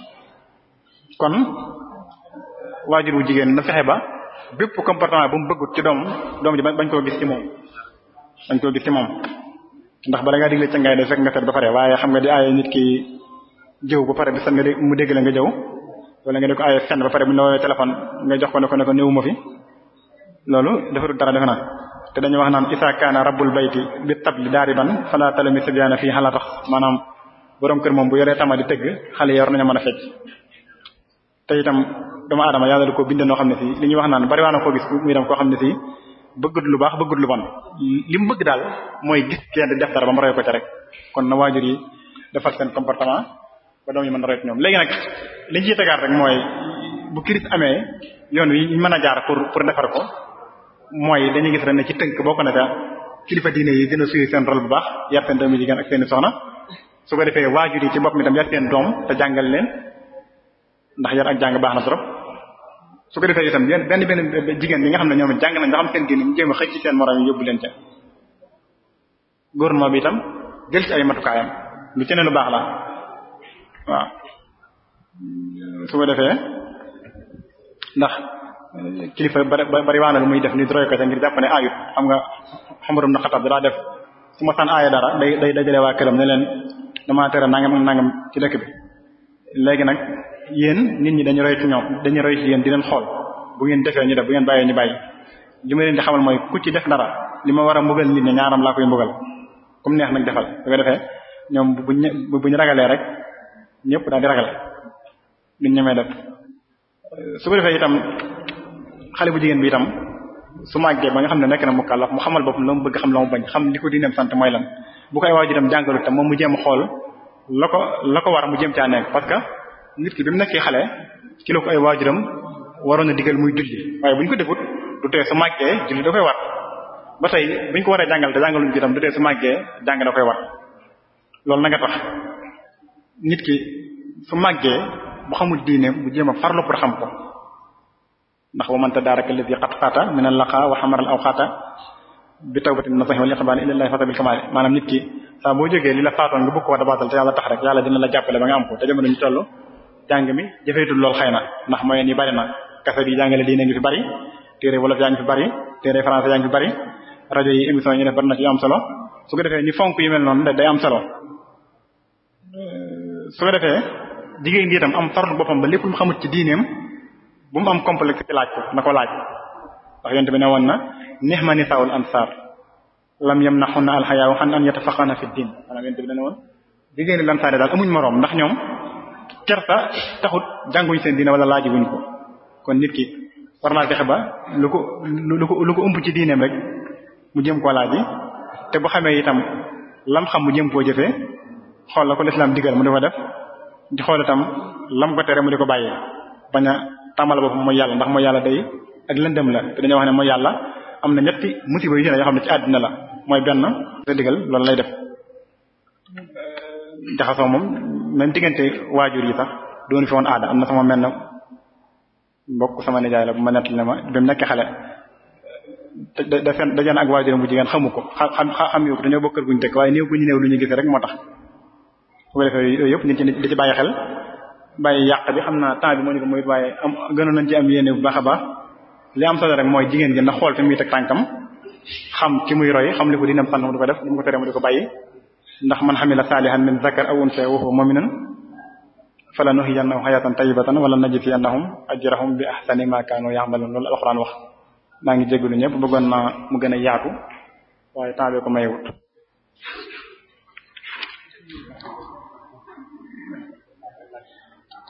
kon waajur wu jigéen na fexe ba bépp comportement bu mu bëggut ci doom doom ji bañ koo gis ci moom bañ koo gis ci moom ndax bala ngaa digle ca jëw ba pare bi sax nga dé mu dégg la nga jëw wala nga ne ko ay fenn ba pare bu ñu la woowee nga jox ko ne ko ne ko néew ma fi loolu defarul dara defe na te dañu wax naan isa kaana rabbul bayti bi tabli daariban fala talami sibyaana fii xalaa tax maanaam borom kër moom bu yoree tama di tëgg xale yi war nañu mën a fecc te itam doomu aadama yàlla ko bindee noo xam ne si li ñuy wax naan bari waa na koo gis muy dem koo xam ne si bëggut lu baax bëggut lu bon li mu bëgg daal mooy gis kenn di def dara ba mu ko ca rek kon na waajur yi defal seen comportement ba doom yi mën a roy ñoom léegi nag li ñu ciy tegaat rek mooy bu crise amee yoon wi ñu mën a jaar pour pour defar ko mooy dañuy gis rek ne ci tënk bokk na ca kilifa diine yi gën a suy seen rôle bu baax yar seen doom yi jigéen ak su ko defee waajur yi ci bopp mi tam yar seen doom te jàngal leen ndax yar ak jàng baax na trop su ko defee itam benn benn benn jigéen bi nga xam ne ñoom jàng nañ ba xam seen diine ñu jéem ci seen morom yi yóbbu leen ca gouvernement bi itam jël ci ay matukaayam lu ci ne lu baax la waaw su ko defee ndax kilifa bari bari waana lu muy def nit roy ko te ngir jàpp ne ayut xam nga xamarum na xatab daa def su ma saan aaya dara day day dajale waa këram ne leen dama tere nangam nangam ci dëkk bi léegi nag yéen nit ñi dañu roy ci ñoom dañu roy ci yéen di leen xool bu ngeen defee ñu def bu ngeen bàyyee ñu bàyyi li ma leen di xamal mooy ku ci def dara li ma war a mbugal nit ñi ñaaram laa koy mbugal comme neex nag defal su ko defee ñoom bu bu ñu ragalee rek ñëpp daal di ragal duñ ñemee def su ko defee itam xale bu jigéen bi itam su màggee ba nga xam ne nekk na mu kàllaf mu xamal boppam la mu bëgg xam la mu bañ xam li ko diineem sant mooy lan bu koy waaju itam jàngalu itam moom mu jéem xool la ko la ko war mu jéem caa parce que nit ki bi mu nekkee xale ci la ko ay waajuram waroon a digal muy julli waaye bu ñu ko defut du tee su màggee julli da koy war ba tey bu ñu ko waree jàngal te jàngaluñ ko itam du tee su màggee jàng da koy war loolu na nga tax nit ki su màggee bu xamul diineem mu jéem a farlu pour xam ko ndax wa man tadaraka alladhi qad fata min al-laqa wa hamara al-awqata bi tawbatin nasih wal iqbal ila allah fata bil kamal maanaam nit ki saa boo jógee li la faatoon nga bëgg ko tax rek yàlla dina la jàppale ba nga am ko te jamono ñu tollu jàng mi jafeetul lool xëy na ndax moyen yi bari na kase bi jàngale diine ngi fi bari téere wolof yaa ngi fi bari téere français yaa ngi fi bari rajo yi émission yi def bari na ci am solo su ko defee ni fonk yi mel noonu day am solo soo defee jigéen ji itam am farlu boppam ba lépp lu mu xamut ci diineem bu mu am complexe ci laaj ko na ko laaj ndax yonte bi ne woon na neex ma ni nisaawul ansaar lam yam naxu na alxayaawu xan an yatafaqana fi diin maanaam yonte bi ne woon jigéen ñi lansaare daal amuñ moroom ndax ñoom kersa taxut jànguñ seen diina wala laaji wuñ ko kon nit ki war naa fexe ba lu ko lu ko lu ci diineem rek mu jëm koo laaji te bu xamee itam lam xam mu jëm koo jëfee xool la ko lislaam digal mu di ko def di xool itam lam ko tere mu di ko bàyyee bañ a tàmbale boppam mooy yàlla ndax mooy yàlla day ak lëndëm la te dañoo wax ne mooy yàlla am na ñetti musiba yu ci ne yoo xam ne ci àddina la mooy benn sa digal loolu lay def jaxasoo moom même diggante waajur yi sax doonu fi woon aada am na sama mel na mbokk sama nijaay la bu ma nett ne xale da da da ak waajuram bu jigéen xamu ko xam xam xam yu ko dañoo bokkal guñu dëkk waaye néew gu ñu néew lu ñu gisee rek moo tax bu ko defee yooyu yëpp nit ñi di ci bàyyi xel bàyyi yàq bi xam naa temps bi moo ñu ko waaye am gënoon nañ am yéene bu baax a baax li am solo rek mooy jigéen gi na xool fi muy tànkam xam ki muy roy xam li ko diinam sant mu di ko def li mu ko tere mu di ko bàyyi ndax man xamila saalihan min zakar aw unsa wa huwa mu'minun fala na hayatan tayyibatan wala najziyannahum ajrahum bi ahsani ma kanu ya'malun loolu alxuraan wax maa ngi jégalu ñëpp bëggoon naa mu gën a yaatu waaye temps bi ko mayewut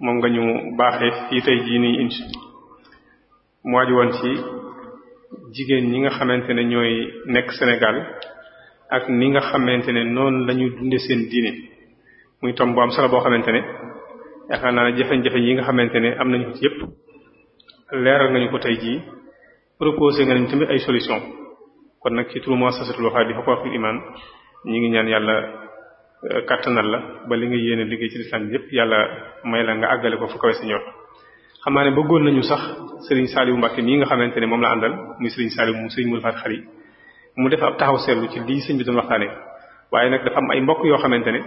moom nga ñu baaxee fii tey jii nii incha mu waaj ci jigéen ñi nga xamante ne ñooy nekk Sénégal ak ni nga xamante ne noonu la ñuy dunde seen diine muy tom bu am solo boo xamante ne yaakaar naa ne jafe yi nga xamante ne am nañu ko ci yëpp leeral nga ñu ko tey jii proposé nga nañ tamit ay solution kon nag ci turu muassasatul Wafa bi fa ko wax iman ñi ngi ñaan yàlla kattanal la ba li nga yéene liggéey ci lislaam yépp yàlla may la nga àggale ko fu kawe si ñor xam naa ne bëggoon nañu sax Serigne Saliou Mbacke mii nga xamante ne moom la àndal muy Serigne Saliou mu Serigne Moulfat Xali mu def ab taxaw seetlu ci lii sëñ bi doon waxtaane waaye nag dafa am ay mbokk yoo xamante ne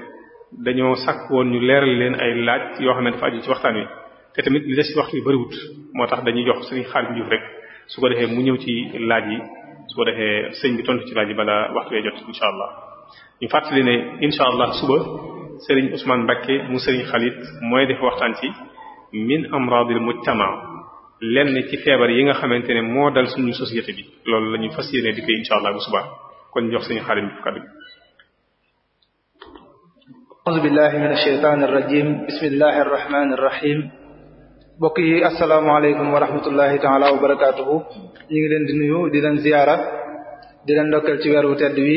dañoo sàkk woon ñu leeral leen ay laaj yoo xam ne dafa aju ci waxtaan wi te tamit li des ci waxtu yu moo tax dañuy jox Serigne Xaadim Juuf rek su ko defee mu ñëw ci laaj yi su defee sëñ bi tontu ci laaj balaa waxtu wee jot incha ñu fàttali ne incha allah suba Serigne Ousmane Mbakke mu Serigne Khalid mooy def waxtaan ci min amradil mujtama lenn ci feebar yi nga xamante ne moo dal suñu société bi loolu lañuy fas yéene di koy incha allah bu subaa kon ñu jox suñu xarit bi kaddu a'uuzu billahi minash shaytaanir rajiim bismillaahir rahmaanir rahiim mbokk yi asalaamaaleykum wa rahmatullahi taala wa barakaatuhu ñu ngi leen di nuyu di leen ziyaara di leen ndokkeel ci weeru tedd wi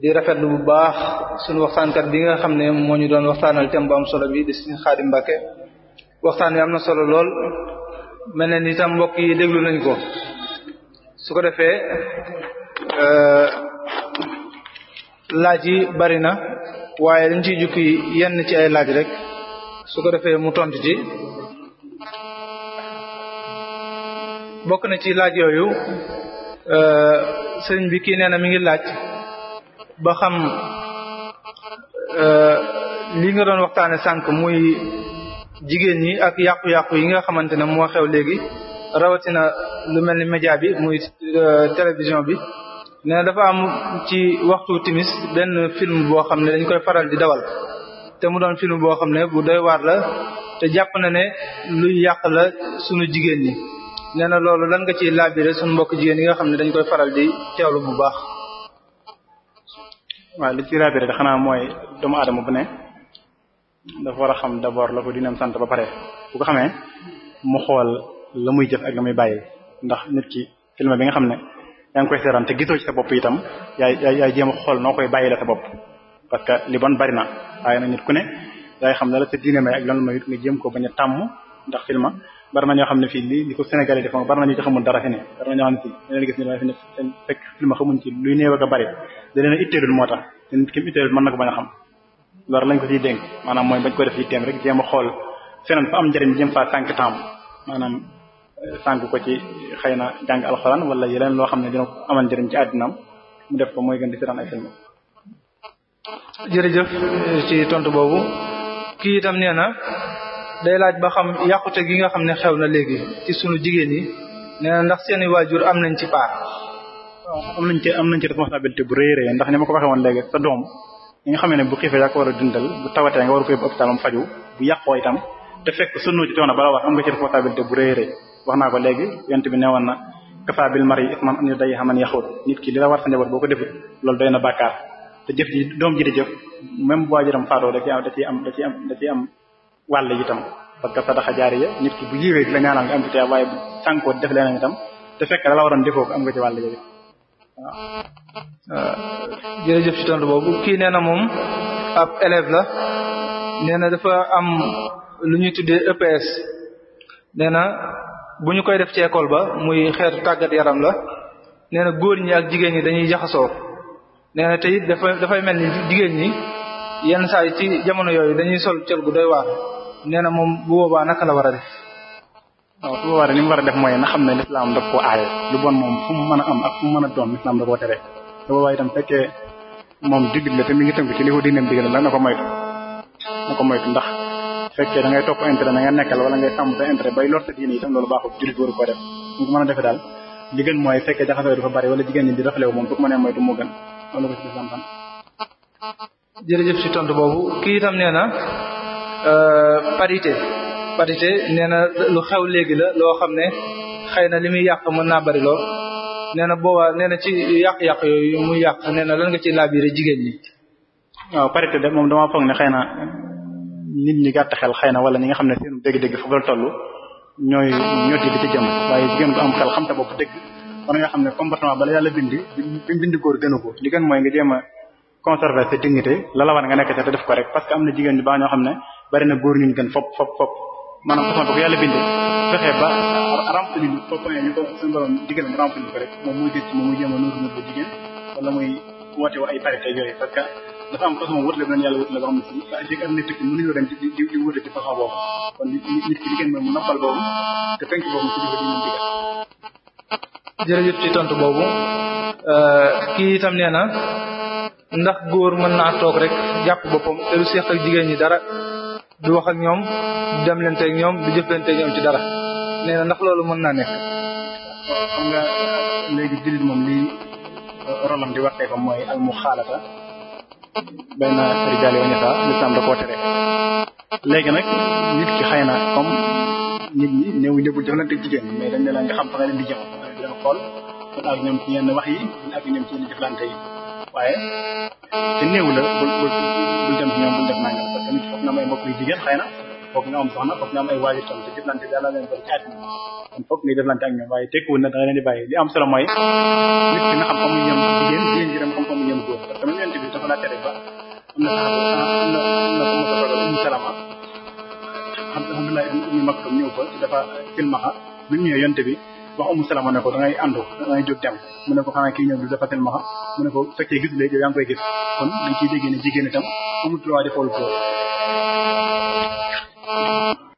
di rafet lu bu baax suñu waxtaankat bi nga xam ne moo ñu doon waxtaanal thème bu am solo bi di suñu Xaadim Mbàkke waxtaan wi am na solo lool mel na ni itam mbokk yi déglu nañ ko su ko defee euh, laaj yi bari na waaye dañ ciy jukki yenn ci ay laaj rek su ko defee mu tontu ci bokk na ci laaj yooyu euh, sëriñ bi kii nee na mi ngi laaj ba xam euh, li nga doon waxtaane sànq muy jigéen ñi ak yàqu-yàqu yi nga xamante ne moo xew léegi rawatina lu mel ni média bi muy euh, télévision bi nee na dafa am ci waxtu timis benn film boo xam ne dañ koy faral di dawal te mu doon film boo xam ne bu doy waar la te jàpp na ne luy yàq la sunu jigéen ñi nee na loolu lan nga ci laabire sunu mbokk jigéen yi nga xam ne dañ koy faral di teewlu bu baax waaw li ci rabi rek xanaa mooy doomu aadama bu ne dafa war a xam d'abord la ko dinaam sant ba pare bu ko xamee mu xool la muy jëf ak la muy bàyyi ndax nit ki film bi nga xam ne yaa ngi koy seetaan te gisoo ci sa bopp itam yaay yaay yaay jéem xool noo koy bàyyi la sa bopp parce que li bon bari na waaye nag nit ku ne yaay xam ne la sa diine may ak lan may nga jéem ko bañ tàmm ndax film bari na ñoo xam ne fii li li ko Sénégalais defoon bari na dara fi ne bari na ñoo xam ne fii ñu a bari da leen itteelul moo tax te nit ki mu itteelul mën na ko bañ a xam loolu lañ ko ciy dénk maanaam mooy bañ ko def itteem rek jéem ba xool feneen am njëriñ jéem faa sànq maanaam euh, sànq ko ci xëy na jàng alxuraan wala yeneen loo xam ne dina ko amal njëriñ ci àddinaam mu def ko mooy gën di seetaan ay film jërëjëf ci tont boobu kii itam nee na day laaj ba xam yàqute gi nga xam ne xew na léegi ci sunu jigéen yi nee na ndax seeni waajur am nañ ci part am nañ ci am nañ ci responsabilité bu rëy rëy ndax ni ma ko waxee woon léegi sa doom li nga ne bu xiifee yaa ko war a dundal bu tawatee nga war ko yóbbu hôpital am faju bu yàqoo itam te fekk sunnu ci doona bala wax am nga ci responsabilité bu rëy rëy wax naa ko léegi yent bi neewoon na kafa nit ki li la war sa njaboot boo ko defut loolu doy na bàkkaar te jëf ji doom ji di jëf même bu waajuram da ci am da ciy am da ciy am da ciy am wàll itam parce que sadaxa jaariya nit ki bu yiwee di la ñaanal nga am ci waaye bu sànkoo def leneen itam te fekk la waroon defoo ko am nga ci wàll yooyu waaw ah. jërëjëf ci tontu boobu kii nee na moom ab élève la nee na dafa am lu ñuy tuddee EPS nee na bu ñu koy def ci école ba muy xeetu tàggat yaram la nee na góor ñi ak jigéen ñi dañuy jaxasoo nee na te dafa dafay mel ni jigéen ñi yenn saa yi ci jamono yooyu dañuy sol col gu doy waar nee na moom bu boobaa naka la war a def waaw su boobaa li mu war a def mooy na xam ne lislaam daf koo aaye lu bon moom fu mu mën a am ak fu mu mën a doon lislaam da koo tere su boobaa itam mi ngi tënk ci li ko diineem digal la na ko moytu na ko ndax fekkee da ngay topp intérêt na nga nekkal wala ngay sàmm sa intérêt bay lor sa diine itam loolu baaxul jullit waru a defee bari wala jigéen ñi di doxalewu moom su ko mënee moytu moo gën loolu ko ci lislaam tam jërëjëf boobu kii itam nee na euh, parité parité nee na lu xew léegi la loo xam ne xëy na li muy yàq mën naa bari lool nee na boobaa nee na ci yàq-yàq yooyu muy yàq nee na lan nga ci laabire jigéen ñi. waaw parité de moom dama foog ne xëy na nit ñi gàtt xel xëy na wala ñi nga xam ne seen dégg-dégg foofu la toll ñooy ñoo di ci jëm waaye jigéen bu am xel xam ta bopp dégg war nga xam ne comportement bala yàlla bindi bi bindi góor gënu ko li gën mooy nga jéem a conserver sa dignité la la war nga nekk ca def ko rek parce que am na jigéen ñi baa ñoo xam ne bari na góor ñu gën fop fop fop maanaam façon bi ko yàlla bindee fexe ba remplir ñu ko point yi ko suñu borom digal mu remplir ko rek moom muy gis moom muy jéem a nuur nuur ba jigéen wala muy woote wa ay parité yooyu parce que dafa am façon wutale bu leen yàlla wutale boo xam ne si léegi am nit ki mënuñoo dem ci di di wute ci façon boobu kon nit ki jigéen mooy mu noppal boobu te penk boobu su ko di mën digal. jërëjëf ci tontu boobu euh, kii itam nee na ndax góor mën naa toog rek jàpp boppam te du seq ak jigéen ñi dara. du wax ak ñoom du dem leen teeg ñoom du jëflante ñoom ci dara nee ndax loolu mën naa ne xam nga léegi jullit moom lii uh, rolam di waxee ko mooy al muxaalata bayna rijaali wa nisaa lislaam da koo tere léegi nag nit ki xëy na comme nit ñi néew ñëpp jëflante jigéen mais dañ ne la nga xam fa nga leen di jëm dañ xool ak ñoom ci yenn wax yi ak ñoom jëflante yi. waaye te néew la bul bul bul dem ci ñoom bul def naa ñoom parce que nit foog nga am ay mbokk jigéen xëy na foog nga am soxna foog nga am ay waajur tam te jëflante bi yàlla leen bari ci àddina kon foog ngay jëflante ak ñoom waaye tekkiwul na da nga leen di bàyyi li am solo mooy nit ki nga xam fa mu yem jigéen jigéen ji dem xam fa mu yem góor dafa la tere ba am na am na am na mu ko doon salama alhamdulilah ñëw fa dafa silmaxa bi mu ñëwee bi ba umu salama ne ko da ngay àndu da ngay jóg dem mu ne ko xanaa kii ñëw du dafatel maxa mu ne ko fekkee gis léegi yow gis kon dañ ciy déggee ne jigéen itam amul droit di xool